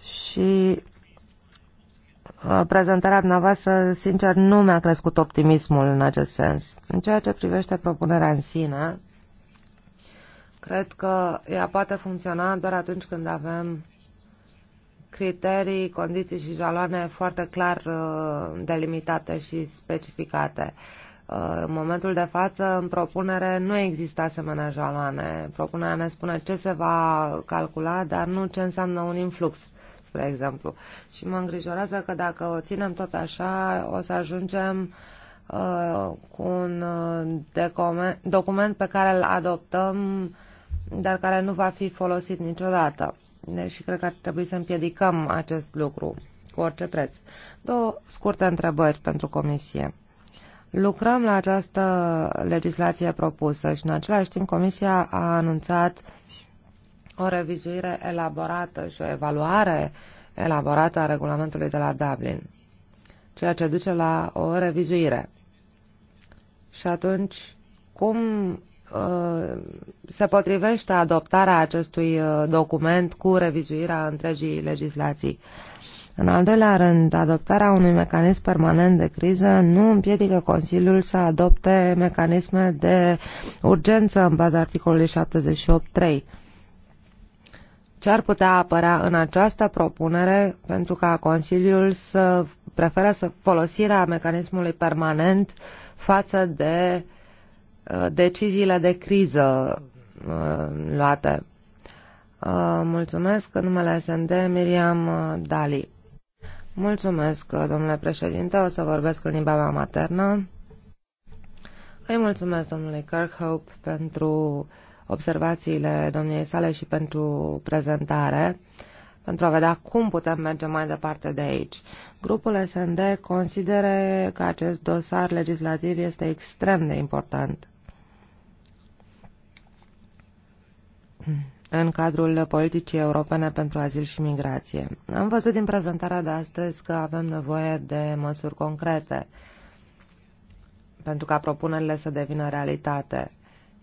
A: și Uh, prezentarea dumneavoastră, sincer, nu mi-a crescut optimismul în acest sens. În ceea ce privește propunerea în sine, cred că ea poate funcționa doar atunci când avem criterii, condiții și jaloane foarte clar uh, delimitate și specificate. Uh, în momentul de față, în propunere, nu există asemenea jaloane. Propunerea ne spune ce se va calcula, dar nu ce înseamnă un influx spre exemplu. Și mă îngrijorează că dacă o ținem tot așa, o să ajungem uh, cu un uh, document pe care îl adoptăm, dar care nu va fi folosit niciodată. Deci cred că ar trebui să împiedicăm acest lucru cu orice preț. Două scurte întrebări pentru Comisie. Lucrăm la această legislație propusă și în același timp Comisia a anunțat o revizuire elaborată și o evaluare elaborată a regulamentului de la Dublin, ceea ce duce la o revizuire. Și atunci, cum uh, se potrivește adoptarea acestui uh, document cu revizuirea întregii legislații. În al doilea rând, adoptarea unui mecanism permanent de criză nu împiedică Consiliul să adopte mecanisme de urgență în baza articolului 78.3 ce ar putea apărea în această propunere pentru ca Consiliul să preferă să folosirea mecanismului permanent față de uh, deciziile de criză uh, luate? Uh, mulțumesc. numele SND, Miriam Dali. Mulțumesc, domnule președinte. O să vorbesc în limba mea maternă. Îi mulțumesc domnului Kirkhope pentru uh, observațiile domniei sale și pentru prezentare, pentru a vedea cum putem merge mai departe de aici. Grupul SND consideră că acest dosar legislativ este extrem de important. în cadrul politicii europene pentru azil și migrație. Am văzut din prezentarea de astăzi că avem nevoie de măsuri concrete pentru ca propunerile să devină realitate.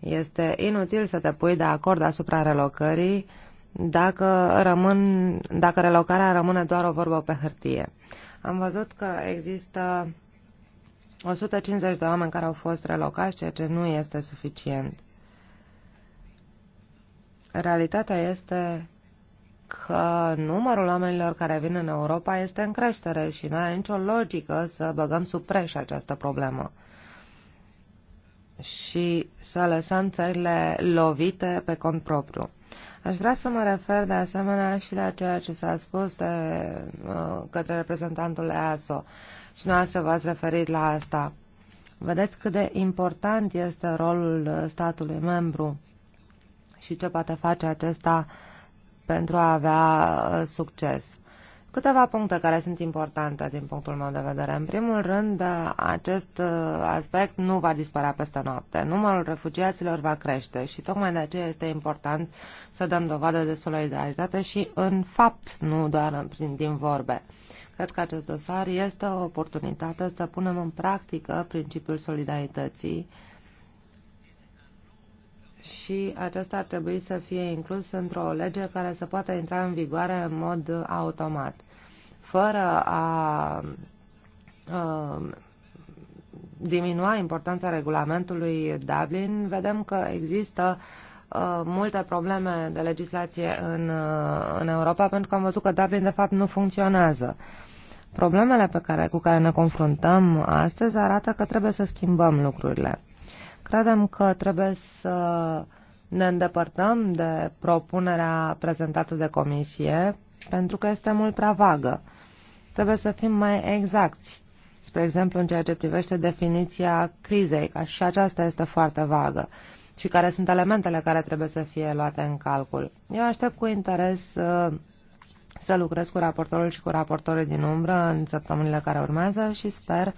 A: Este inutil să te pui de acord asupra relocării dacă, rămân, dacă relocarea rămâne doar o vorbă pe hârtie. Am văzut că există 150 de oameni care au fost relocați, ceea ce nu este suficient. Realitatea este că numărul oamenilor care vin în Europa este în creștere și nu are nicio logică să băgăm sub preș această problemă și să lăsăm țările lovite pe cont propriu. Aș vrea să mă refer de asemenea și la ceea ce s-a spus de uh, către reprezentantul EASO și nu să v-ați referit la asta. Vedeți cât de important este rolul statului membru și ce poate face acesta pentru a avea uh, succes. Câteva puncte care sunt importante din punctul meu de vedere. În primul rând, acest uh, aspect nu va dispărea peste noapte. Numărul refugiaților va crește și tocmai de aceea este important să dăm dovadă de solidaritate și în fapt, nu doar prin, din vorbe. Cred că acest dosar este o oportunitate să punem în practică principiul solidarității și acesta ar trebui să fie inclus într-o lege care să poată intra în vigoare în mod automat, fără a diminua importanța regulamentului Dublin, vedem că există multe probleme de legislație în, în Europa, pentru că am văzut că Dublin, de fapt, nu funcționează. Problemele pe care, cu care ne confruntăm astăzi arată că trebuie să schimbăm lucrurile. Credem că trebuie să ne îndepărtăm de propunerea prezentată de comisie pentru că este mult prea vagă. Trebuie să fim mai exacti. Spre exemplu, în ceea ce privește definiția crizei, ca și aceasta este foarte vagă și care sunt elementele care trebuie să fie luate în calcul. Eu aștept cu interes uh, să lucrez cu raportorul și cu raportorii din umbră în săptămânile care urmează și sper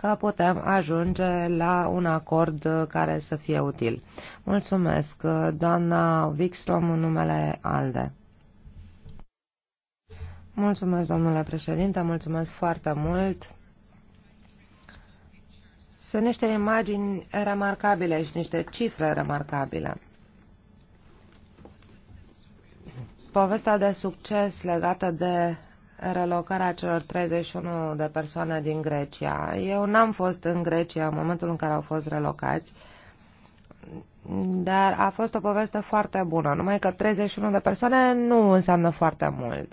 A: că putem ajunge la un acord care să fie util. Mulțumesc, doamna Wikstrom, în numele ALDE. Mulțumesc, domnule președinte, mulțumesc foarte mult. Sunt niște imagini remarcabile și niște cifre remarcabile. Povestea de succes legată de relocarea celor 31 de persoane din Grecia. Eu n-am fost în Grecia în momentul în care au fost relocați, dar a fost o poveste foarte bună, numai că 31 de persoane nu înseamnă foarte mult.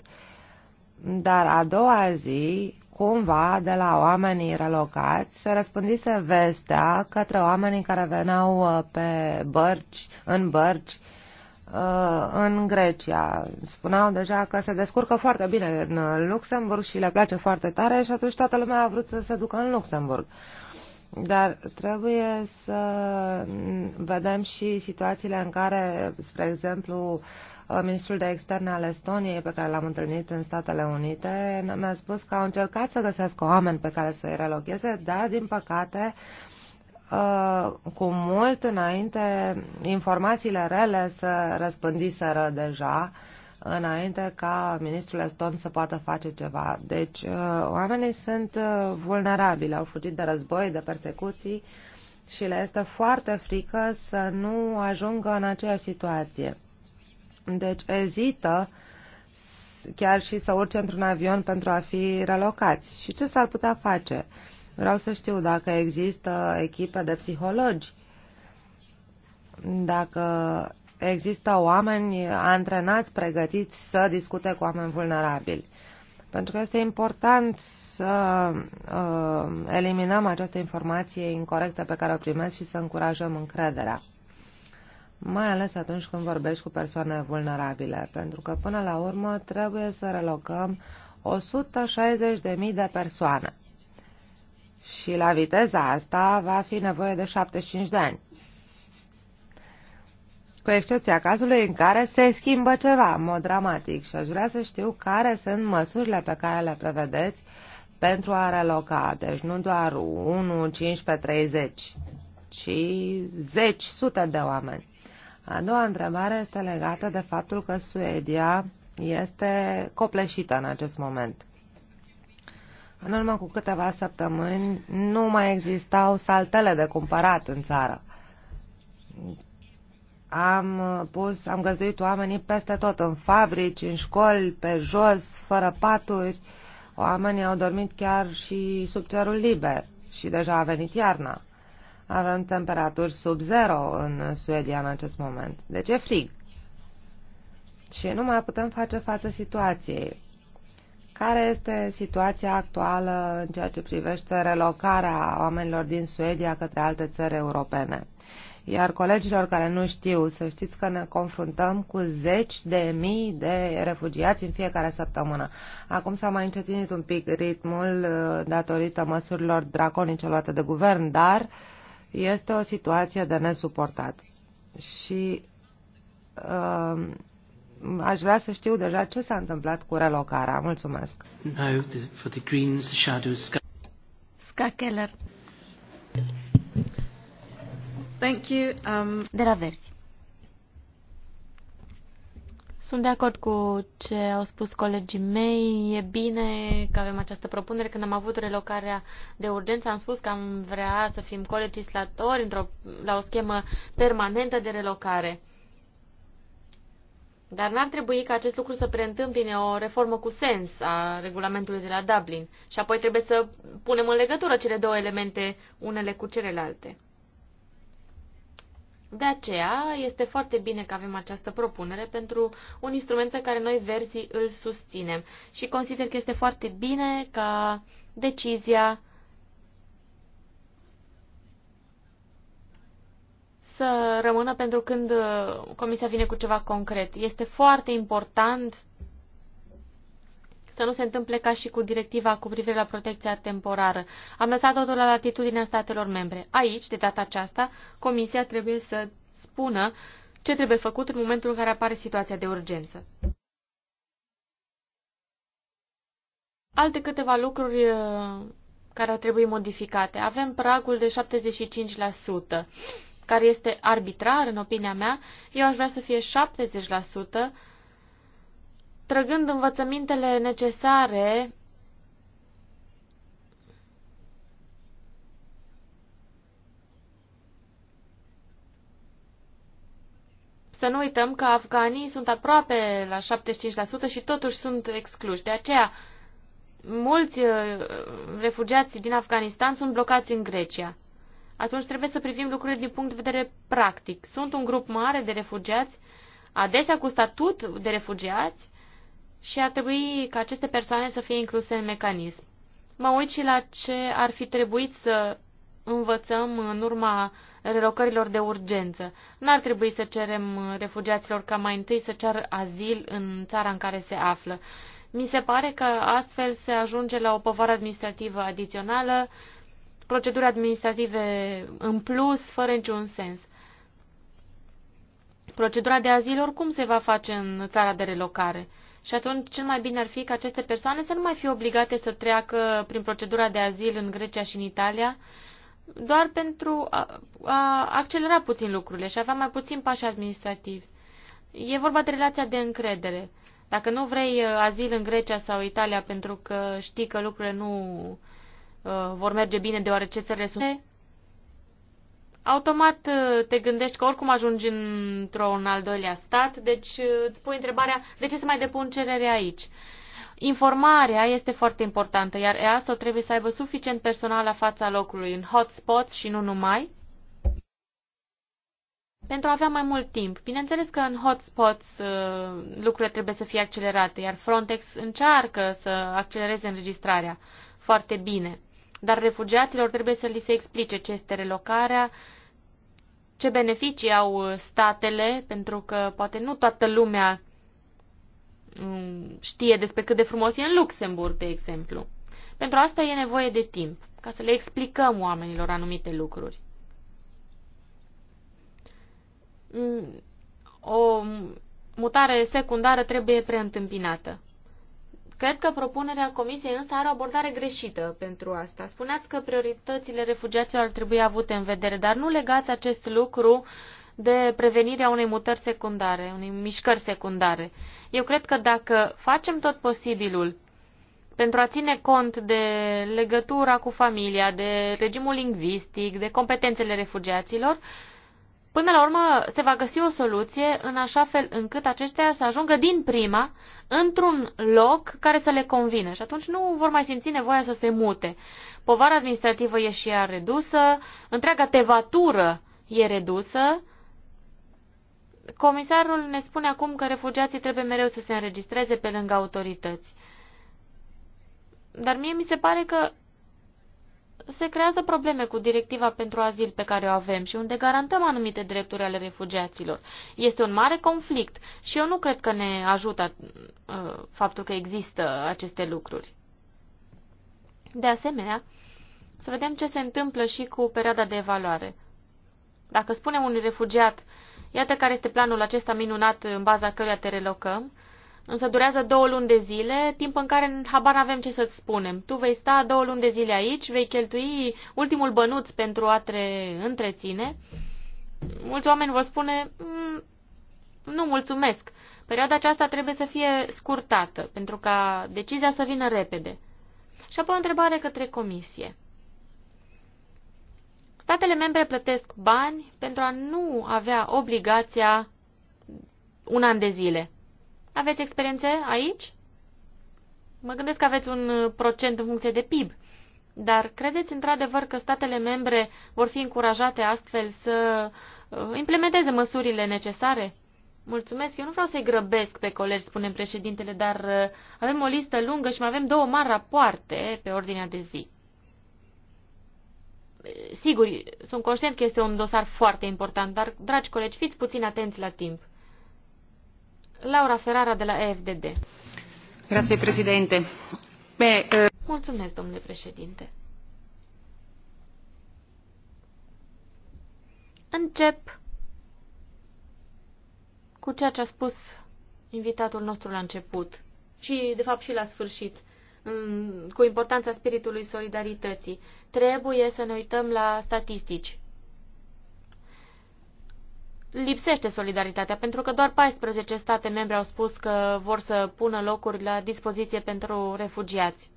A: Dar a doua zi, cumva, de la oamenii relocați, se răspândise vestea către oamenii care veneau uh, pe bărci, în bărci, Uh, în Grecia. Spuneau deja că se descurcă foarte bine în Luxemburg și le place foarte tare și atunci toată lumea a vrut să se ducă în Luxemburg. Dar trebuie să vedem și situațiile în care, spre exemplu, uh, ministrul de externe al Estoniei, pe care l-am întâlnit în Statele Unite, mi-a spus că au încercat să găsească oameni pe care să-i relocheze, dar, din păcate, uh, Uh, cu mult înainte informațiile rele să răspândiseră deja înainte ca ministrul Eston să poată face ceva. Deci uh, oamenii sunt uh, vulnerabili, au fugit de război, de persecuții și le este foarte frică să nu ajungă în aceeași situație. Deci ezită chiar și să urce într-un avion pentru a fi relocați. Și ce s-ar putea face? Uh, Vreau să știu dacă există echipe de psihologi, dacă există oameni antrenați, pregătiți să discute cu oameni vulnerabili. Pentru că este important să uh, eliminăm această informație incorrectă pe care o primesc și să încurajăm încrederea. Mai ales atunci când vorbești cu persoane vulnerabile, pentru că până la urmă trebuie să relocăm 160.000 de persoane. Și la viteza asta va fi nevoie de 75 de ani. Cu excepția cazului în care se schimbă ceva în mod dramatic și aș vrea să știu care sunt măsurile pe care le prevedeți pentru a reloca, deci nu doar 1, 15, 30, ci 10, sute de oameni. A doua întrebare este legată de faptul că Suedia este copleșită în acest moment. În urmă cu câteva săptămâni nu mai existau saltele de cumpărat în țară. Am uh, pus, am găzduit oamenii peste tot, în fabrici, în școli, pe jos, fără paturi. Oamenii au dormit chiar și sub cerul liber și deja a venit iarna. Avem temperaturi sub zero în Suedia în acest moment, deci e frig. Și nu mai putem face față situației. Care este situația actuală în ceea ce privește relocarea oamenilor din Suedia către alte țări europene? Iar colegilor care nu știu, să știți că ne confruntăm cu zeci de mii de refugiați în fiecare săptămână. Acum s-a mai încetinit un pic ritmul uh, datorită măsurilor draconice luate de guvern, dar este o situație de nesuportat. Și uh, aș vrea să știu deja ce s-a întâmplat cu relocarea. Mulțumesc. No, the, for the Greens, the shadows,
C: Ska Keller. Thank you. Um... De la Verzi. Sunt de acord cu ce au spus colegii mei. E bine că avem această propunere. Când am avut relocarea de urgență, am spus că am vrea să fim colegislatori într-o, la o schemă permanentă de relocare. Dar n-ar trebui ca acest lucru să preîntâmpine o reformă cu sens a regulamentului de la Dublin și apoi trebuie să punem în legătură cele două elemente unele cu celelalte. De aceea este foarte bine că avem această propunere pentru un instrument pe care noi verzii îl susținem și consider că este foarte bine ca decizia să rămână pentru când uh, Comisia vine cu ceva concret. Este foarte important să nu se întâmple ca și cu directiva cu privire la protecția temporară. Am lăsat totul la latitudinea statelor membre. Aici, de data aceasta, Comisia trebuie să spună ce trebuie făcut în momentul în care apare situația de urgență. Alte câteva lucruri uh, care ar trebui modificate. Avem pragul de 75% care este arbitrar, în opinia mea, eu aș vrea să fie 70%, trăgând învățămintele necesare Să nu uităm că afganii sunt aproape la 75% și totuși sunt excluși. De aceea, mulți uh, refugiați din Afganistan sunt blocați în Grecia atunci trebuie să privim lucrurile din punct de vedere practic. Sunt un grup mare de refugiați, adesea cu statut de refugiați, și ar trebui ca aceste persoane să fie incluse în mecanism. Mă uit și la ce ar fi trebuit să învățăm în urma relocărilor de urgență. N-ar trebui să cerem refugiaților ca mai întâi să ceară azil în țara în care se află. Mi se pare că astfel se ajunge la o povară administrativă adițională proceduri administrative în plus, fără niciun sens. Procedura de azil oricum se va face în țara de relocare. Și atunci cel mai bine ar fi ca aceste persoane să nu mai fie obligate să treacă prin procedura de azil în Grecia și în Italia, doar pentru a, a accelera puțin lucrurile și avea mai puțin pași administrativi. E vorba de relația de încredere. Dacă nu vrei uh, azil în Grecia sau Italia pentru că știi că lucrurile nu Uh, vor merge bine deoarece țările sunt automat uh, te gândești că oricum ajungi într-un al doilea stat, deci uh, îți pui întrebarea de ce să mai depun cerere aici. Informarea este foarte importantă, iar EASO trebuie să aibă suficient personal la fața locului, în hotspots și nu numai, pentru a avea mai mult timp. Bineînțeles că în hotspots lucrurile trebuie să fie accelerate, iar Frontex încearcă să accelereze înregistrarea foarte bine. Dar refugiaților trebuie să li se explice ce este relocarea, ce beneficii au statele, pentru că poate nu toată lumea mm, știe despre cât de frumos e în Luxemburg, de exemplu. Pentru asta e nevoie de timp, ca să le explicăm oamenilor anumite lucruri. Mm, o mutare secundară trebuie preîntâmpinată. Cred că propunerea Comisiei însă are o abordare greșită pentru asta. Spuneați că prioritățile refugiaților ar trebui avute în vedere, dar nu legați acest lucru de prevenirea unei mutări secundare, unei mișcări secundare. Eu cred că dacă facem tot posibilul pentru a ține cont de legătura cu familia, de regimul lingvistic, de competențele refugiaților, Până la urmă, se va găsi o soluție în așa fel încât aceștia să ajungă din prima într-un loc care să le convine și atunci nu vor mai simți nevoia să se mute. Povara administrativă e și ea redusă, întreaga tevatură e redusă. Comisarul ne spune acum că refugiații trebuie mereu să se înregistreze pe lângă autorități. Dar mie mi se pare că se creează probleme cu directiva pentru azil pe care o avem și unde garantăm anumite drepturi ale refugiaților. Este un mare conflict și eu nu cred că ne ajută uh, faptul că există aceste lucruri. De asemenea, să vedem ce se întâmplă și cu perioada de evaluare. Dacă spunem unui refugiat, iată care este planul acesta minunat în baza căruia te relocăm, însă durează două luni de zile, timp în care habar n-avem ce să-ți spunem. Tu vei sta două luni de zile aici, vei cheltui ultimul bănuț pentru a te întreține. Mulți oameni vor spune, mm, nu mulțumesc. Perioada aceasta trebuie să fie scurtată, pentru ca decizia să vină repede. Și apoi o întrebare către comisie. Statele membre plătesc bani pentru a nu avea obligația un an de zile. Aveți experiențe aici? Mă gândesc că aveți un uh, procent în funcție de PIB, dar credeți într-adevăr că statele membre vor fi încurajate astfel să uh, implementeze măsurile necesare? Mulțumesc, eu nu vreau să-i grăbesc pe colegi, spune președintele, dar uh, avem o listă lungă și mai avem două mari rapoarte pe ordinea de zi. Sigur, sunt conștient că este un dosar foarte important, dar, dragi colegi, fiți puțin atenți la timp. Laura Ferrara de la EFDD.
A: Grazie, Presidente.
C: Beh, uh... Mulțumesc, domnule președinte. Încep cu ceea ce a spus invitatul nostru la început și, de fapt, și la sfârșit, cu importanța spiritului solidarității. Trebuie să ne uităm la statistici lipsește solidaritatea, pentru că doar 14 state membre au spus că vor să pună locuri la dispoziție pentru refugiați.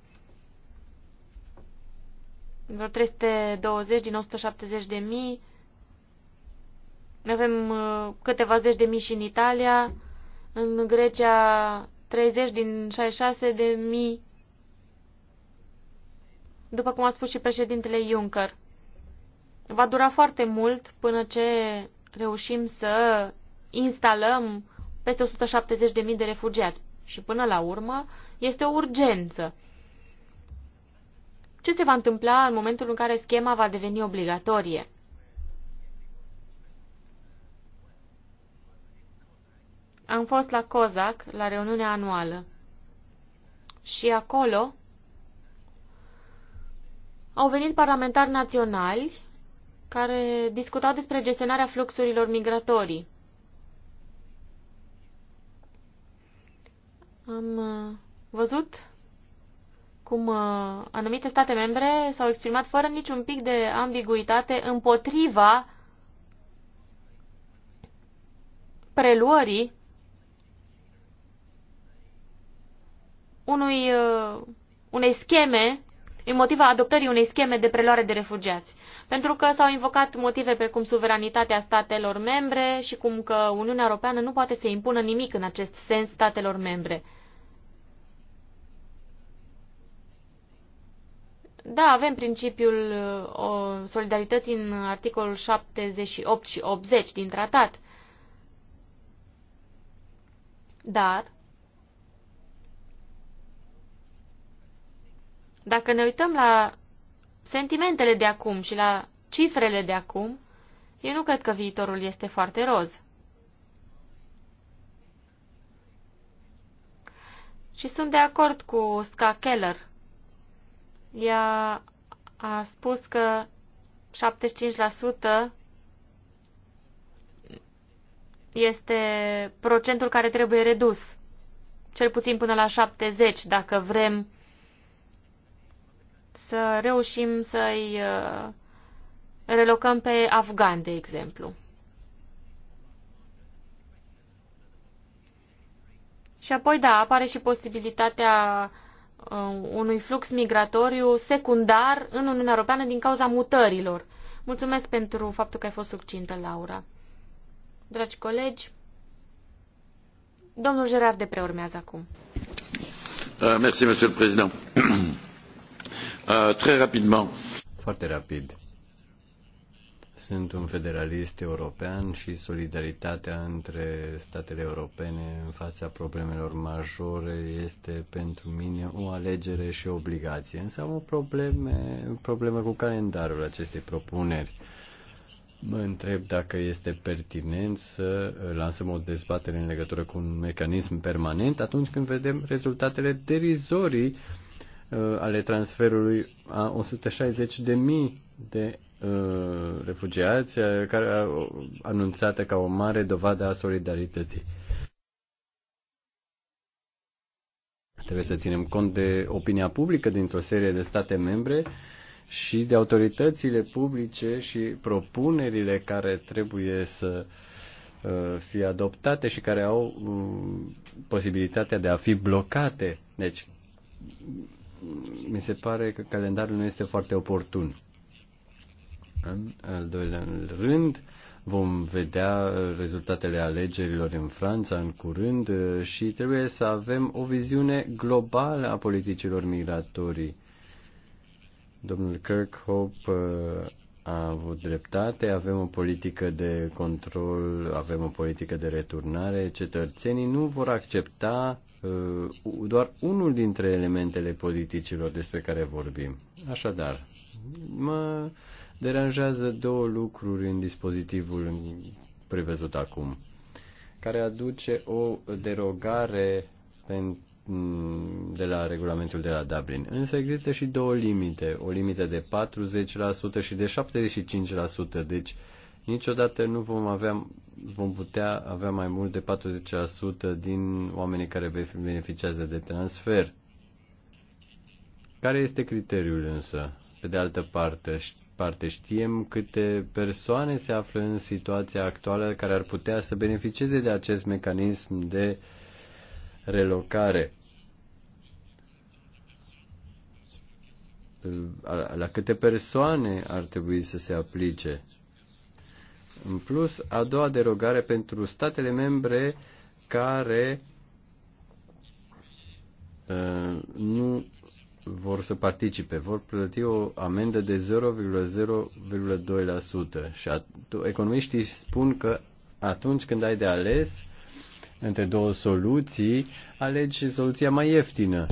C: Vreo 320 din 170 de mii. Avem uh, câteva zeci de mii și în Italia, în Grecia 30 din 66 de mii, după cum a spus și președintele Juncker. Va dura foarte mult până ce reușim să instalăm peste 170.000 de refugiați. Și până la urmă este o urgență. Ce se va întâmpla în momentul în care schema va deveni obligatorie? Am fost la COSAC, la reuniunea anuală. Și acolo au venit parlamentari naționali care discuta despre gestionarea fluxurilor migratorii. Am uh, văzut cum uh, anumite state membre s-au exprimat fără niciun pic de ambiguitate împotriva preluării unui, uh, unei scheme din motiva adoptării unei scheme de preluare de refugiați, pentru că s-au invocat motive precum suveranitatea statelor membre și cum că Uniunea Europeană nu poate să impună nimic în acest sens statelor membre. Da, avem principiul uh, o, solidarității în articolul 78 și 80 din tratat. Dar Dacă ne uităm la sentimentele de acum și la cifrele de acum, eu nu cred că viitorul este foarte roz. Și sunt de acord cu Ska Keller. Ea a spus că 75% este procentul care trebuie redus, cel puțin până la 70% dacă vrem să reușim să-i uh, relocăm pe afgan, de exemplu. Și apoi, da, apare și posibilitatea uh, unui flux migratoriu secundar în Uniunea Europeană din cauza mutărilor. Mulțumesc pentru faptul că ai fost succintă, Laura. Dragi colegi, domnul Gerard de preurmează acum.
B: Uh, merci, monsieur le président. Uh, très rapidement. Foarte rapid. Sunt un federalist european și solidaritatea între statele europene în fața problemelor majore este pentru mine o alegere și o obligație. Însă am o probleme, problemă cu calendarul acestei propuneri. Mă întreb dacă este pertinent să lansăm o dezbatere în legătură cu un mecanism permanent atunci când vedem rezultatele derizorii Uh, ale transferului a 160 de mii de uh, refugiați, uh, care anunțată ca o mare dovadă a solidarității. Trebuie să ținem cont de opinia publică dintr-o serie de state membre și de autoritățile publice și propunerile care trebuie să fie adoptate și care au posibilitatea de a fi blocate. Deci, mi se pare că calendarul nu este foarte oportun. În al doilea rând, vom vedea rezultatele alegerilor în Franța în curând uh, și trebuie să avem o viziune globală a politicilor migratorii. Domnul Kirkhope uh, a avut dreptate, avem o politică de control, avem o politică de returnare. Cetățenii nu vor accepta Uh, doar unul dintre elementele politicilor despre care vorbim. Așadar, mă deranjează două lucruri în dispozitivul prevăzut acum, care aduce o derogare mm, de la regulamentul de la Dublin. Însă există și două limite, o limită de 40% și de 75%, deci niciodată nu vom avea vom putea avea mai mult de 40% din oamenii care beneficiază de transfer. Care este criteriul însă? Pe de altă parte, parte știm câte persoane se află în situația actuală care ar putea să beneficieze de acest mecanism de relocare. La câte persoane ar trebui să se aplice? În plus, a doua derogare pentru statele membre care uh, nu vor să participe, vor plăti o amendă de 0,02% și economiștii spun că atunci când ai de ales între două soluții, alegi soluția mai ieftină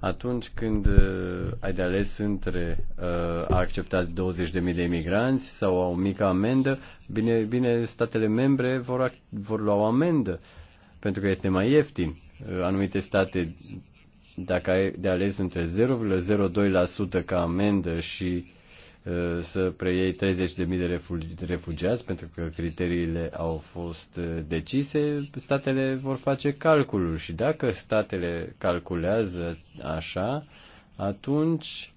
B: atunci când uh, ai de ales între uh, a accepta 20.000 de imigranți sau o mică amendă, bine, bine statele membre vor, vor lua o amendă pentru că este mai ieftin. Uh, anumite state, dacă ai de ales între 0,02% ca amendă și să preiei 30.000 de refugiați, pentru că criteriile au fost uh, decise, statele vor face calculul și dacă statele calculează așa, atunci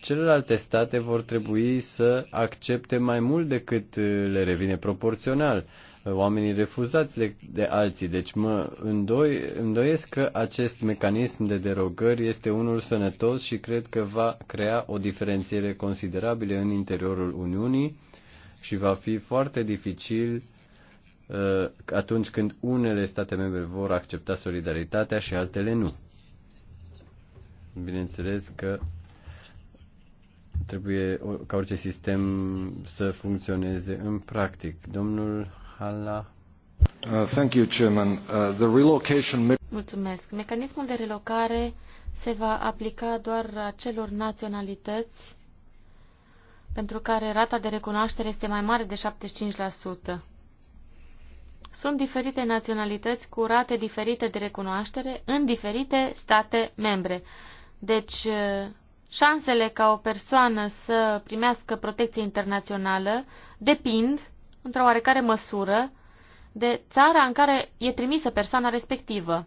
B: celelalte state vor trebui să accepte mai mult decât uh, le revine proporțional oamenii refuzați de, de alții. Deci mă îndoi, îndoiesc că acest mecanism de derogări este unul sănătos și cred că va crea o diferențiere considerabilă în interiorul Uniunii și va fi foarte dificil uh, atunci când unele state membre vor accepta solidaritatea și altele nu. Bineînțeles că trebuie ca orice sistem să funcționeze în practic. Domnul Uh, uh,
C: Mulțumesc. Mecanismul de relocare se va aplica doar acelor naționalități pentru care rata de recunoaștere este mai mare de 75%. Sunt diferite naționalități cu rate diferite de recunoaștere în diferite state membre. Deci, uh, șansele ca o persoană să primească protecție internațională depind într-o oarecare măsură, de țara în care e trimisă persoana respectivă.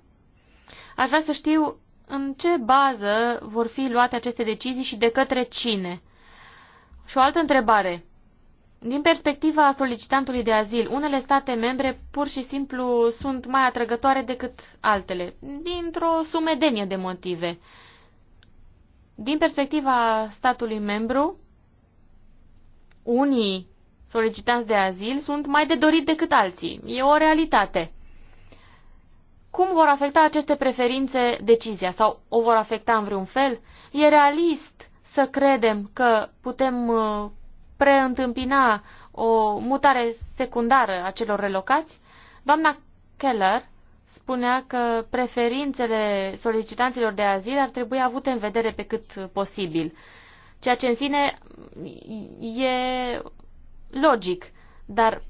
C: Aș vrea să știu în ce bază vor fi luate aceste decizii și de către cine. Și o altă întrebare. Din perspectiva solicitantului de azil, unele state membre pur și simplu sunt mai atrăgătoare decât altele, dintr-o sumedenie de motive. Din perspectiva statului membru, unii solicitanți de azil sunt mai de dorit decât alții. E o realitate. Cum vor afecta aceste preferințe decizia sau o vor afecta în vreun fel? E realist să credem că putem uh, preîntâmpina o mutare secundară a celor relocați? Doamna Keller spunea că preferințele solicitanților de azil ar trebui avute în vedere pe cât posibil, ceea ce în sine e Logic, dar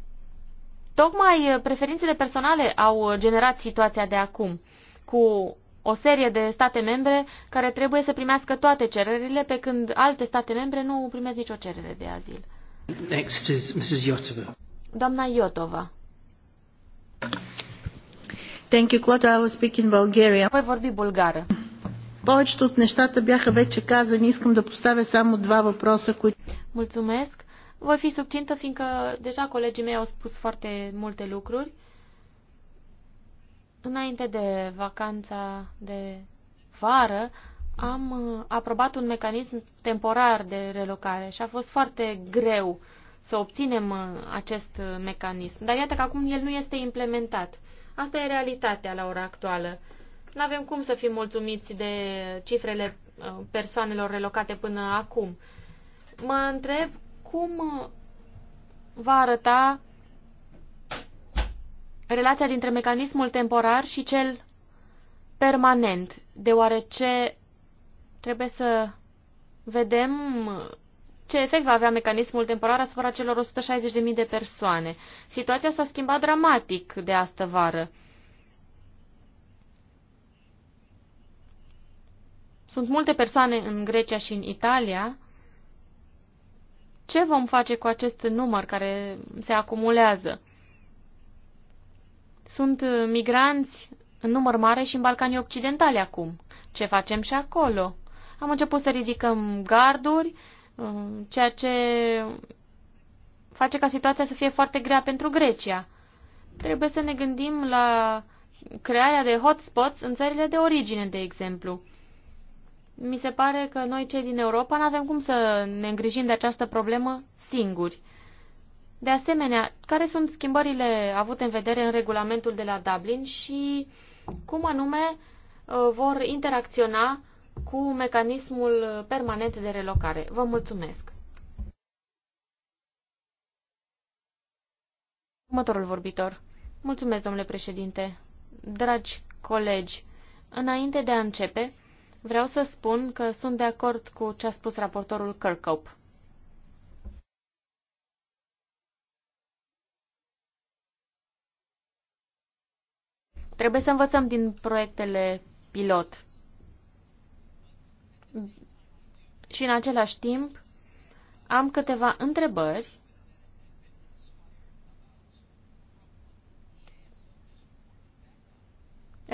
C: tocmai eh, preferințele personale au eh, generat situația de acum, cu o serie de state membre care trebuie să primească toate cererile, pe când alte state membre nu primesc nicio cerere de azil.
B: Next is Mrs. Yotova.
C: Doamna Iotova. Thank you, Claude. I will speak in Bulgaria. Voi vorbi bulgară. Повечето от нещата бяха вече казани. Искам да поставя само два въпроса, които... Mulțumesc. Voi fi succintă, fiindcă deja colegii mei au spus foarte multe lucruri. Înainte de vacanța de vară, am uh, aprobat un mecanism temporar de relocare și a fost foarte greu să obținem uh, acest uh, mecanism. Dar iată că acum el nu este implementat. Asta e realitatea la ora actuală. Nu avem cum să fim mulțumiți de cifrele persoanelor relocate până acum. Mă întreb cum uh, va arăta relația dintre mecanismul temporar și cel permanent, deoarece trebuie să vedem uh, ce efect va avea mecanismul temporar asupra celor 160.000 de persoane. Situația s-a schimbat dramatic de astă vară. Sunt multe persoane în Grecia și în Italia ce vom face cu acest număr care se acumulează? Sunt uh, migranți în număr mare și în Balcanii Occidentali acum. Ce facem și acolo? Am început să ridicăm garduri, uh, ceea ce face ca situația să fie foarte grea pentru Grecia. Trebuie să ne gândim la crearea de hotspots în țările de origine, de exemplu mi se pare că noi cei din Europa nu avem cum să ne îngrijim de această problemă singuri. De asemenea, care sunt schimbările avute în vedere în regulamentul de la Dublin și cum anume uh, vor interacționa cu mecanismul permanent de relocare? Vă mulțumesc! Următorul vorbitor. Mulțumesc, domnule președinte. Dragi colegi, înainte de a începe, Vreau să spun că sunt de acord cu ce a spus raportorul Kirkhope. Trebuie să învățăm din proiectele pilot. Și în același timp am câteva întrebări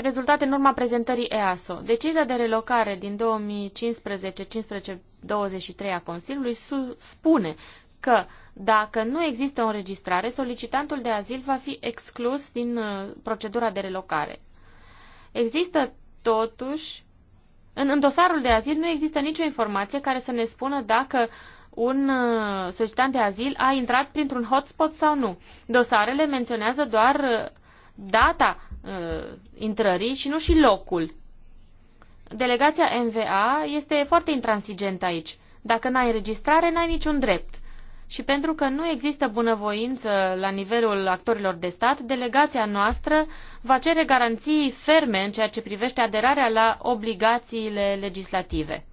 C: rezultate în urma prezentării EASO. Decizia de relocare din 2015 23 a Consiliului spune că dacă nu există o înregistrare, solicitantul de azil va fi exclus din uh, procedura de relocare. Există totuși, în, în dosarul de azil nu există nicio informație care să ne spună dacă un uh, solicitant de azil a intrat printr-un hotspot sau nu. Dosarele menționează doar uh, data uh, intrării și nu și locul. Delegația MVA este foarte intransigentă aici. Dacă n-ai înregistrare, n-ai niciun drept. Și pentru că nu există bunăvoință la nivelul actorilor de stat, delegația noastră va cere garanții ferme în ceea ce privește aderarea la obligațiile legislative.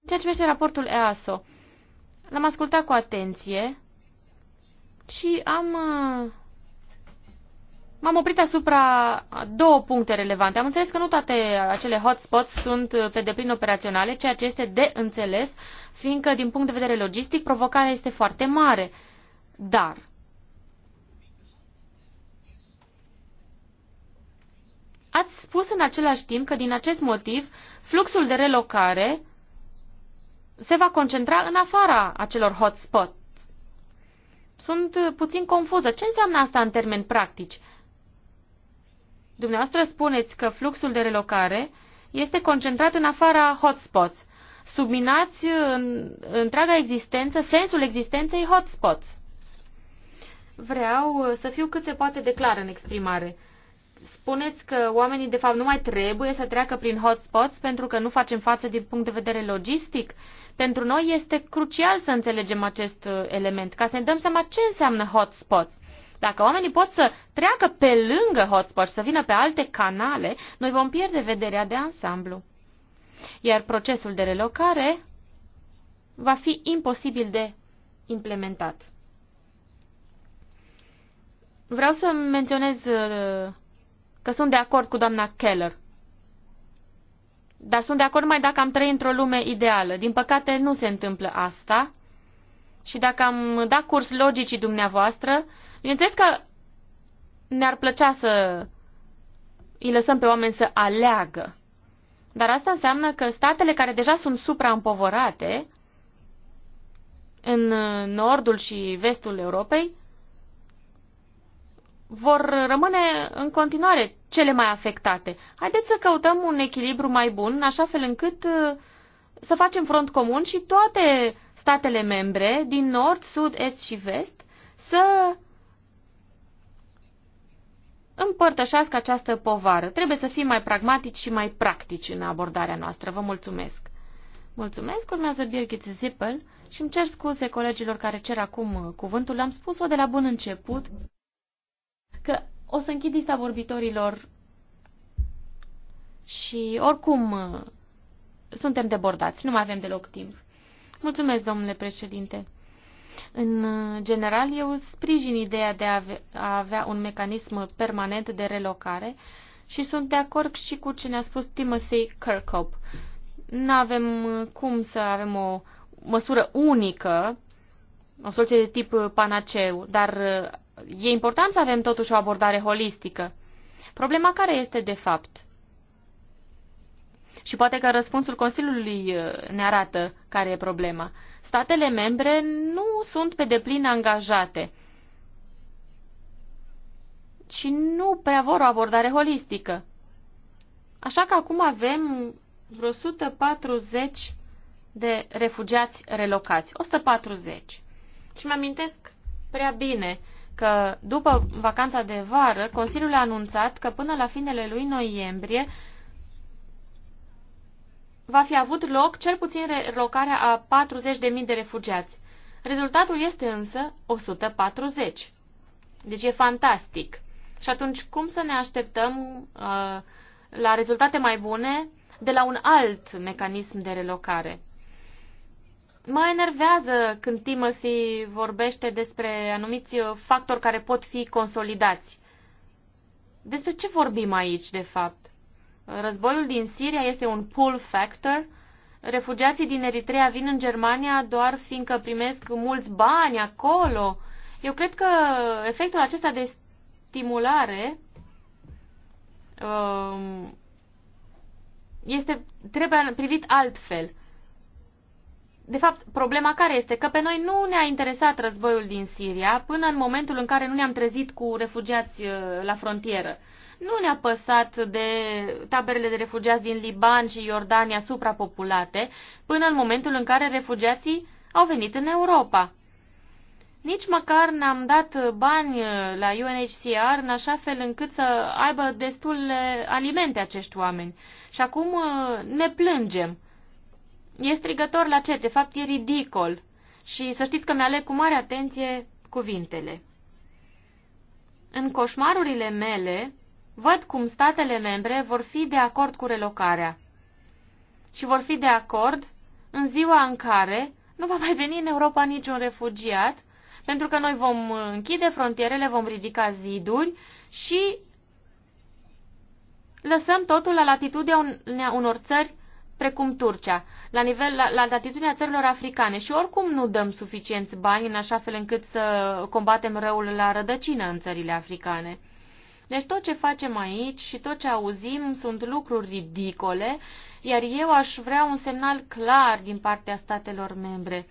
C: În ceea ce privește raportul EASO, l-am ascultat cu atenție și am uh, m-am oprit asupra două puncte relevante. Am înțeles că nu toate acele hotspots sunt pe deplin operaționale, ceea ce este de înțeles, fiindcă din punct de vedere logistic provocarea este foarte mare. Dar Ați spus în același timp că din acest motiv fluxul de relocare se va concentra în afara acelor hotspot sunt uh, puțin confuză. Ce înseamnă asta în termeni practici? Dumneavoastră spuneți că fluxul de relocare este concentrat în afara hotspots. Subminați uh, în, întreaga existență, sensul existenței hotspots. Vreau uh, să fiu cât se poate de clar în exprimare. Spuneți că oamenii de fapt nu mai trebuie să treacă prin hotspots pentru că nu facem față din punct de vedere logistic. Uh, pentru noi este crucial să înțelegem acest uh, element, ca să ne dăm seama ce înseamnă hotspots. Dacă oamenii pot să treacă pe lângă hotspots, să vină pe alte canale, noi vom pierde vederea de ansamblu. Iar procesul de relocare va fi imposibil de implementat. Vreau să menționez uh, că sunt de acord cu doamna Keller dar sunt de acord mai dacă am trăit într-o lume ideală. Din păcate, nu se întâmplă asta. Și dacă am dat curs logicii dumneavoastră, bineînțeles că ne-ar plăcea să îi lăsăm pe oameni să aleagă. Dar asta înseamnă că statele care deja sunt supraîmpovărate în nordul și vestul Europei, vor rămâne în continuare cele mai afectate. Haideți să căutăm un echilibru mai bun, așa fel încât uh, să facem front comun și toate statele membre din nord, sud, est și vest să împărtășească această povară. Trebuie să fim mai pragmatici și mai practici în abordarea noastră. Vă mulțumesc! Mulțumesc, urmează Birgit Zippel și îmi cer scuze colegilor care cer acum uh, cuvântul. L-am spus-o de la bun început că o să închid lista vorbitorilor și oricum suntem debordați, nu mai avem deloc timp. Mulțumesc, domnule președinte. În general, eu sprijin ideea de a avea un mecanism permanent de relocare și sunt de acord și cu ce ne-a spus Timothy Kirkhope. Nu avem uh, cum să avem o măsură unică, o soluție de tip panaceu, dar uh, e important să avem totuși o abordare holistică. Problema care este de fapt? Și poate că răspunsul Consiliului uh, ne arată care e problema. Statele membre nu sunt pe deplin angajate și nu prea vor o abordare holistică. Așa că acum avem vreo 140 de refugiați relocați. 140. Și mă amintesc prea bine că după vacanța de vară, Consiliul a anunțat că până la finele lui noiembrie va fi avut loc cel puțin relocarea a 40.000 de refugiați. Rezultatul este însă 140. Deci e fantastic. Și atunci cum să ne așteptăm uh, la rezultate mai bune de la un alt mecanism de relocare? Mă enervează când Timothy vorbește despre anumiți factori care pot fi consolidați. Despre ce vorbim aici, de fapt? Războiul din Siria este un pull factor? Refugiații din Eritrea vin în Germania doar fiindcă primesc mulți bani acolo? Eu cred că efectul acesta de stimulare um, este, trebuie privit altfel. De fapt, problema care este? Că pe noi nu ne-a interesat războiul din Siria până în momentul în care nu ne-am trezit cu refugiați uh, la frontieră. Nu ne-a păsat de taberele de refugiați din Liban și Iordania suprapopulate până în momentul în care refugiații au venit în Europa. Nici măcar n-am dat bani uh, la UNHCR în așa fel încât să aibă destul alimente acești oameni. Și acum uh, ne plângem. E strigător la ce? De fapt, e ridicol. Și să știți că mi-aleg cu mare atenție cuvintele. În coșmarurile mele, văd cum statele membre vor fi de acord cu relocarea. Și vor fi de acord în ziua în care nu va mai veni în Europa niciun refugiat, pentru că noi vom închide frontierele, vom ridica ziduri și lăsăm totul la latitudinea unor țări precum Turcia la, nivel, la, la atitudinea țărilor africane și oricum nu dăm suficienți bani în așa fel încât să combatem răul la rădăcină în țările africane. Deci tot ce facem aici și tot ce auzim sunt lucruri ridicole, iar eu aș vrea un semnal clar din partea statelor membre.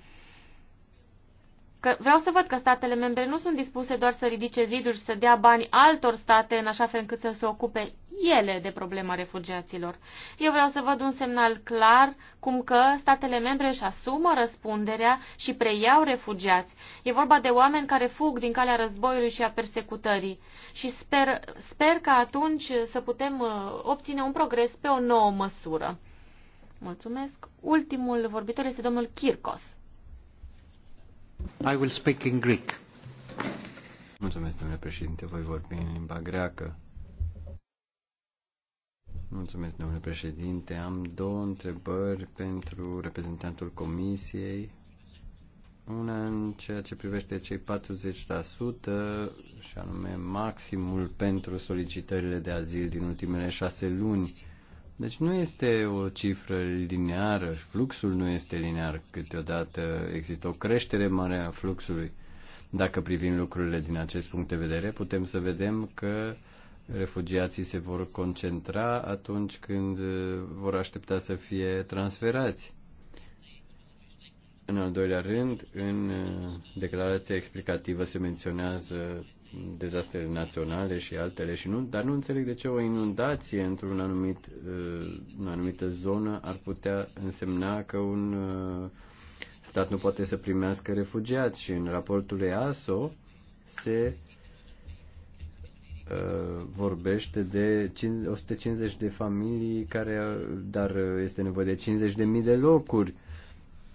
C: Că vreau să văd că statele membre nu sunt dispuse doar să ridice ziduri și să dea bani altor state în așa fel încât să se ocupe ele de problema refugiaților. Eu vreau să văd un semnal clar cum că statele membre își asumă răspunderea și preiau refugiați. E vorba de oameni care fug din calea războiului și a persecutării. Și sper, sper că atunci să putem uh, obține un progres pe o nouă măsură. Mulțumesc. Ultimul vorbitor este domnul Kirkos.
B: I will speak in Greek. Mulțumesc, domnule președinte, voi vorbi în limba greacă. Mulțumesc, domnule președinte. Am două întrebări pentru reprezentantul comisiei. Una în ceea ce privește cei 40% și anume maximul pentru solicitările de azil din ultimele șase luni. Deci nu este o cifră lineară, fluxul nu este linear. Câteodată există o creștere mare a fluxului. Dacă privim lucrurile din acest punct de vedere, putem să vedem că refugiații se vor concentra atunci când uh, vor aștepta să fie transferați. În al doilea rând, în uh, declarația explicativă se menționează dezastre naționale și altele, și nu, dar nu înțeleg de ce o inundație într-un anumit, uh, în anumită zonă ar putea însemna că un uh, stat nu poate să primească refugiați și în raportul EASO se uh, vorbește de 150 de familii care dar este nevoie de 50.000 de locuri 50.000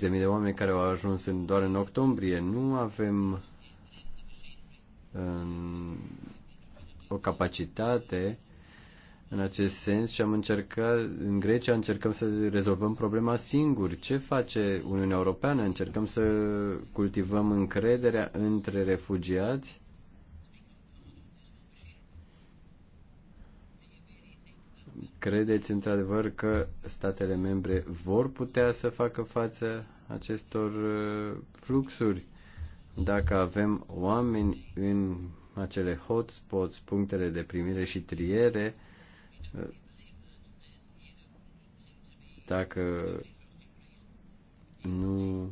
B: mm, de oameni care au ajuns în, doar în octombrie. Nu avem o capacitate în acest sens și am încercat, în Grecia încercăm să rezolvăm problema singuri. Ce face Uniunea Europeană? Încercăm să cultivăm încrederea între refugiați Credeți într-adevăr că statele membre vor putea să facă față acestor uh, fluxuri? dacă avem oameni în acele hotspots, punctele de primire și triere, dacă nu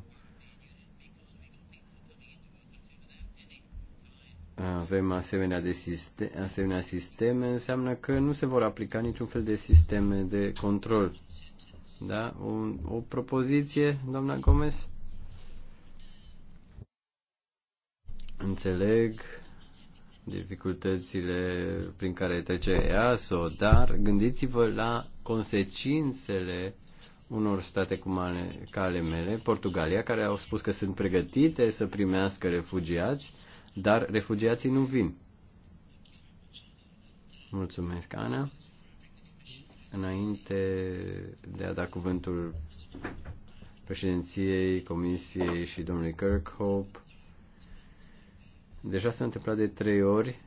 B: avem asemenea, de sistem, asemenea sisteme, înseamnă că nu se vor aplica niciun fel de sisteme de control. Da? O, o propoziție, doamna Gomez? Înțeleg dificultățile prin care trece EASO, dar gândiți-vă la consecințele unor state cum ale, ca ale mele, Portugalia, care au spus că sunt pregătite să primească refugiați, dar refugiații nu vin. Mulțumesc, Ana. Înainte de a da cuvântul președinției, comisiei și domnului Kirkhope, Deja s-a întâmplat de trei ori.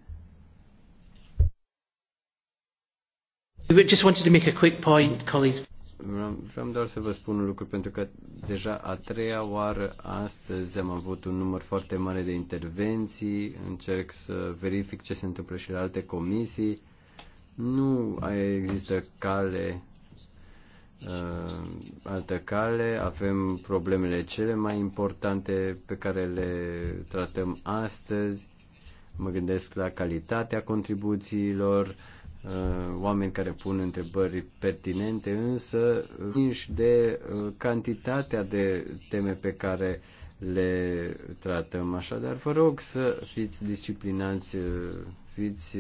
B: just wanted to make a quick point, colleagues. Vreau, vreau doar să vă spun un lucru, pentru că deja a treia oară astăzi am avut un număr foarte mare de intervenții, încerc să verific ce se întâmplă și la alte comisii. Nu există cale Uh, altă cale, avem problemele cele mai importante pe care le tratăm astăzi. Mă gândesc la calitatea contribuțiilor, uh, oameni care pun întrebări pertinente, însă vinși de uh, cantitatea de teme pe care le tratăm. Așadar, vă rog să fiți disciplinați fiți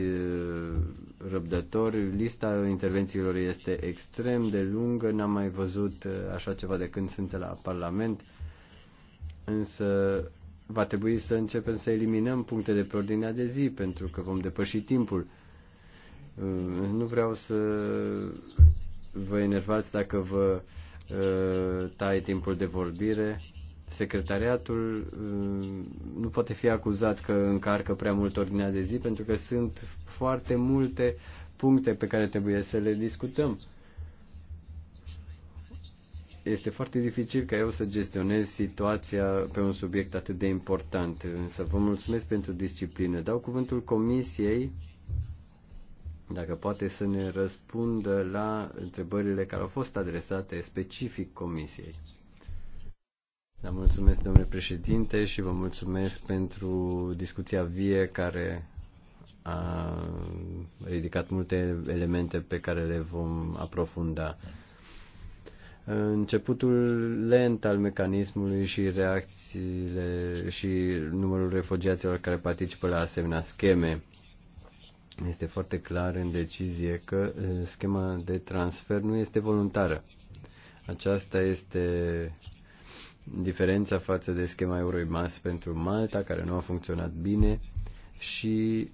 B: răbdători, lista intervențiilor este extrem de lungă, n-am mai văzut așa ceva de când sunt la Parlament, însă va trebui să începem să eliminăm puncte de pe ordinea de zi, pentru că vom depăși timpul. Nu vreau să vă enervați dacă vă tai timpul de vorbire, Secretariatul mm, nu poate fi acuzat că încarcă prea mult ordinea de zi pentru că sunt foarte multe puncte pe care trebuie să le discutăm. Este foarte dificil ca eu să gestionez situația pe un subiect atât de important, însă vă mulțumesc pentru disciplină. Dau cuvântul comisiei dacă poate să ne răspundă la întrebările care au fost adresate specific comisiei. Da, mulțumesc, domnule președinte, și vă mulțumesc pentru discuția vie care a ridicat multe elemente pe care le vom aprofunda. Începutul lent al mecanismului și reacțiile și numărul refugiaților care participă la asemenea scheme. Este foarte clar în decizie că eh, schema de transfer nu este voluntară. Aceasta este diferența față de schema Mas pentru Malta, care nu a funcționat bine și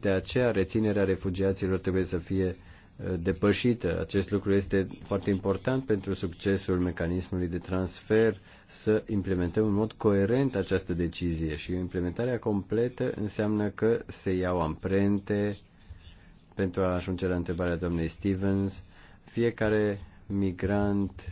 B: de aceea reținerea refugiaților trebuie să fie uh, depășită. Acest lucru este foarte important pentru succesul mecanismului de transfer să implementăm în mod coerent această decizie și implementarea completă înseamnă că se iau amprente pentru a ajunge la întrebarea doamnei Stevens. Fiecare migrant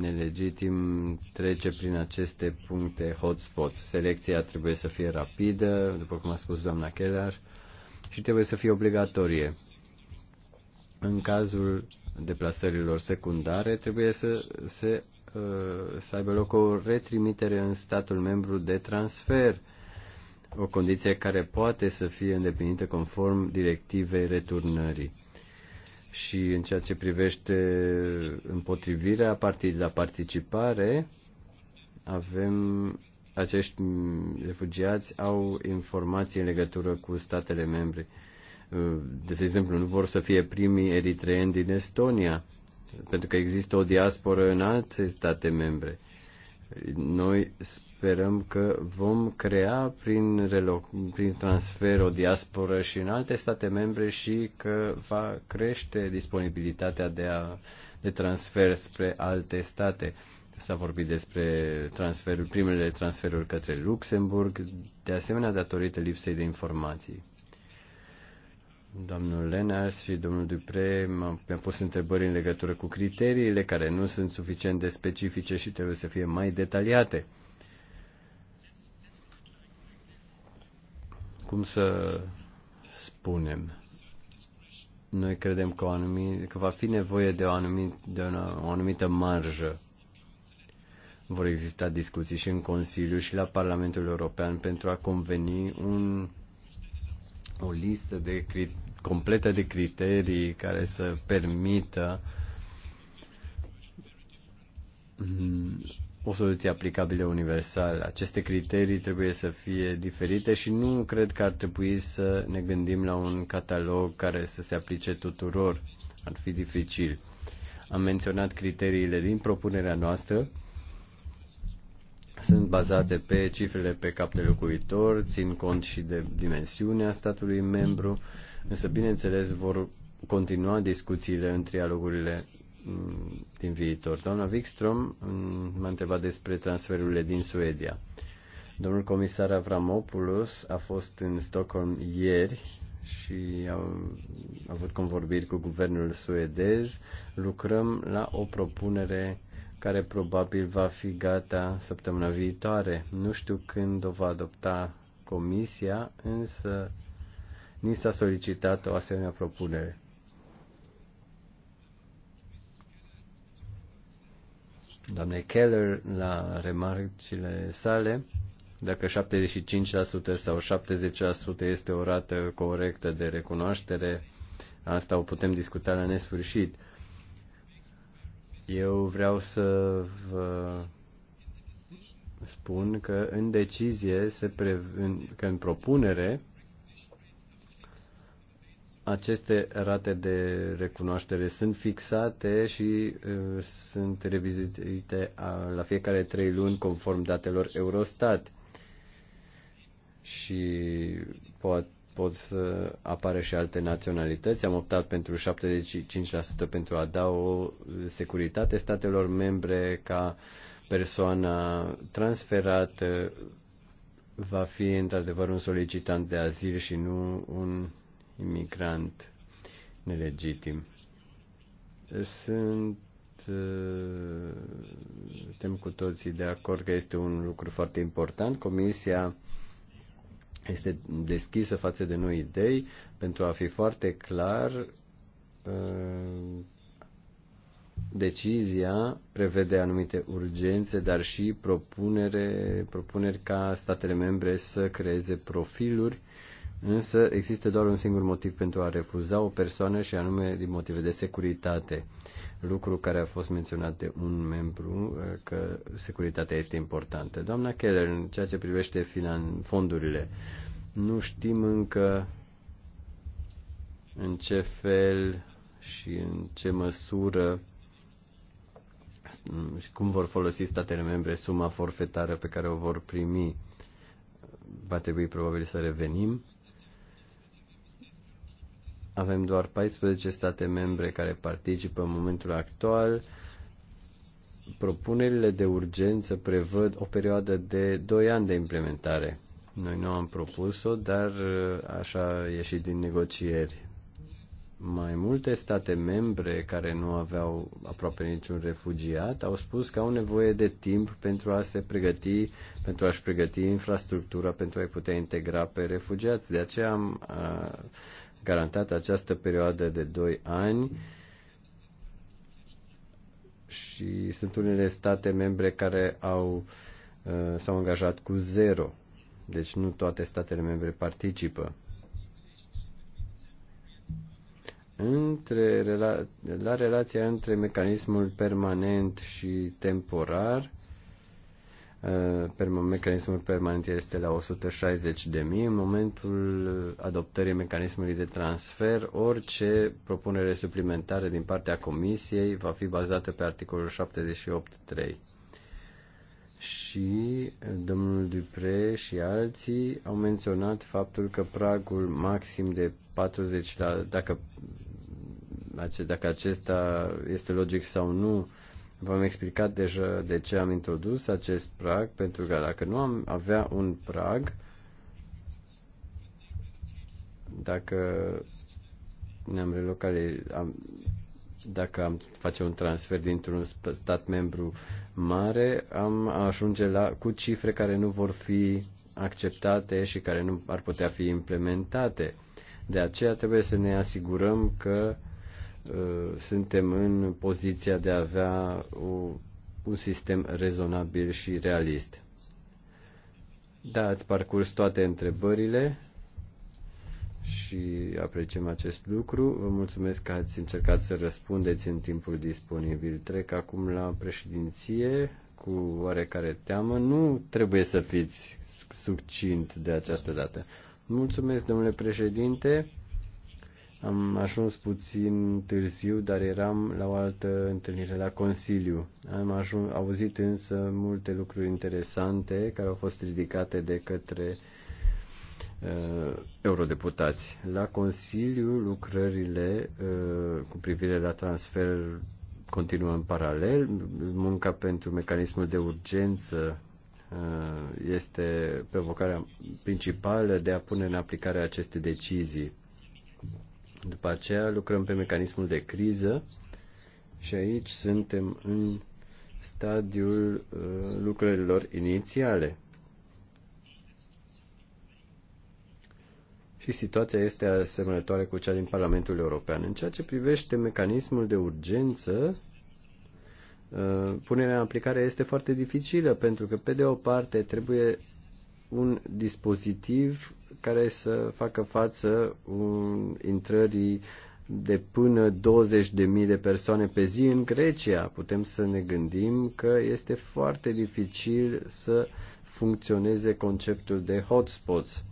B: nelegitim trece prin aceste puncte hotspots. Selecția trebuie să fie rapidă, după cum a spus doamna Keller, și trebuie să fie obligatorie. În cazul deplasărilor secundare, trebuie să, se, uh, să aibă loc o retrimitere în statul membru de transfer, o condiție care poate să fie îndeplinită conform directivei returnării și în ceea ce privește împotrivirea partid la participare, avem acești refugiați au informații în legătură cu statele membre. De exemplu, nu vor să fie primii eritreeni din Estonia, pentru că există o diasporă în alte state membre. Noi sperăm că vom crea prin, reloc- prin transfer o diasporă și în alte state membre și că va crește disponibilitatea de, a, de transfer spre alte state. S-a vorbit despre transferul, primele transferuri către Luxemburg, de asemenea datorită lipsei de informații. Domnul Lenars și domnul Dupre mi-a pus întrebări în legătură cu criteriile care nu sunt suficient de specifice și trebuie să fie mai detaliate cum să spunem, noi credem că, o anumit, că va fi nevoie de o, anumit, de una, o anumită marjă. Vor exista discuții și în Consiliu și la Parlamentul European pentru a conveni un, o listă de cri, completă de criterii care să permită mm, o soluție aplicabilă universală. Aceste criterii trebuie să fie diferite și nu cred că ar trebui să ne gândim la un catalog care să se aplice tuturor. Ar fi dificil. Am menționat criteriile din propunerea noastră. Sunt bazate pe cifrele pe cap de locuitor, țin cont și de dimensiunea statului membru, însă bineînțeles vor continua discuțiile în trialogurile Mm, din viitor. Doamna Wikström mm, m-a întrebat despre transferurile din Suedia. Domnul comisar Avramopoulos a fost în Stockholm ieri și a avut convorbiri cu guvernul suedez. Lucrăm la o propunere care probabil va fi gata săptămâna viitoare. Nu știu când o va adopta comisia, însă ni s-a solicitat o asemenea propunere. doamnei Keller la remarcile sale, dacă 75% sau 70% este o rată corectă de recunoaștere, asta o putem discuta la nesfârșit. Eu vreau să vă spun că în decizie, se pre... că în propunere aceste rate de recunoaștere sunt fixate și uh, sunt revizuite uh, la fiecare trei luni conform datelor Eurostat. Și pot, pot să apare și alte naționalități. Am optat pentru 75% pentru a da o securitate statelor membre ca persoana transferată va fi într-adevăr un solicitant de azil și nu un imigrant nelegitim. Sunt uh, suntem cu toții de acord că este un lucru foarte important. Comisia este deschisă față de noi idei pentru a fi foarte clar uh, decizia prevede anumite urgențe, dar și propunere, propuneri ca statele membre să creeze profiluri uh, Însă există doar un singur motiv pentru a refuza o persoană și anume din motive de securitate. Lucru care a fost menționat de un membru uh, că securitatea este importantă. Doamna Keller, în ceea ce privește fondurile, nu știm încă în ce fel și în ce măsură și cum vor folosi statele membre suma forfetară pe care o vor primi. Va trebui probabil să revenim avem doar 14 state membre care participă în momentul actual. Propunerile de urgență prevăd o perioadă de 2 ani de implementare. Noi nu am propus-o, dar uh, așa a ieșit din negocieri. Mai multe state membre care nu aveau aproape niciun refugiat au spus că au nevoie de timp pentru a se pregăti, pentru a-și pregăti infrastructura, pentru a-i putea integra pe refugiați. De aceea am. Uh, garantată această perioadă de 2 ani și sunt unele state membre care au, uh, s-au angajat cu zero. Deci nu toate statele membre participă. Între, la relația între mecanismul permanent și temporar, Eh, mecanismul permanent este la 160 de mii. În momentul adoptării mecanismului de transfer, orice propunere suplimentară din partea Comisiei va fi bazată pe articolul 78.3. Și domnul Dupre și alții au menționat faptul că pragul maxim de 40%, la, dacă, dacă acesta este logic sau nu, V-am explicat deja de ce am introdus acest prag, pentru că dacă nu am avea un prag, dacă ne-am relocat, am, dacă am face un transfer dintr-un stat membru mare, am ajunge la cu cifre care nu vor fi acceptate și care nu ar putea fi implementate. De aceea trebuie să ne asigurăm că Uh, suntem în poziția de a avea o, un sistem rezonabil și realist. Da, ați parcurs toate întrebările și apreciem acest lucru. Vă mulțumesc că ați încercat să răspundeți în timpul disponibil. Trec acum la președinție cu oarecare teamă. Nu trebuie să fiți succint de această dată. Mulțumesc, domnule președinte. Am ajuns puțin târziu, dar eram la o altă întâlnire la Consiliu. Am ajuns, auzit însă multe lucruri interesante care au fost ridicate de către uh, eurodeputați. La Consiliu, lucrările uh, cu privire la transfer continuă în paralel. Munca pentru mecanismul de urgență uh, este provocarea principală de a pune în aplicare aceste decizii după aceea lucrăm pe mecanismul de criză și aici suntem în stadiul uh, lucrărilor inițiale. și situația este asemănătoare cu cea din Parlamentul European. În ceea ce privește mecanismul de urgență, uh, punerea în aplicare este foarte dificilă, pentru că, pe de o parte, trebuie un dispozitiv care să facă față un, intrării de până 20.000 de persoane pe zi în Grecia. Putem să ne gândim că este foarte dificil să funcționeze conceptul de hotspots.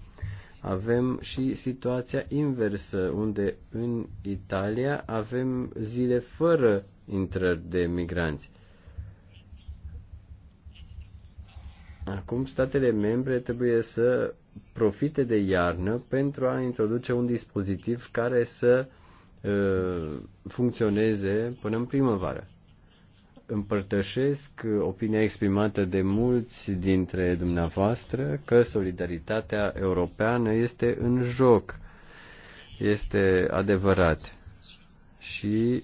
B: Avem și situația inversă, unde în Italia avem zile fără intrări de migranți. Acum statele membre trebuie să profite de iarnă pentru a introduce un dispozitiv care să uh, funcționeze până în primăvară. Împărtășesc opinia exprimată de mulți dintre dumneavoastră că solidaritatea europeană este în joc. Este adevărat. Și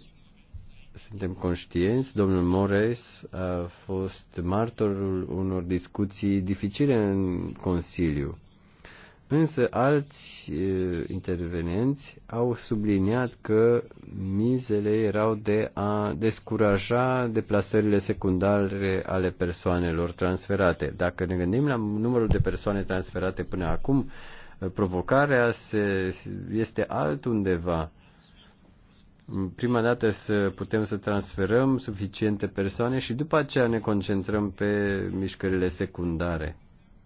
B: suntem conștienți, domnul Mores a fost martorul unor discuții dificile în Consiliu. Însă alți intervenenți au subliniat că mizele erau de a descuraja deplasările secundare ale persoanelor transferate. Dacă ne gândim la numărul de persoane transferate până acum, provocarea se, este altundeva prima dată să putem să transferăm suficiente persoane și după aceea ne concentrăm pe mișcările secundare.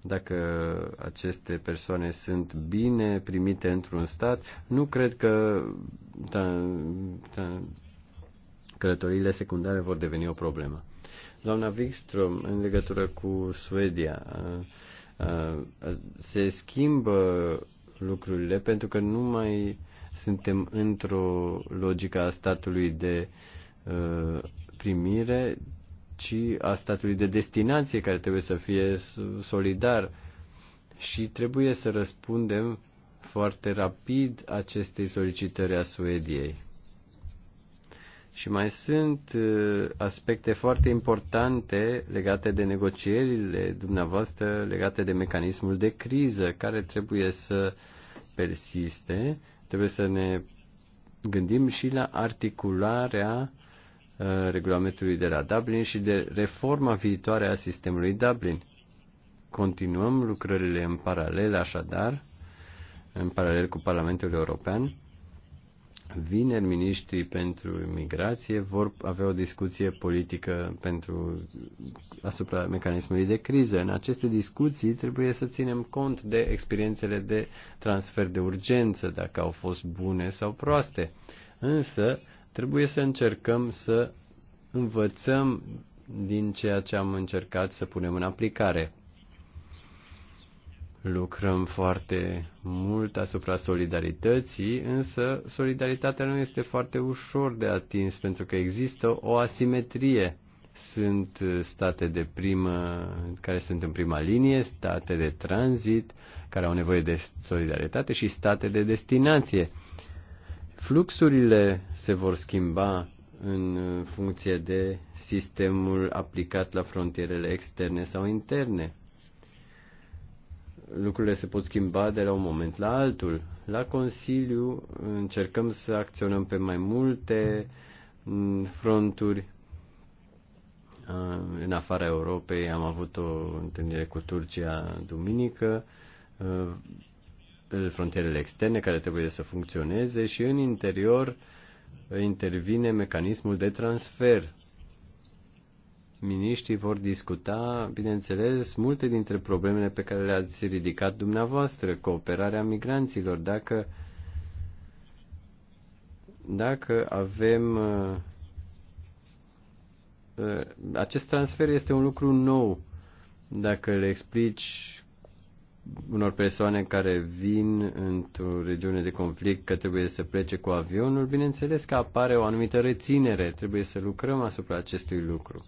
B: Dacă aceste persoane sunt bine primite într-un stat, nu cred că da, da, călătoriile secundare vor deveni o problemă. Doamna Wikström, în legătură cu Suedia, se schimbă lucrurile pentru că nu mai suntem într-o logică a statului de uh, primire, ci a statului de destinație care trebuie să fie solidar și trebuie să răspundem foarte rapid acestei solicitări a Suediei. Și mai sunt uh, aspecte foarte importante legate de negocierile dumneavoastră, legate de mecanismul de criză care trebuie să persiste Trebuie să ne gândim și la articularea uh, regulamentului de la Dublin și de reforma viitoare a sistemului Dublin. Continuăm lucrările în paralel, așadar, în paralel cu Parlamentul European Vineri, miniștrii pentru migrație vor avea o discuție politică pentru, asupra mecanismului de criză. În aceste discuții trebuie să ținem cont de experiențele de transfer de urgență, dacă au fost bune sau proaste. Însă, trebuie să încercăm să învățăm din ceea ce am încercat să punem în aplicare. Lucrăm foarte mult asupra solidarității, însă solidaritatea nu este foarte ușor de atins pentru că există o asimetrie. Sunt state de primă, care sunt în prima linie, state de tranzit, care au nevoie de solidaritate și state de destinație. Fluxurile se vor schimba în funcție de sistemul aplicat la frontierele externe sau interne lucrurile se pot schimba de la un moment la altul. La Consiliu încercăm să acționăm pe mai multe mm, fronturi. Ah, în afara Europei am avut o întâlnire cu Turcia duminică, ah, frontierele externe care trebuie să funcționeze și în interior intervine mecanismul de transfer miniștrii vor discuta, bineînțeles, multe dintre problemele pe care le-ați ridicat dumneavoastră, cooperarea migranților, dacă, dacă avem uh, acest transfer este un lucru nou. Dacă le explici unor persoane care vin într-o regiune de conflict că trebuie să plece cu avionul, bineînțeles că apare o anumită reținere, trebuie să lucrăm asupra acestui lucru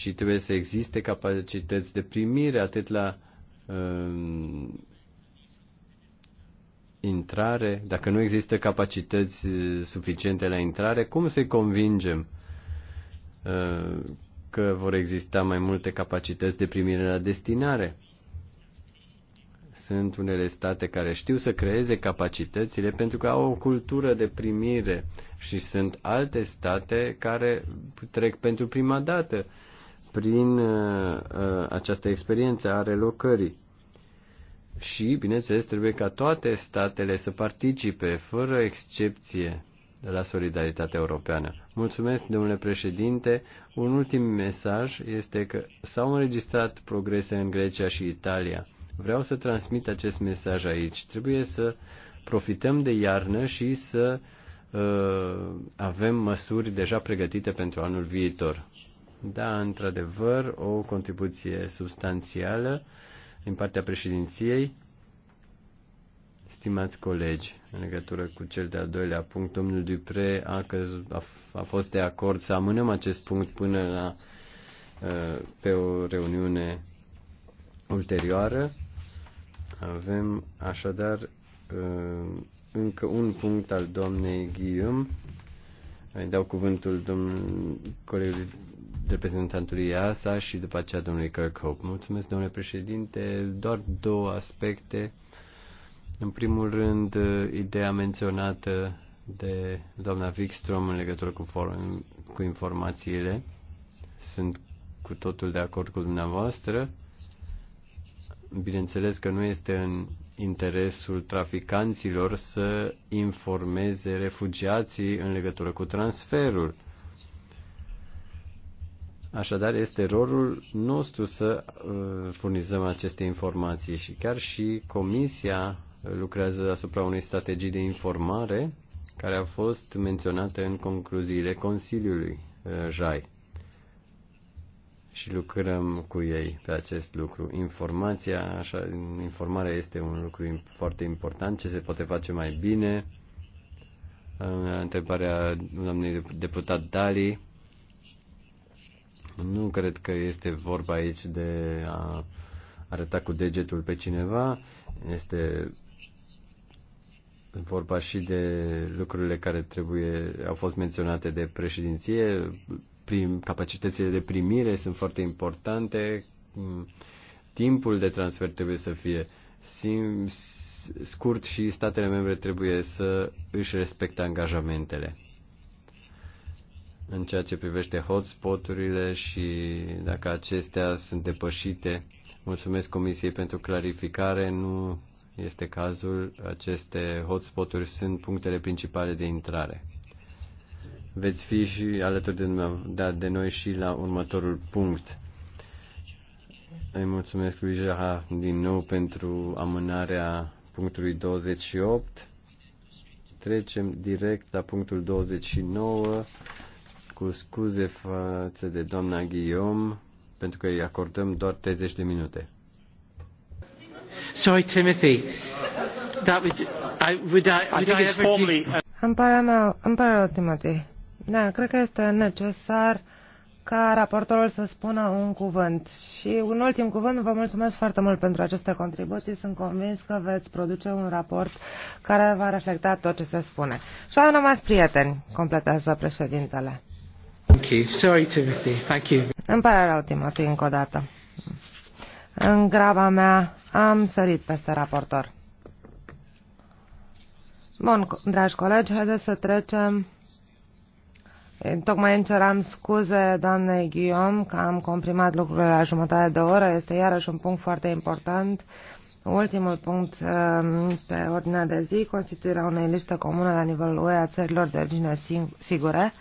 B: și trebuie să existe capacități de primire atât la uh, intrare. Dacă nu există capacități uh, suficiente la intrare, cum să-i convingem uh, că vor exista mai multe capacități de primire la destinare? Sunt unele state care știu să creeze capacitățile pentru că au o cultură de primire și sunt alte state care trec pentru prima dată uh, prin uh, uh, această experiență a relocării. Și, bineînțeles, trebuie ca toate statele să participe, fără excepție, la solidaritatea europeană. Mulțumesc, domnule președinte. Un ultim mesaj este că s-au înregistrat progrese în Grecia și Italia. Vreau să transmit acest mesaj aici. Trebuie să profităm de iarnă și să uh, avem măsuri deja pregătite pentru anul viitor. Da, într-adevăr, o contribuție substanțială din partea președinției. Stimați colegi, în legătură cu cel de-al doilea punct, domnul Dupre a, a, a fost de acord să amânăm acest punct până la uh, pe o reuniune ulterioară. Avem așadar uh, încă un punct al doamnei Guillaume. Îi dau cuvântul domnului colegului reprezentantului EASA și după aceea domnului Hope. Mulțumesc, domnule președinte. Doar două aspecte. În primul rând, ideea menționată de doamna Wikström în legătură cu, form, cu informațiile. Sunt cu totul de acord cu dumneavoastră. Bineînțeles că nu este în interesul traficanților să informeze refugiații în legătură cu transferul. Așadar, este rolul nostru să uh, furnizăm aceste informații și chiar și Comisia lucrează asupra unei strategii de informare care a fost menționată în concluziile Consiliului uh, JAI. Și lucrăm cu ei pe acest lucru. Informația, așa, informarea este un lucru foarte important, ce se poate face mai bine. Uh, întrebarea doamnei deputat Dali nu cred că este vorba aici de a arăta cu degetul pe cineva. Este vorba și de lucrurile care trebuie, au fost menționate de președinție. Prim, capacitățile de primire sunt foarte importante. Timpul de transfer trebuie să fie sim, scurt și statele membre trebuie să își respecte angajamentele în ceea ce privește hotspoturile și dacă acestea sunt depășite. Mulțumesc Comisiei pentru clarificare. Nu este cazul. Aceste hotspoturi sunt punctele principale de intrare. Veți fi și alături de, da, de noi și la următorul punct. Îi mulțumesc lui Jaha din nou pentru amânarea punctului 28. Trecem direct la punctul 29 cu scuze față de doamna Guillaume, pentru că îi acordăm doar 30 de minute. Sorry, Timothy.
C: That would, I, would I,
A: would I, I it's formally... Uh, îmi pare, îmi pare rău, Timothy. Da, cred că este necesar ca raportorul să spună un cuvânt. Și un ultim cuvânt, vă mulțumesc foarte mult pentru aceste contribuții. Sunt convins că veți produce un raport care va reflecta tot ce se spune. Și au rămas prieteni, completează președintele.
B: Thank you. Sorry, Timothy. Thank you. Îmi
A: pare rău, Timothy, încă o dată. În graba mea am sărit peste raportor. Bun, dragi colegi, haideți să trecem. Tocmai înceram scuze doamne Guillaume că am comprimat lucrurile la jumătate de oră. Este iarăși un punct foarte important. Ultimul punct um, pe ordinea de zi, constituirea unei liste comune la nivelul UE a țărilor de origine sigure.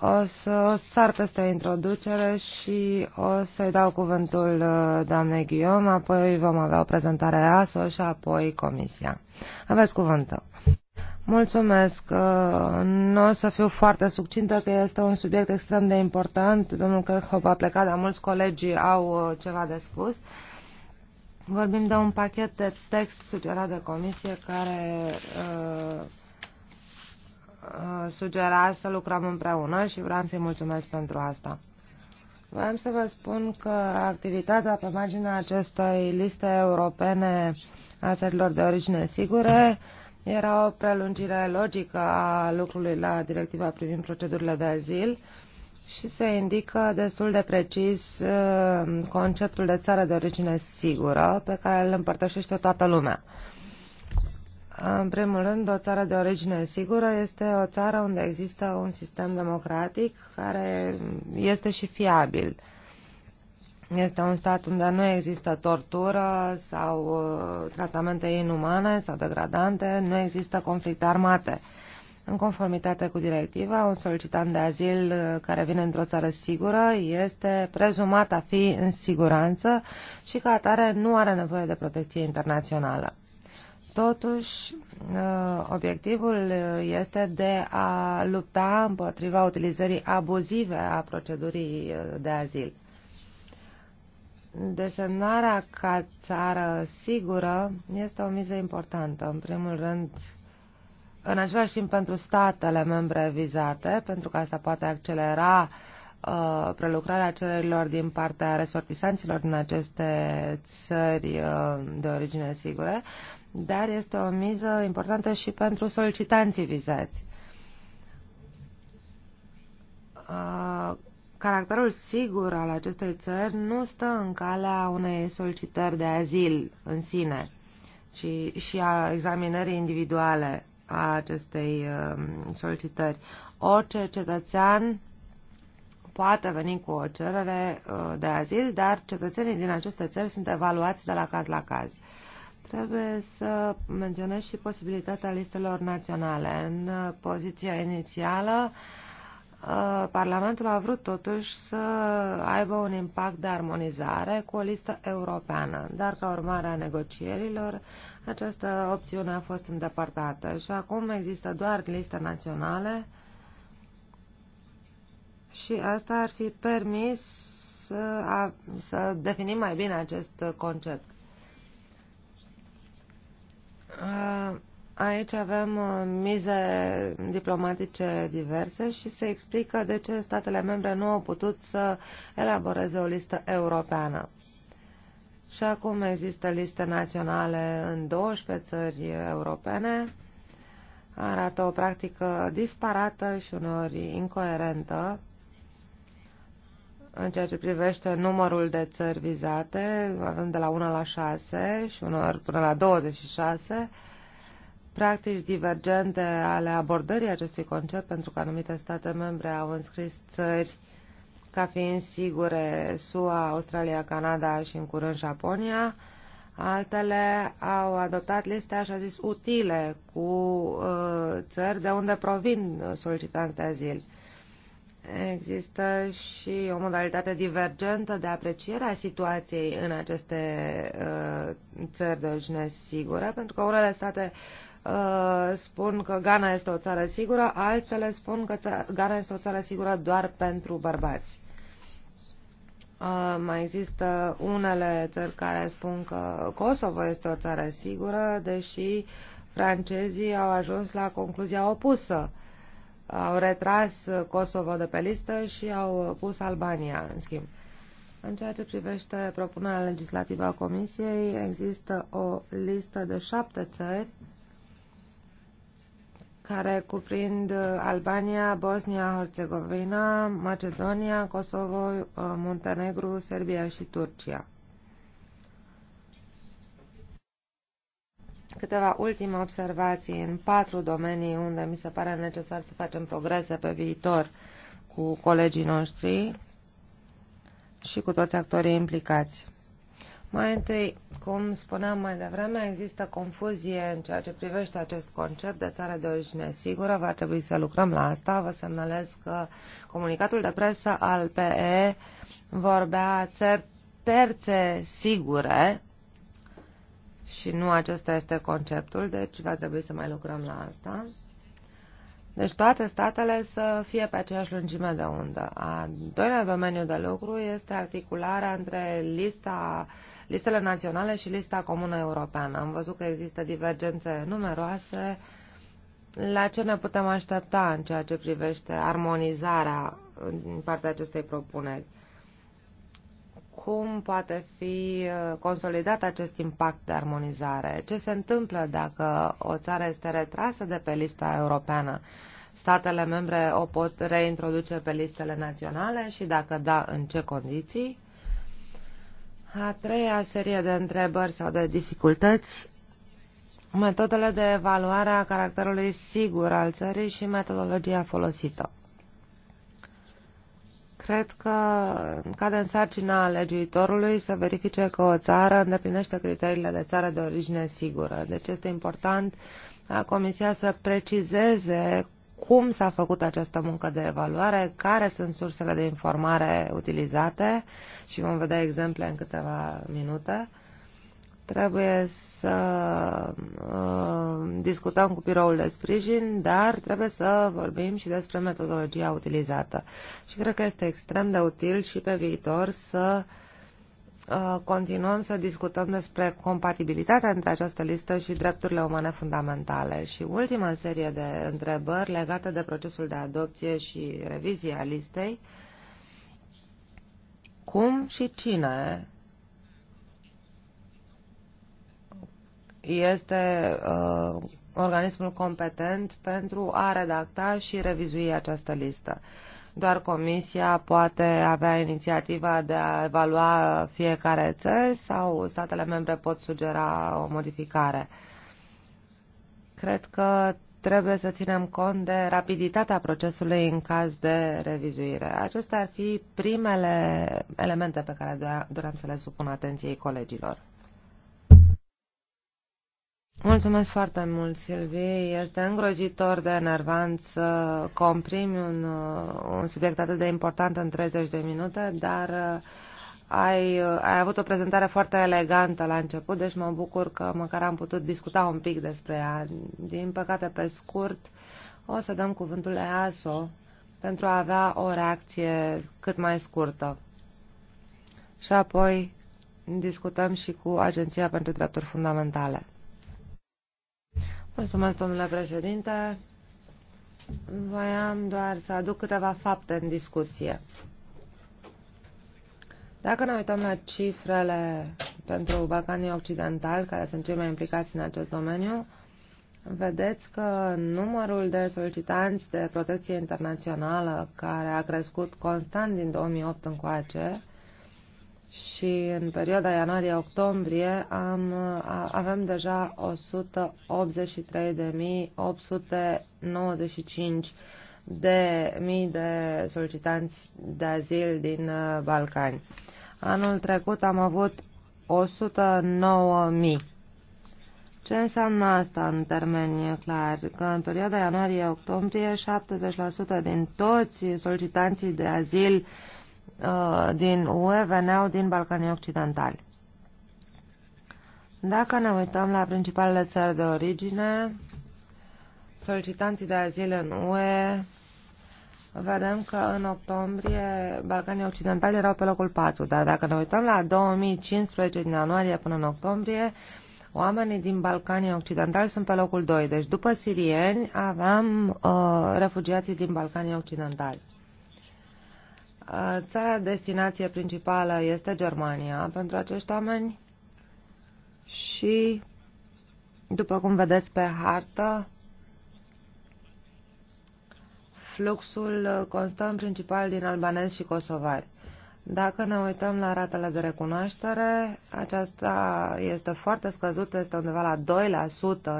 A: O să o sar peste introducere și o să-i dau cuvântul uh, doamnei Ghiom, apoi vom avea o prezentare a ASO și apoi comisia. Aveți cuvântul. Mulțumesc. Uh, nu o să fiu foarte succintă că este un subiect extrem de important. Domnul Kerhop a plecat, dar mulți colegi au uh, ceva de spus. Vorbim de un pachet de text sugerat de comisie care Uh, sugera să lucrăm împreună și vreau să-i mulțumesc pentru asta. Vreau să vă spun că activitatea pe marginea acestei liste europene a țărilor de origine sigure era o prelungire logică a lucrului la directiva privind procedurile de azil și se indică destul de precis uh, conceptul de țară de origine sigură pe care îl împărtășește toată lumea. În primul rând, o țară de origine sigură este o țară unde există un sistem democratic care este și fiabil. Este un stat unde nu există tortură sau uh, tratamente inumane sau degradante, nu există conflicte armate. În conformitate cu directiva, un solicitant de azil uh, care vine într-o țară sigură este prezumat a fi în siguranță și ca atare nu are nevoie de protecție internațională. Totuși, uh, obiectivul este de a lupta împotriva utilizării abuzive a procedurii uh, de azil. Desemnarea ca țară sigură este o miză importantă, în primul rând, în același timp pentru statele membre vizate, pentru că asta poate accelera uh, prelucrarea cererilor din partea resortisanților din aceste țări uh, de origine sigure, dar este o miză importantă și pentru solicitanții vizați. Caracterul sigur al acestei țări nu stă în calea unei solicitări de azil în sine, ci și a examinării individuale a acestei solicitări. Orice cetățean poate veni cu o cerere de azil, dar cetățenii din aceste țări sunt evaluați de la caz la caz. Trebuie să menționez și posibilitatea listelor naționale. În uh, poziția inițială, uh, Parlamentul a vrut totuși să aibă un impact de armonizare cu o listă europeană, dar ca urmare a negocierilor, această opțiune a fost îndepărtată și acum există doar liste naționale și asta ar fi permis să, a, să definim mai bine acest concept. Aici avem uh, mize diplomatice diverse și se explică de ce statele membre nu au putut să elaboreze o listă europeană. Și acum există liste naționale în 12 țări europene. Arată o practică disparată și uneori incoerentă în ceea ce privește numărul de țări vizate, avem de la 1 la 6 și unor până la 26, practici divergente ale abordării acestui concept, pentru că anumite state membre au înscris țări ca fiind sigure SUA, Australia, Canada și în curând Japonia. Altele au adoptat liste așa zis utile cu uh, țări de unde provin solicitanți de azil. Uh, Există și o modalitate divergentă de apreciere a situației în aceste uh, țări de origine sigură, pentru că unele state uh, spun că Ghana este o țară sigură, altele spun că Ghana este o țară sigură doar pentru bărbați. Uh, mai există unele țări care spun că Kosovo este o țară sigură, deși francezii au ajuns la concluzia opusă. Uh, au retras Kosovo de pe listă și au pus Albania, în schimb. În ceea ce privește propunerea legislativă a Comisiei, există o listă de șapte țări care cuprind Albania, Bosnia-Herzegovina, Macedonia, Kosovo, Muntenegru, Serbia și Turcia. câteva ultime observații în patru domenii unde mi se pare necesar să facem progrese pe viitor cu colegii noștri și cu toți actorii implicați. Mai întâi, cum spuneam mai devreme, există confuzie în ceea ce privește acest concept de țară de origine sigură. Va trebui să lucrăm la asta. Vă semnalez că comunicatul de presă al PE vorbea țări terțe sigure, și nu acesta este conceptul, deci va trebui să mai lucrăm la asta. Deci toate statele să fie pe aceeași lungime de undă. A doilea domeniu de lucru este articularea între lista, listele naționale și lista comună europeană. Am văzut că există divergențe numeroase. La ce ne putem aștepta în ceea ce privește armonizarea în partea acestei propuneri? cum poate fi uh, consolidat acest impact de armonizare? Ce se întâmplă dacă o țară este retrasă de pe lista europeană? Statele membre o pot reintroduce pe listele naționale și dacă da, în ce condiții? A treia serie de întrebări sau de dificultăți metodele de evaluare a caracterului sigur al țării și metodologia folosită cred că cade în sarcina legiuitorului să verifice că o țară îndeplinește criteriile de țară de origine sigură. Deci este important ca Comisia să precizeze cum s-a făcut această muncă de evaluare, care sunt sursele de informare utilizate și vom vedea exemple în câteva minute trebuie să uh, discutăm cu biroul de sprijin, dar trebuie să vorbim și despre metodologia utilizată. Și cred că este extrem de util și pe viitor să uh, continuăm să discutăm despre compatibilitatea între această listă și drepturile umane fundamentale. Și ultima serie de întrebări legate de procesul de adopție și revizia listei, cum și cine este uh, organismul competent pentru a redacta și revizui această listă. Doar Comisia poate avea inițiativa de a evalua fiecare țări sau statele membre pot sugera o modificare. Cred că trebuie să ținem cont de rapiditatea procesului în caz de revizuire. Acestea ar fi primele elemente pe care doream să le supun atenției colegilor. Mulțumesc foarte mult, Silvie. Este îngrozitor de enervant să comprimi un, uh, un subiect atât de important în 30 de minute, dar uh, ai, uh, ai avut o prezentare foarte elegantă la început, deci mă bucur că măcar am putut discuta un pic despre ea. Din păcate, pe scurt, o să dăm cuvântul EASO pentru a avea o reacție cât mai scurtă. Și apoi discutăm și cu Agenția pentru Drepturi Fundamentale. Mulțumesc, domnule președinte. Voiam doar să aduc câteva fapte în discuție. Dacă ne uităm la cifrele pentru Balcanii Occidentali, care sunt cei mai implicați în acest domeniu, vedeți că numărul de solicitanți de protecție internațională, care a crescut constant din 2008 încoace, și în perioada ianuarie-octombrie am, avem deja 183.895 de mii de solicitanți de azil din uh, Balcani. Anul trecut am avut 109.000. Ce înseamnă asta în termeni clar, Că în perioada ianuarie-octombrie 70% din toți solicitanții de azil uh, Uh, din UE veneau din Balcanii Occidentali. Dacă ne uităm la principalele țări de origine, solicitanții de azil în UE, vedem că în octombrie Balcanii Occidentali erau pe locul 4, dar dacă ne uităm la 2015 din ianuarie până în octombrie, oamenii din Balcanii Occidentali sunt pe locul 2. Deci după sirieni aveam uh, refugiații din Balcanii Occidentali. Uh, țara destinație principală este Germania pentru acești oameni și, după cum vedeți pe hartă, fluxul constă în principal din albanezi și kosovari. Dacă ne uităm la ratele de recunoaștere, aceasta este foarte scăzută, este undeva la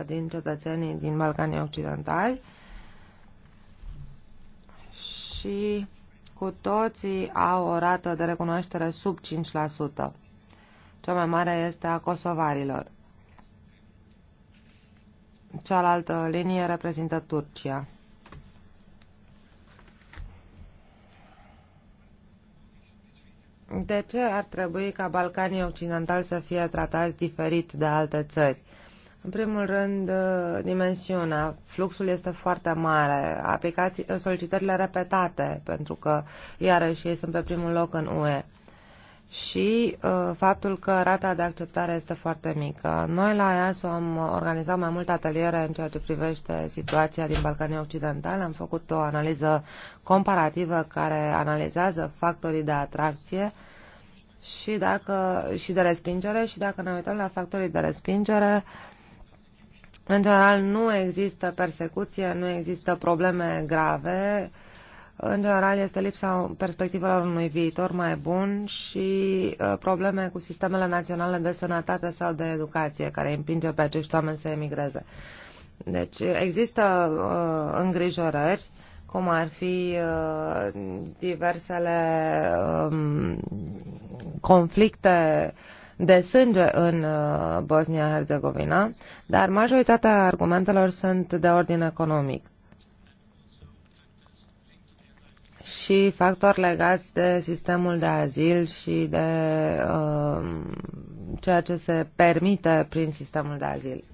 A: 2% din cetățenii din Balcanii Occidentali și cu toții au o rată de recunoaștere sub 5%. Cea mai mare este a kosovarilor. Cealaltă linie reprezintă Turcia. De ce ar trebui ca Balcanii Occidentali să fie tratați diferit de alte țări? În primul rând, uh, dimensiunea. Fluxul este foarte mare. Aplicații, uh, solicitările repetate, pentru că, iarăși, ei sunt pe primul loc în UE. Și uh, faptul că rata de acceptare este foarte mică. Noi la EASO am organizat mai multe ateliere în ceea ce privește situația din Balcanii Occidentali. Am făcut o analiză comparativă care analizează factorii de atracție și, dacă, și de respingere și dacă ne uităm la factorii de respingere, uh, în general, nu există persecuție, nu există probleme grave. În general, este lipsa perspectivelor unui viitor mai bun și uh, probleme cu sistemele naționale de sănătate sau de educație, care împinge pe acești oameni să emigreze. Deci, există uh, îngrijorări, cum ar fi uh, diversele uh, conflicte uh, de sânge în uh, Bosnia-Herzegovina, dar majoritatea argumentelor sunt de ordin economic și factori legați de sistemul de azil și de uh, ceea ce se permite prin sistemul de azil.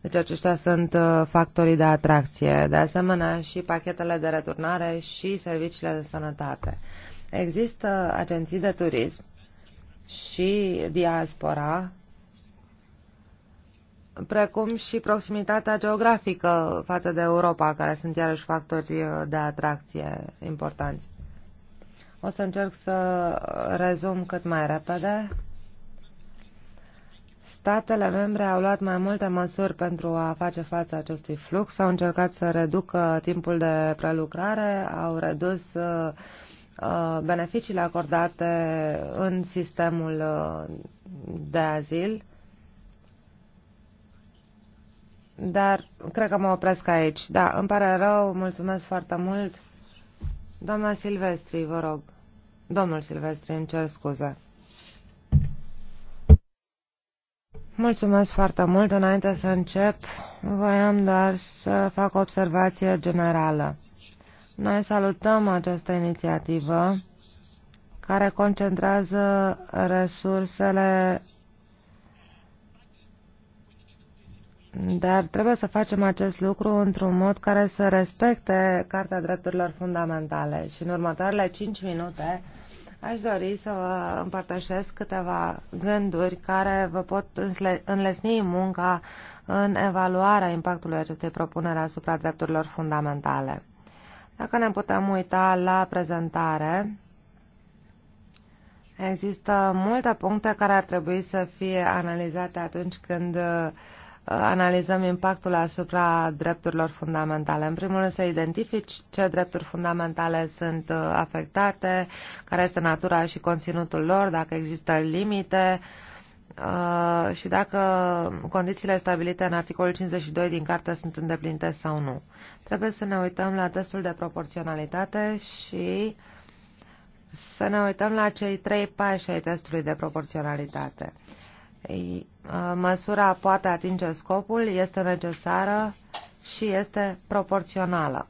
A: Deci aceștia sunt uh, factorii de atracție. De asemenea și pachetele de returnare și serviciile de sănătate. Există agenții de turism și diaspora, precum și proximitatea geografică față de Europa, care sunt iarăși factori uh, de atracție importanți. O să încerc să rezum cât mai repede. Statele membre au luat mai multe măsuri pentru a face față acestui flux, au încercat să reducă timpul de prelucrare, au redus uh, Uh, beneficiile acordate în sistemul uh, de azil, dar cred că mă opresc aici. Da, îmi pare rău, mulțumesc foarte mult. Doamna Silvestri, vă rog. Domnul Silvestri, îmi cer scuze. Mulțumesc foarte mult. Înainte să încep, voiam doar să fac o observație generală. Noi salutăm această inițiativă care concentrează resursele, dar trebuie să facem acest lucru într-un mod care să respecte Carta Drepturilor Fundamentale. Și în următoarele 5 minute aș dori să vă împărtășesc câteva gânduri care vă pot înlesni munca în evaluarea impactului acestei propuneri asupra drepturilor fundamentale. Dacă ne putem uita la prezentare, există multe puncte care ar trebui să fie analizate atunci când uh, analizăm impactul asupra drepturilor fundamentale. În primul rând să identifici ce drepturi fundamentale sunt uh, afectate, care este natura și conținutul lor, dacă există limite, uh, Uh, și dacă condițiile stabilite în articolul 52 din carte sunt îndeplinite sau nu. Trebuie să ne uităm la testul de proporționalitate și să ne uităm la cei trei pași ai testului de proporționalitate. Uh, măsura poate atinge scopul, este necesară și este proporțională.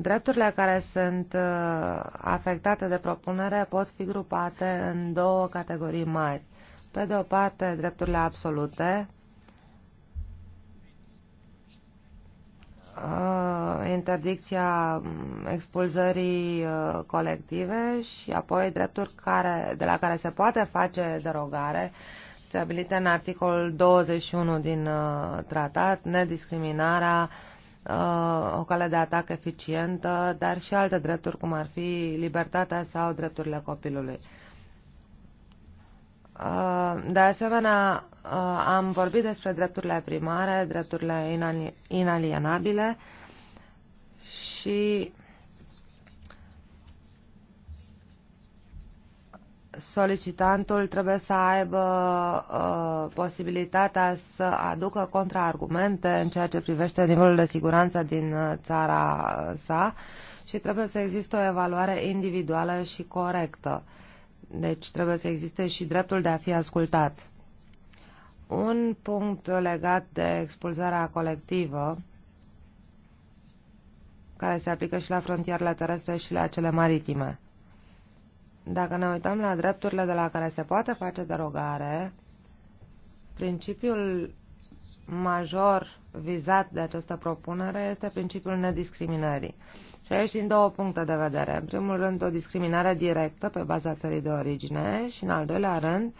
A: Drepturile care sunt uh, afectate de propunere pot fi grupate în două categorii mari. Pe de o parte, drepturile absolute, uh, interdicția mm, expulzării uh, colective și apoi drepturi care, de la care se poate face derogare, stabilite în articolul 21 din tratat, nediscriminarea, uh, Uh, o cale de atac eficientă, dar și alte drepturi, cum ar fi libertatea sau drepturile copilului. Uh, de asemenea, uh, am vorbit despre drepturile primare, drepturile inalienabile și solicitantul trebuie să aibă uh, posibilitatea să aducă contraargumente în ceea ce privește nivelul de siguranță din uh, țara sa și trebuie să existe o evaluare individuală și corectă. Deci trebuie să existe și dreptul de a fi ascultat. Un punct legat de expulzarea colectivă, care se aplică și la frontierele terestre și la cele maritime. Dacă ne uităm la drepturile de la care se poate face derogare, principiul major vizat de această propunere este principiul nediscriminării. Și aici din două puncte de vedere. În primul rând, o discriminare directă pe baza țării de origine și, în al doilea rând,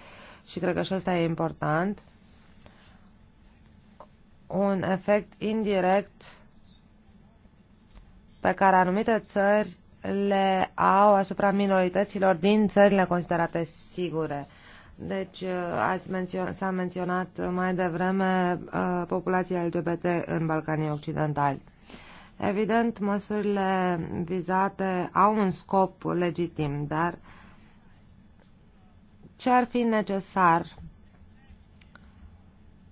A: și cred că și asta e important, un efect indirect pe care anumite țări le au asupra minorităților din țările considerate sigure. Deci uh, ați s-a menționat mai devreme uh, populația LGBT în Balcanii Occidentali. Evident, măsurile vizate au un scop legitim, dar ce ar fi necesar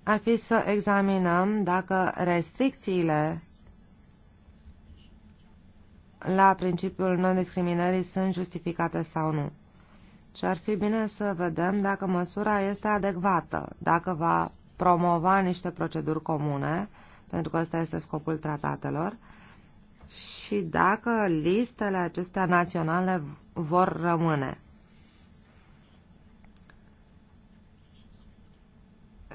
A: ar fi să examinăm dacă restricțiile la principiul non-discriminării sunt justificate sau nu. Și ar fi bine să vedem dacă măsura este adecvată, dacă va promova niște proceduri comune, pentru că ăsta este scopul tratatelor, și dacă listele acestea naționale vor rămâne.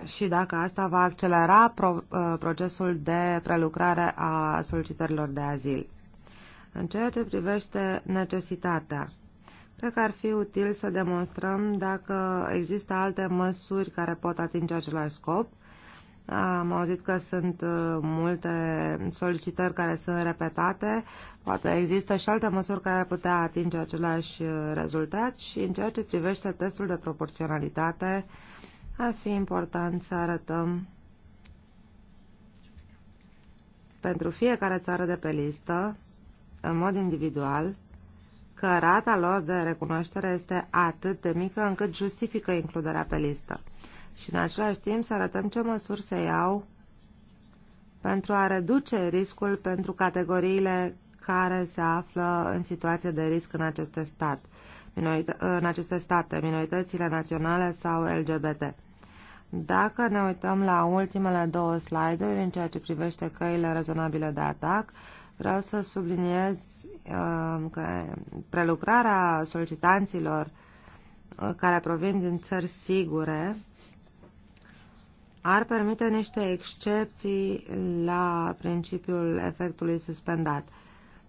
A: și dacă asta va accelera pro, uh, procesul de prelucrare a solicitărilor de azil. În ceea ce privește necesitatea, cred că ar fi util să demonstrăm dacă există alte măsuri care pot atinge același scop. Am auzit că sunt uh, multe solicitări care sunt repetate, poate există și alte măsuri care ar putea atinge același uh, rezultat și în ceea ce privește testul de proporționalitate, ar fi important să arătăm pentru fiecare țară de pe listă în mod individual că rata lor de recunoaștere este atât de mică încât justifică includerea pe listă. Și în același timp să arătăm ce măsuri se iau pentru a reduce riscul pentru categoriile care se află în situație de risc în aceste, stat, în aceste state, minoritățile naționale sau LGBT. Dacă ne uităm la ultimele două slide-uri în ceea ce privește căile rezonabile de atac, Vreau să subliniez um, că prelucrarea solicitanților uh, care provin din țări sigure ar permite niște excepții la principiul efectului suspendat.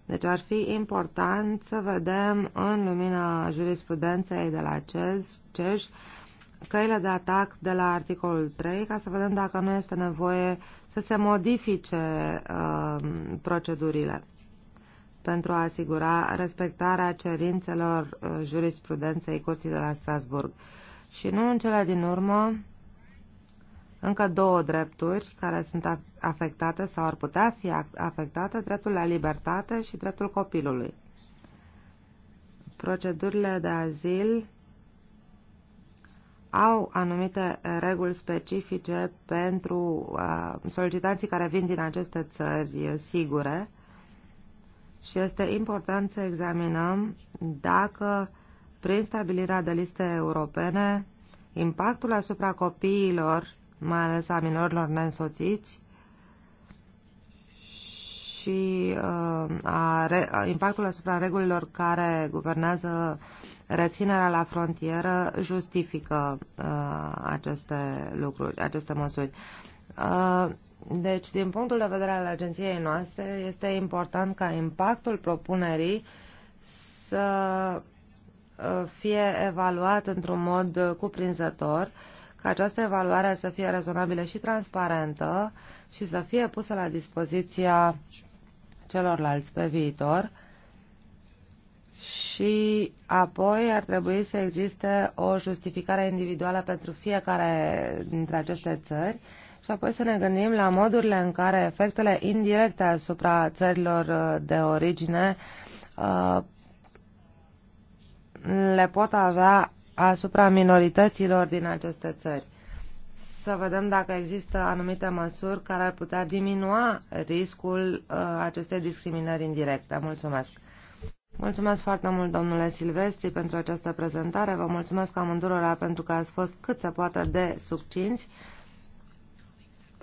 A: Deci ar fi important să vedem în lumina jurisprudenței de la CES căile de atac de la articolul 3 ca să vedem dacă nu este nevoie să se modifice uh, procedurile pentru a asigura respectarea cerințelor uh, jurisprudenței Curții de la Strasburg. Și nu în cele din urmă, încă două drepturi care sunt afectate sau ar putea fi afectate, dreptul la libertate și dreptul copilului. Procedurile de azil au anumite reguli specifice pentru uh, solicitanții care vin din aceste țări sigure și este important să examinăm dacă prin stabilirea de liste europene impactul asupra copiilor, mai ales a minorilor neînsoțiți, și uh, a, a, impactul asupra regulilor care guvernează reținerea la frontieră justifică uh, aceste lucruri, aceste măsuri. Uh, deci, din punctul de vedere al agenției noastre, este important ca impactul propunerii să uh, fie evaluat într-un mod cuprinzător, ca această evaluare să fie rezonabilă și transparentă și să fie pusă la dispoziția celorlalți pe viitor și apoi ar trebui să existe o justificare individuală pentru fiecare dintre aceste țări și apoi să ne gândim la modurile în care efectele indirecte asupra țărilor uh, de origine uh, le pot avea asupra minorităților din aceste țări. Să vedem dacă există anumite măsuri care ar putea diminua riscul uh, acestei discriminări indirecte. Mulțumesc! Mulțumesc foarte mult, domnule Silvestri, pentru această prezentare. Vă mulțumesc amândurora pentru că ați fost cât se poate de succinți.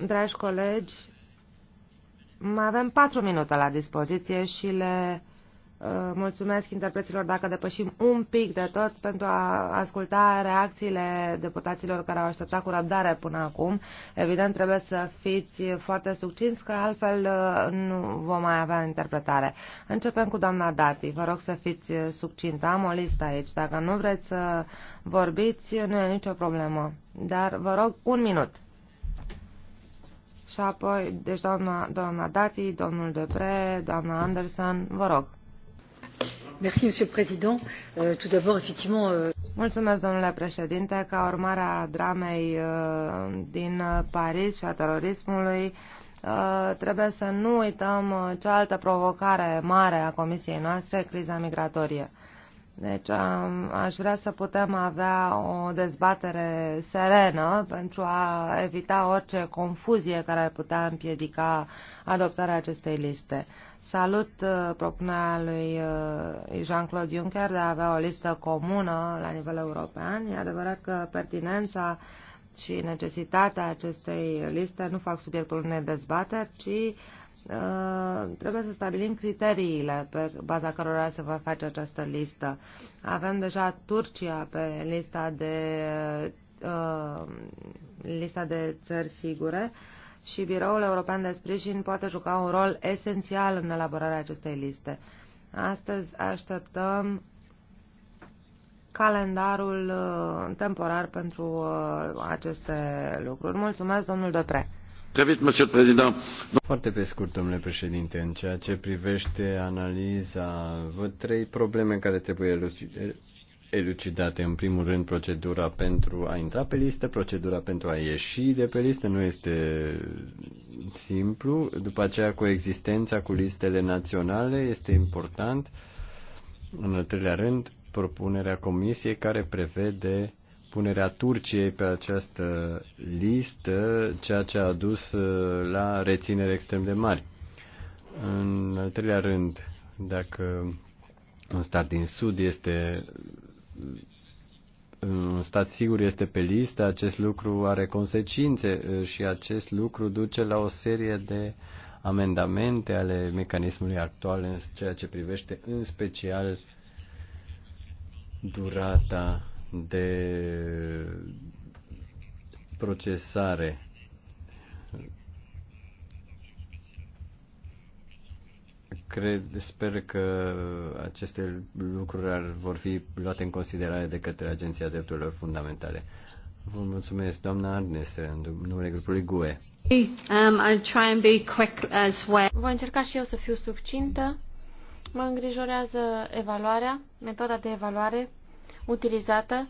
A: Dragi colegi, mai avem patru minute la dispoziție și le Uh, mulțumesc interpreților dacă depășim un pic de tot pentru a asculta reacțiile deputaților care au așteptat cu răbdare până acum. Evident, trebuie să fiți foarte succinți, că altfel uh, nu vom mai avea interpretare. Începem cu doamna Dati. Vă rog să fiți succintă. Am o listă aici. Dacă nu vreți să vorbiți, nu e nicio problemă. Dar vă rog un minut. Și apoi, deci doamna, doamna Dati, domnul Depre, doamna Anderson, vă rog. Euh, euh, Mulțumesc, domnule președinte. Ca urmare a dramei uh, din Paris și a terorismului, uh, trebuie să nu uităm uh, cealaltă provocare mare a Comisiei noastre, criza migratorie. Deci um, aș vrea să putem avea o dezbatere serenă pentru a evita orice confuzie care ar putea împiedica adoptarea acestei liste. Salut uh, propunerea lui uh, Jean-Claude Juncker de a avea o listă comună la nivel european. E adevărat că pertinența și necesitatea acestei liste nu fac subiectul unei dezbateri, ci uh, trebuie să stabilim criteriile pe baza cărora se va face această listă. Avem deja Turcia pe lista de, uh, lista de țări sigure și Biroul European de Sprijin poate juca un rol esențial în elaborarea acestei liste. Astăzi așteptăm calendarul uh, temporar pentru uh, aceste lucruri. Mulțumesc, domnul Depre.
B: Foarte pe scurt, domnule președinte, în ceea ce privește analiza, văd trei probleme care trebuie elucidate în primul rând procedura pentru a intra pe listă, procedura pentru a ieși de pe listă nu este simplu. După aceea coexistența cu listele naționale este important. În al treilea rând, propunerea comisiei care prevede punerea Turciei pe această listă, ceea ce a dus uh, la reținere extrem de mari. În al treilea rând, dacă un stat din sud este un stat sigur este pe listă, acest lucru are consecințe și acest lucru duce la o serie de amendamente ale mecanismului actual în ceea ce privește în special durata de procesare cred, sper că aceste lucruri ar, vor fi luate în considerare de către Agenția Drepturilor Fundamentale. Vă mulțumesc, doamna Arnes, în numele grupului GUE.
C: Um, I'll try and be quick as well. Voi încerca și eu să fiu succintă. Mă îngrijorează evaluarea, metoda de evaluare utilizată,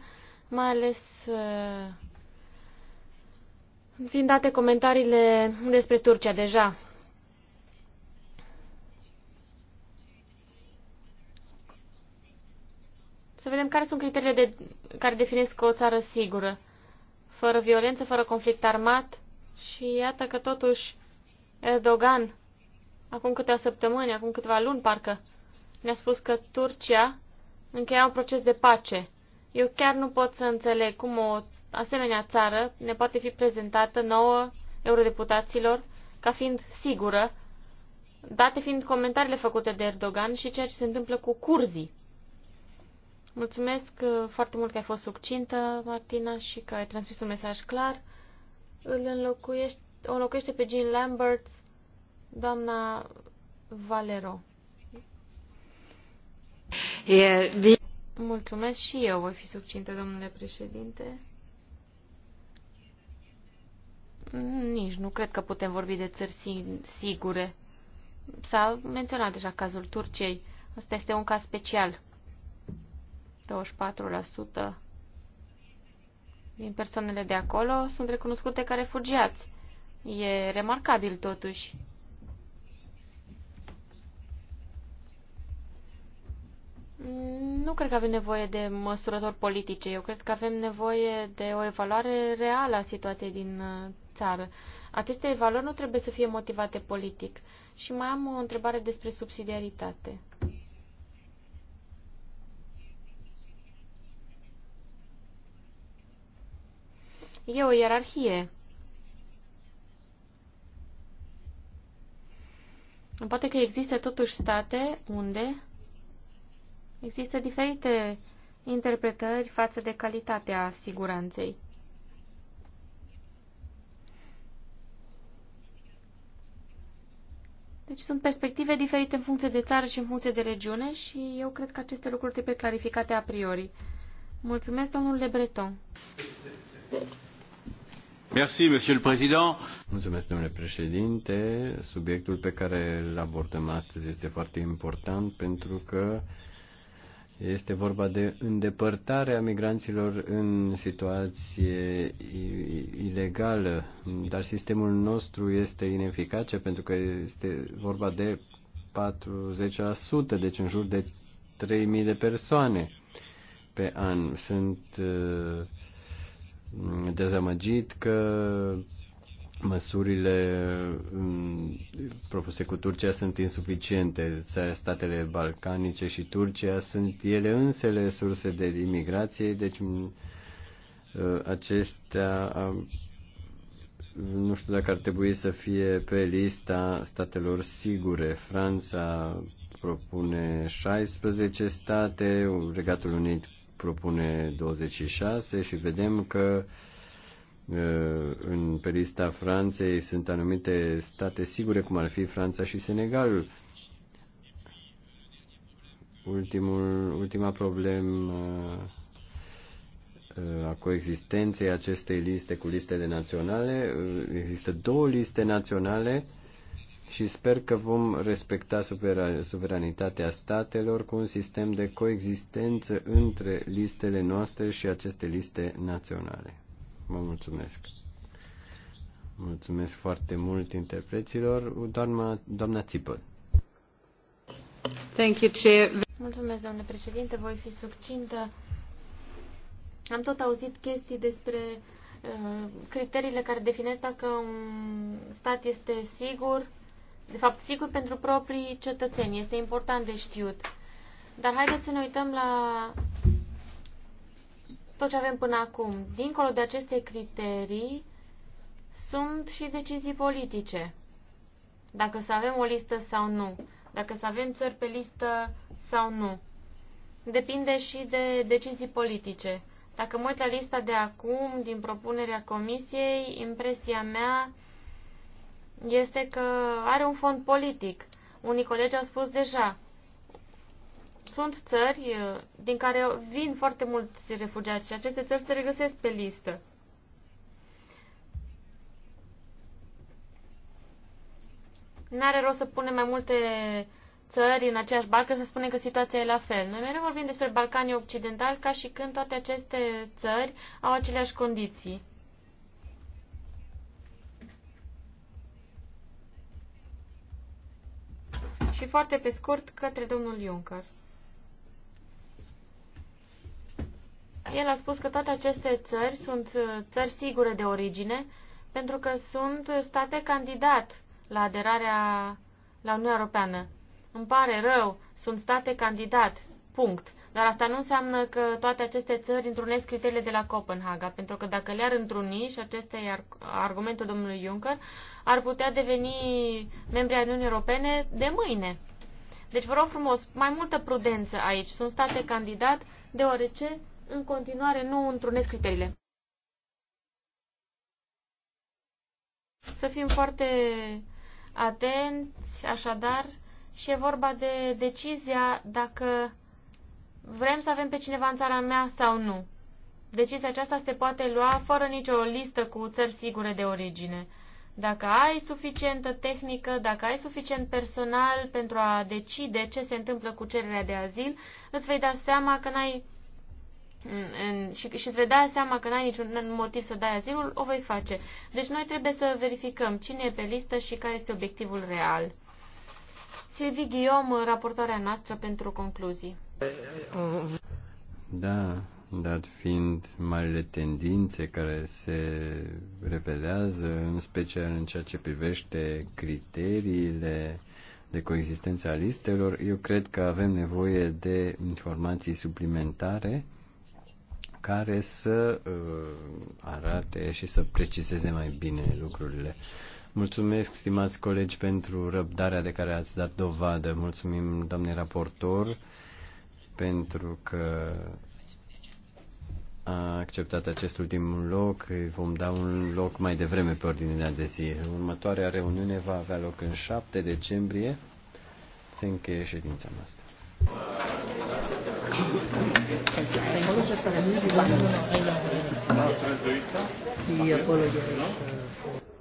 C: mai ales uh, fiind date comentariile despre Turcia deja Să vedem care sunt criteriile de, care definesc o țară sigură. Fără violență, fără conflict armat. Și iată că totuși Erdogan, acum câteva săptămâni, acum câteva luni parcă, ne-a spus că Turcia încheia un proces de pace. Eu chiar nu pot să înțeleg cum o asemenea țară ne poate fi prezentată nouă eurodeputaților ca fiind sigură, date fiind comentariile făcute de Erdogan și ceea ce se întâmplă cu curzii. Mulțumesc uh, foarte mult că ai fost succintă, Martina, și că ai transmis un mesaj clar. Îl înlocuiește, o înlocuiește pe Jean Lambert, doamna Valero. Mulțumesc și eu voi fi succintă, domnule președinte. Nici nu cred că putem vorbi de țări sigure. S-a menționat deja cazul Turciei. Asta este un caz special. 24% din persoanele de acolo sunt recunoscute ca refugiați. E remarcabil totuși. Nu cred că avem nevoie de măsurători politice. Eu cred că avem nevoie de o evaluare reală a situației din uh, țară. Aceste evaluări nu trebuie să fie motivate politic. Și mai am o întrebare despre subsidiaritate. E o ierarhie. Poate că există totuși state unde există diferite interpretări față de calitatea siguranței. Deci sunt perspective diferite în funcție de țară și în funcție de regiune și eu cred că aceste lucruri trebuie clarificate a priori. Mulțumesc, domnule Breton.
B: Mulțumesc, domnule președinte. Subiectul pe care îl abordăm astăzi este foarte important pentru că este vorba de îndepărtarea migranților în situație ilegală, dar sistemul nostru este ineficace pentru că este vorba de 40%, deci în jur de 3.000 de persoane pe an. Sunt uh, dezamăgit că măsurile propuse cu Turcia sunt insuficiente. Statele balcanice și Turcia sunt ele însele surse de imigrație, deci ă, acestea nu știu dacă ar trebui să fie pe lista statelor sigure. Franța propune 16 state, Regatul Unit propune 26 și vedem că în perista Franței sunt anumite state sigure, cum ar fi Franța și Senegalul. Ultimul, ultima problemă a coexistenței acestei liste cu listele naționale. Există două liste naționale și sper că vom respecta suveranitatea statelor cu un sistem de coexistență între listele noastre și aceste liste naționale. Vă mulțumesc! Mulțumesc foarte mult interpreților. Doamna, doamna Țipă.
C: Thank you, Chair. Mulțumesc, doamne președinte. Voi fi succintă. Am tot auzit chestii despre uh, criteriile care definesc dacă un stat este sigur de fapt sigur pentru proprii cetățeni. Este important de știut. Dar haideți să ne uităm la tot ce avem până acum. Dincolo de aceste criterii, sunt și decizii politice. Dacă să avem o listă sau nu, dacă să avem țări pe listă sau nu. Depinde și de decizii politice. Dacă mă uit la lista de acum, din propunerea comisiei, impresia mea este că are un fond politic. Unii colegi au spus deja, sunt țări uh, din care vin foarte mulți refugiați și aceste țări se regăsesc pe listă. N-are rost să punem mai multe țări în aceeași barcă să spunem că situația e la fel. Noi mereu vorbim despre Balcanii Occidentali ca și când toate aceste țări au aceleași condiții. și foarte pe scurt către domnul Juncker. El a spus că toate aceste țări sunt uh, țări sigure de origine pentru că sunt state candidat la aderarea la Uniunea Europeană. Îmi pare rău, sunt state candidat. Punct. Dar asta nu înseamnă că toate aceste țări întrunesc criteriile de la Copenhaga, pentru că dacă le-ar întruni, și acesta e argumentul domnului Juncker, ar putea deveni membri ai Uniunii Europene de mâine. Deci vă rog frumos, mai multă prudență aici. Sunt state candidat, deoarece în continuare nu întrunesc criteriile. Să fim foarte atenți, așadar, și e vorba de decizia dacă Vrem să avem pe cineva în țara mea sau nu? Decizia aceasta se poate lua fără nicio listă cu țări sigure de origine. Dacă ai suficientă tehnică, dacă ai suficient personal pentru a decide ce se întâmplă cu cererea de azil, îți vei da seama că n-ai mm, și, și îți vei da seama că n-ai niciun motiv să dai azilul, o voi face. Deci noi trebuie să verificăm cine e pe listă și care este obiectivul real. Silvi Ghiom, raportoarea noastră pentru concluzii.
B: Da, dar fiind marile tendințe care se revelează, în special în ceea ce privește criteriile de coexistență a listelor, eu cred că avem nevoie de informații suplimentare care să uh, arate și să precizeze mai bine lucrurile. Mulțumesc, stimați colegi, pentru răbdarea de care ați dat dovadă. Mulțumim, doamne raportor pentru că a acceptat acest ultim loc. Îi vom da un loc mai devreme pe ordinea de zi. Următoarea reuniune va avea loc în 7 decembrie. Se încheie ședința noastră. He apologized.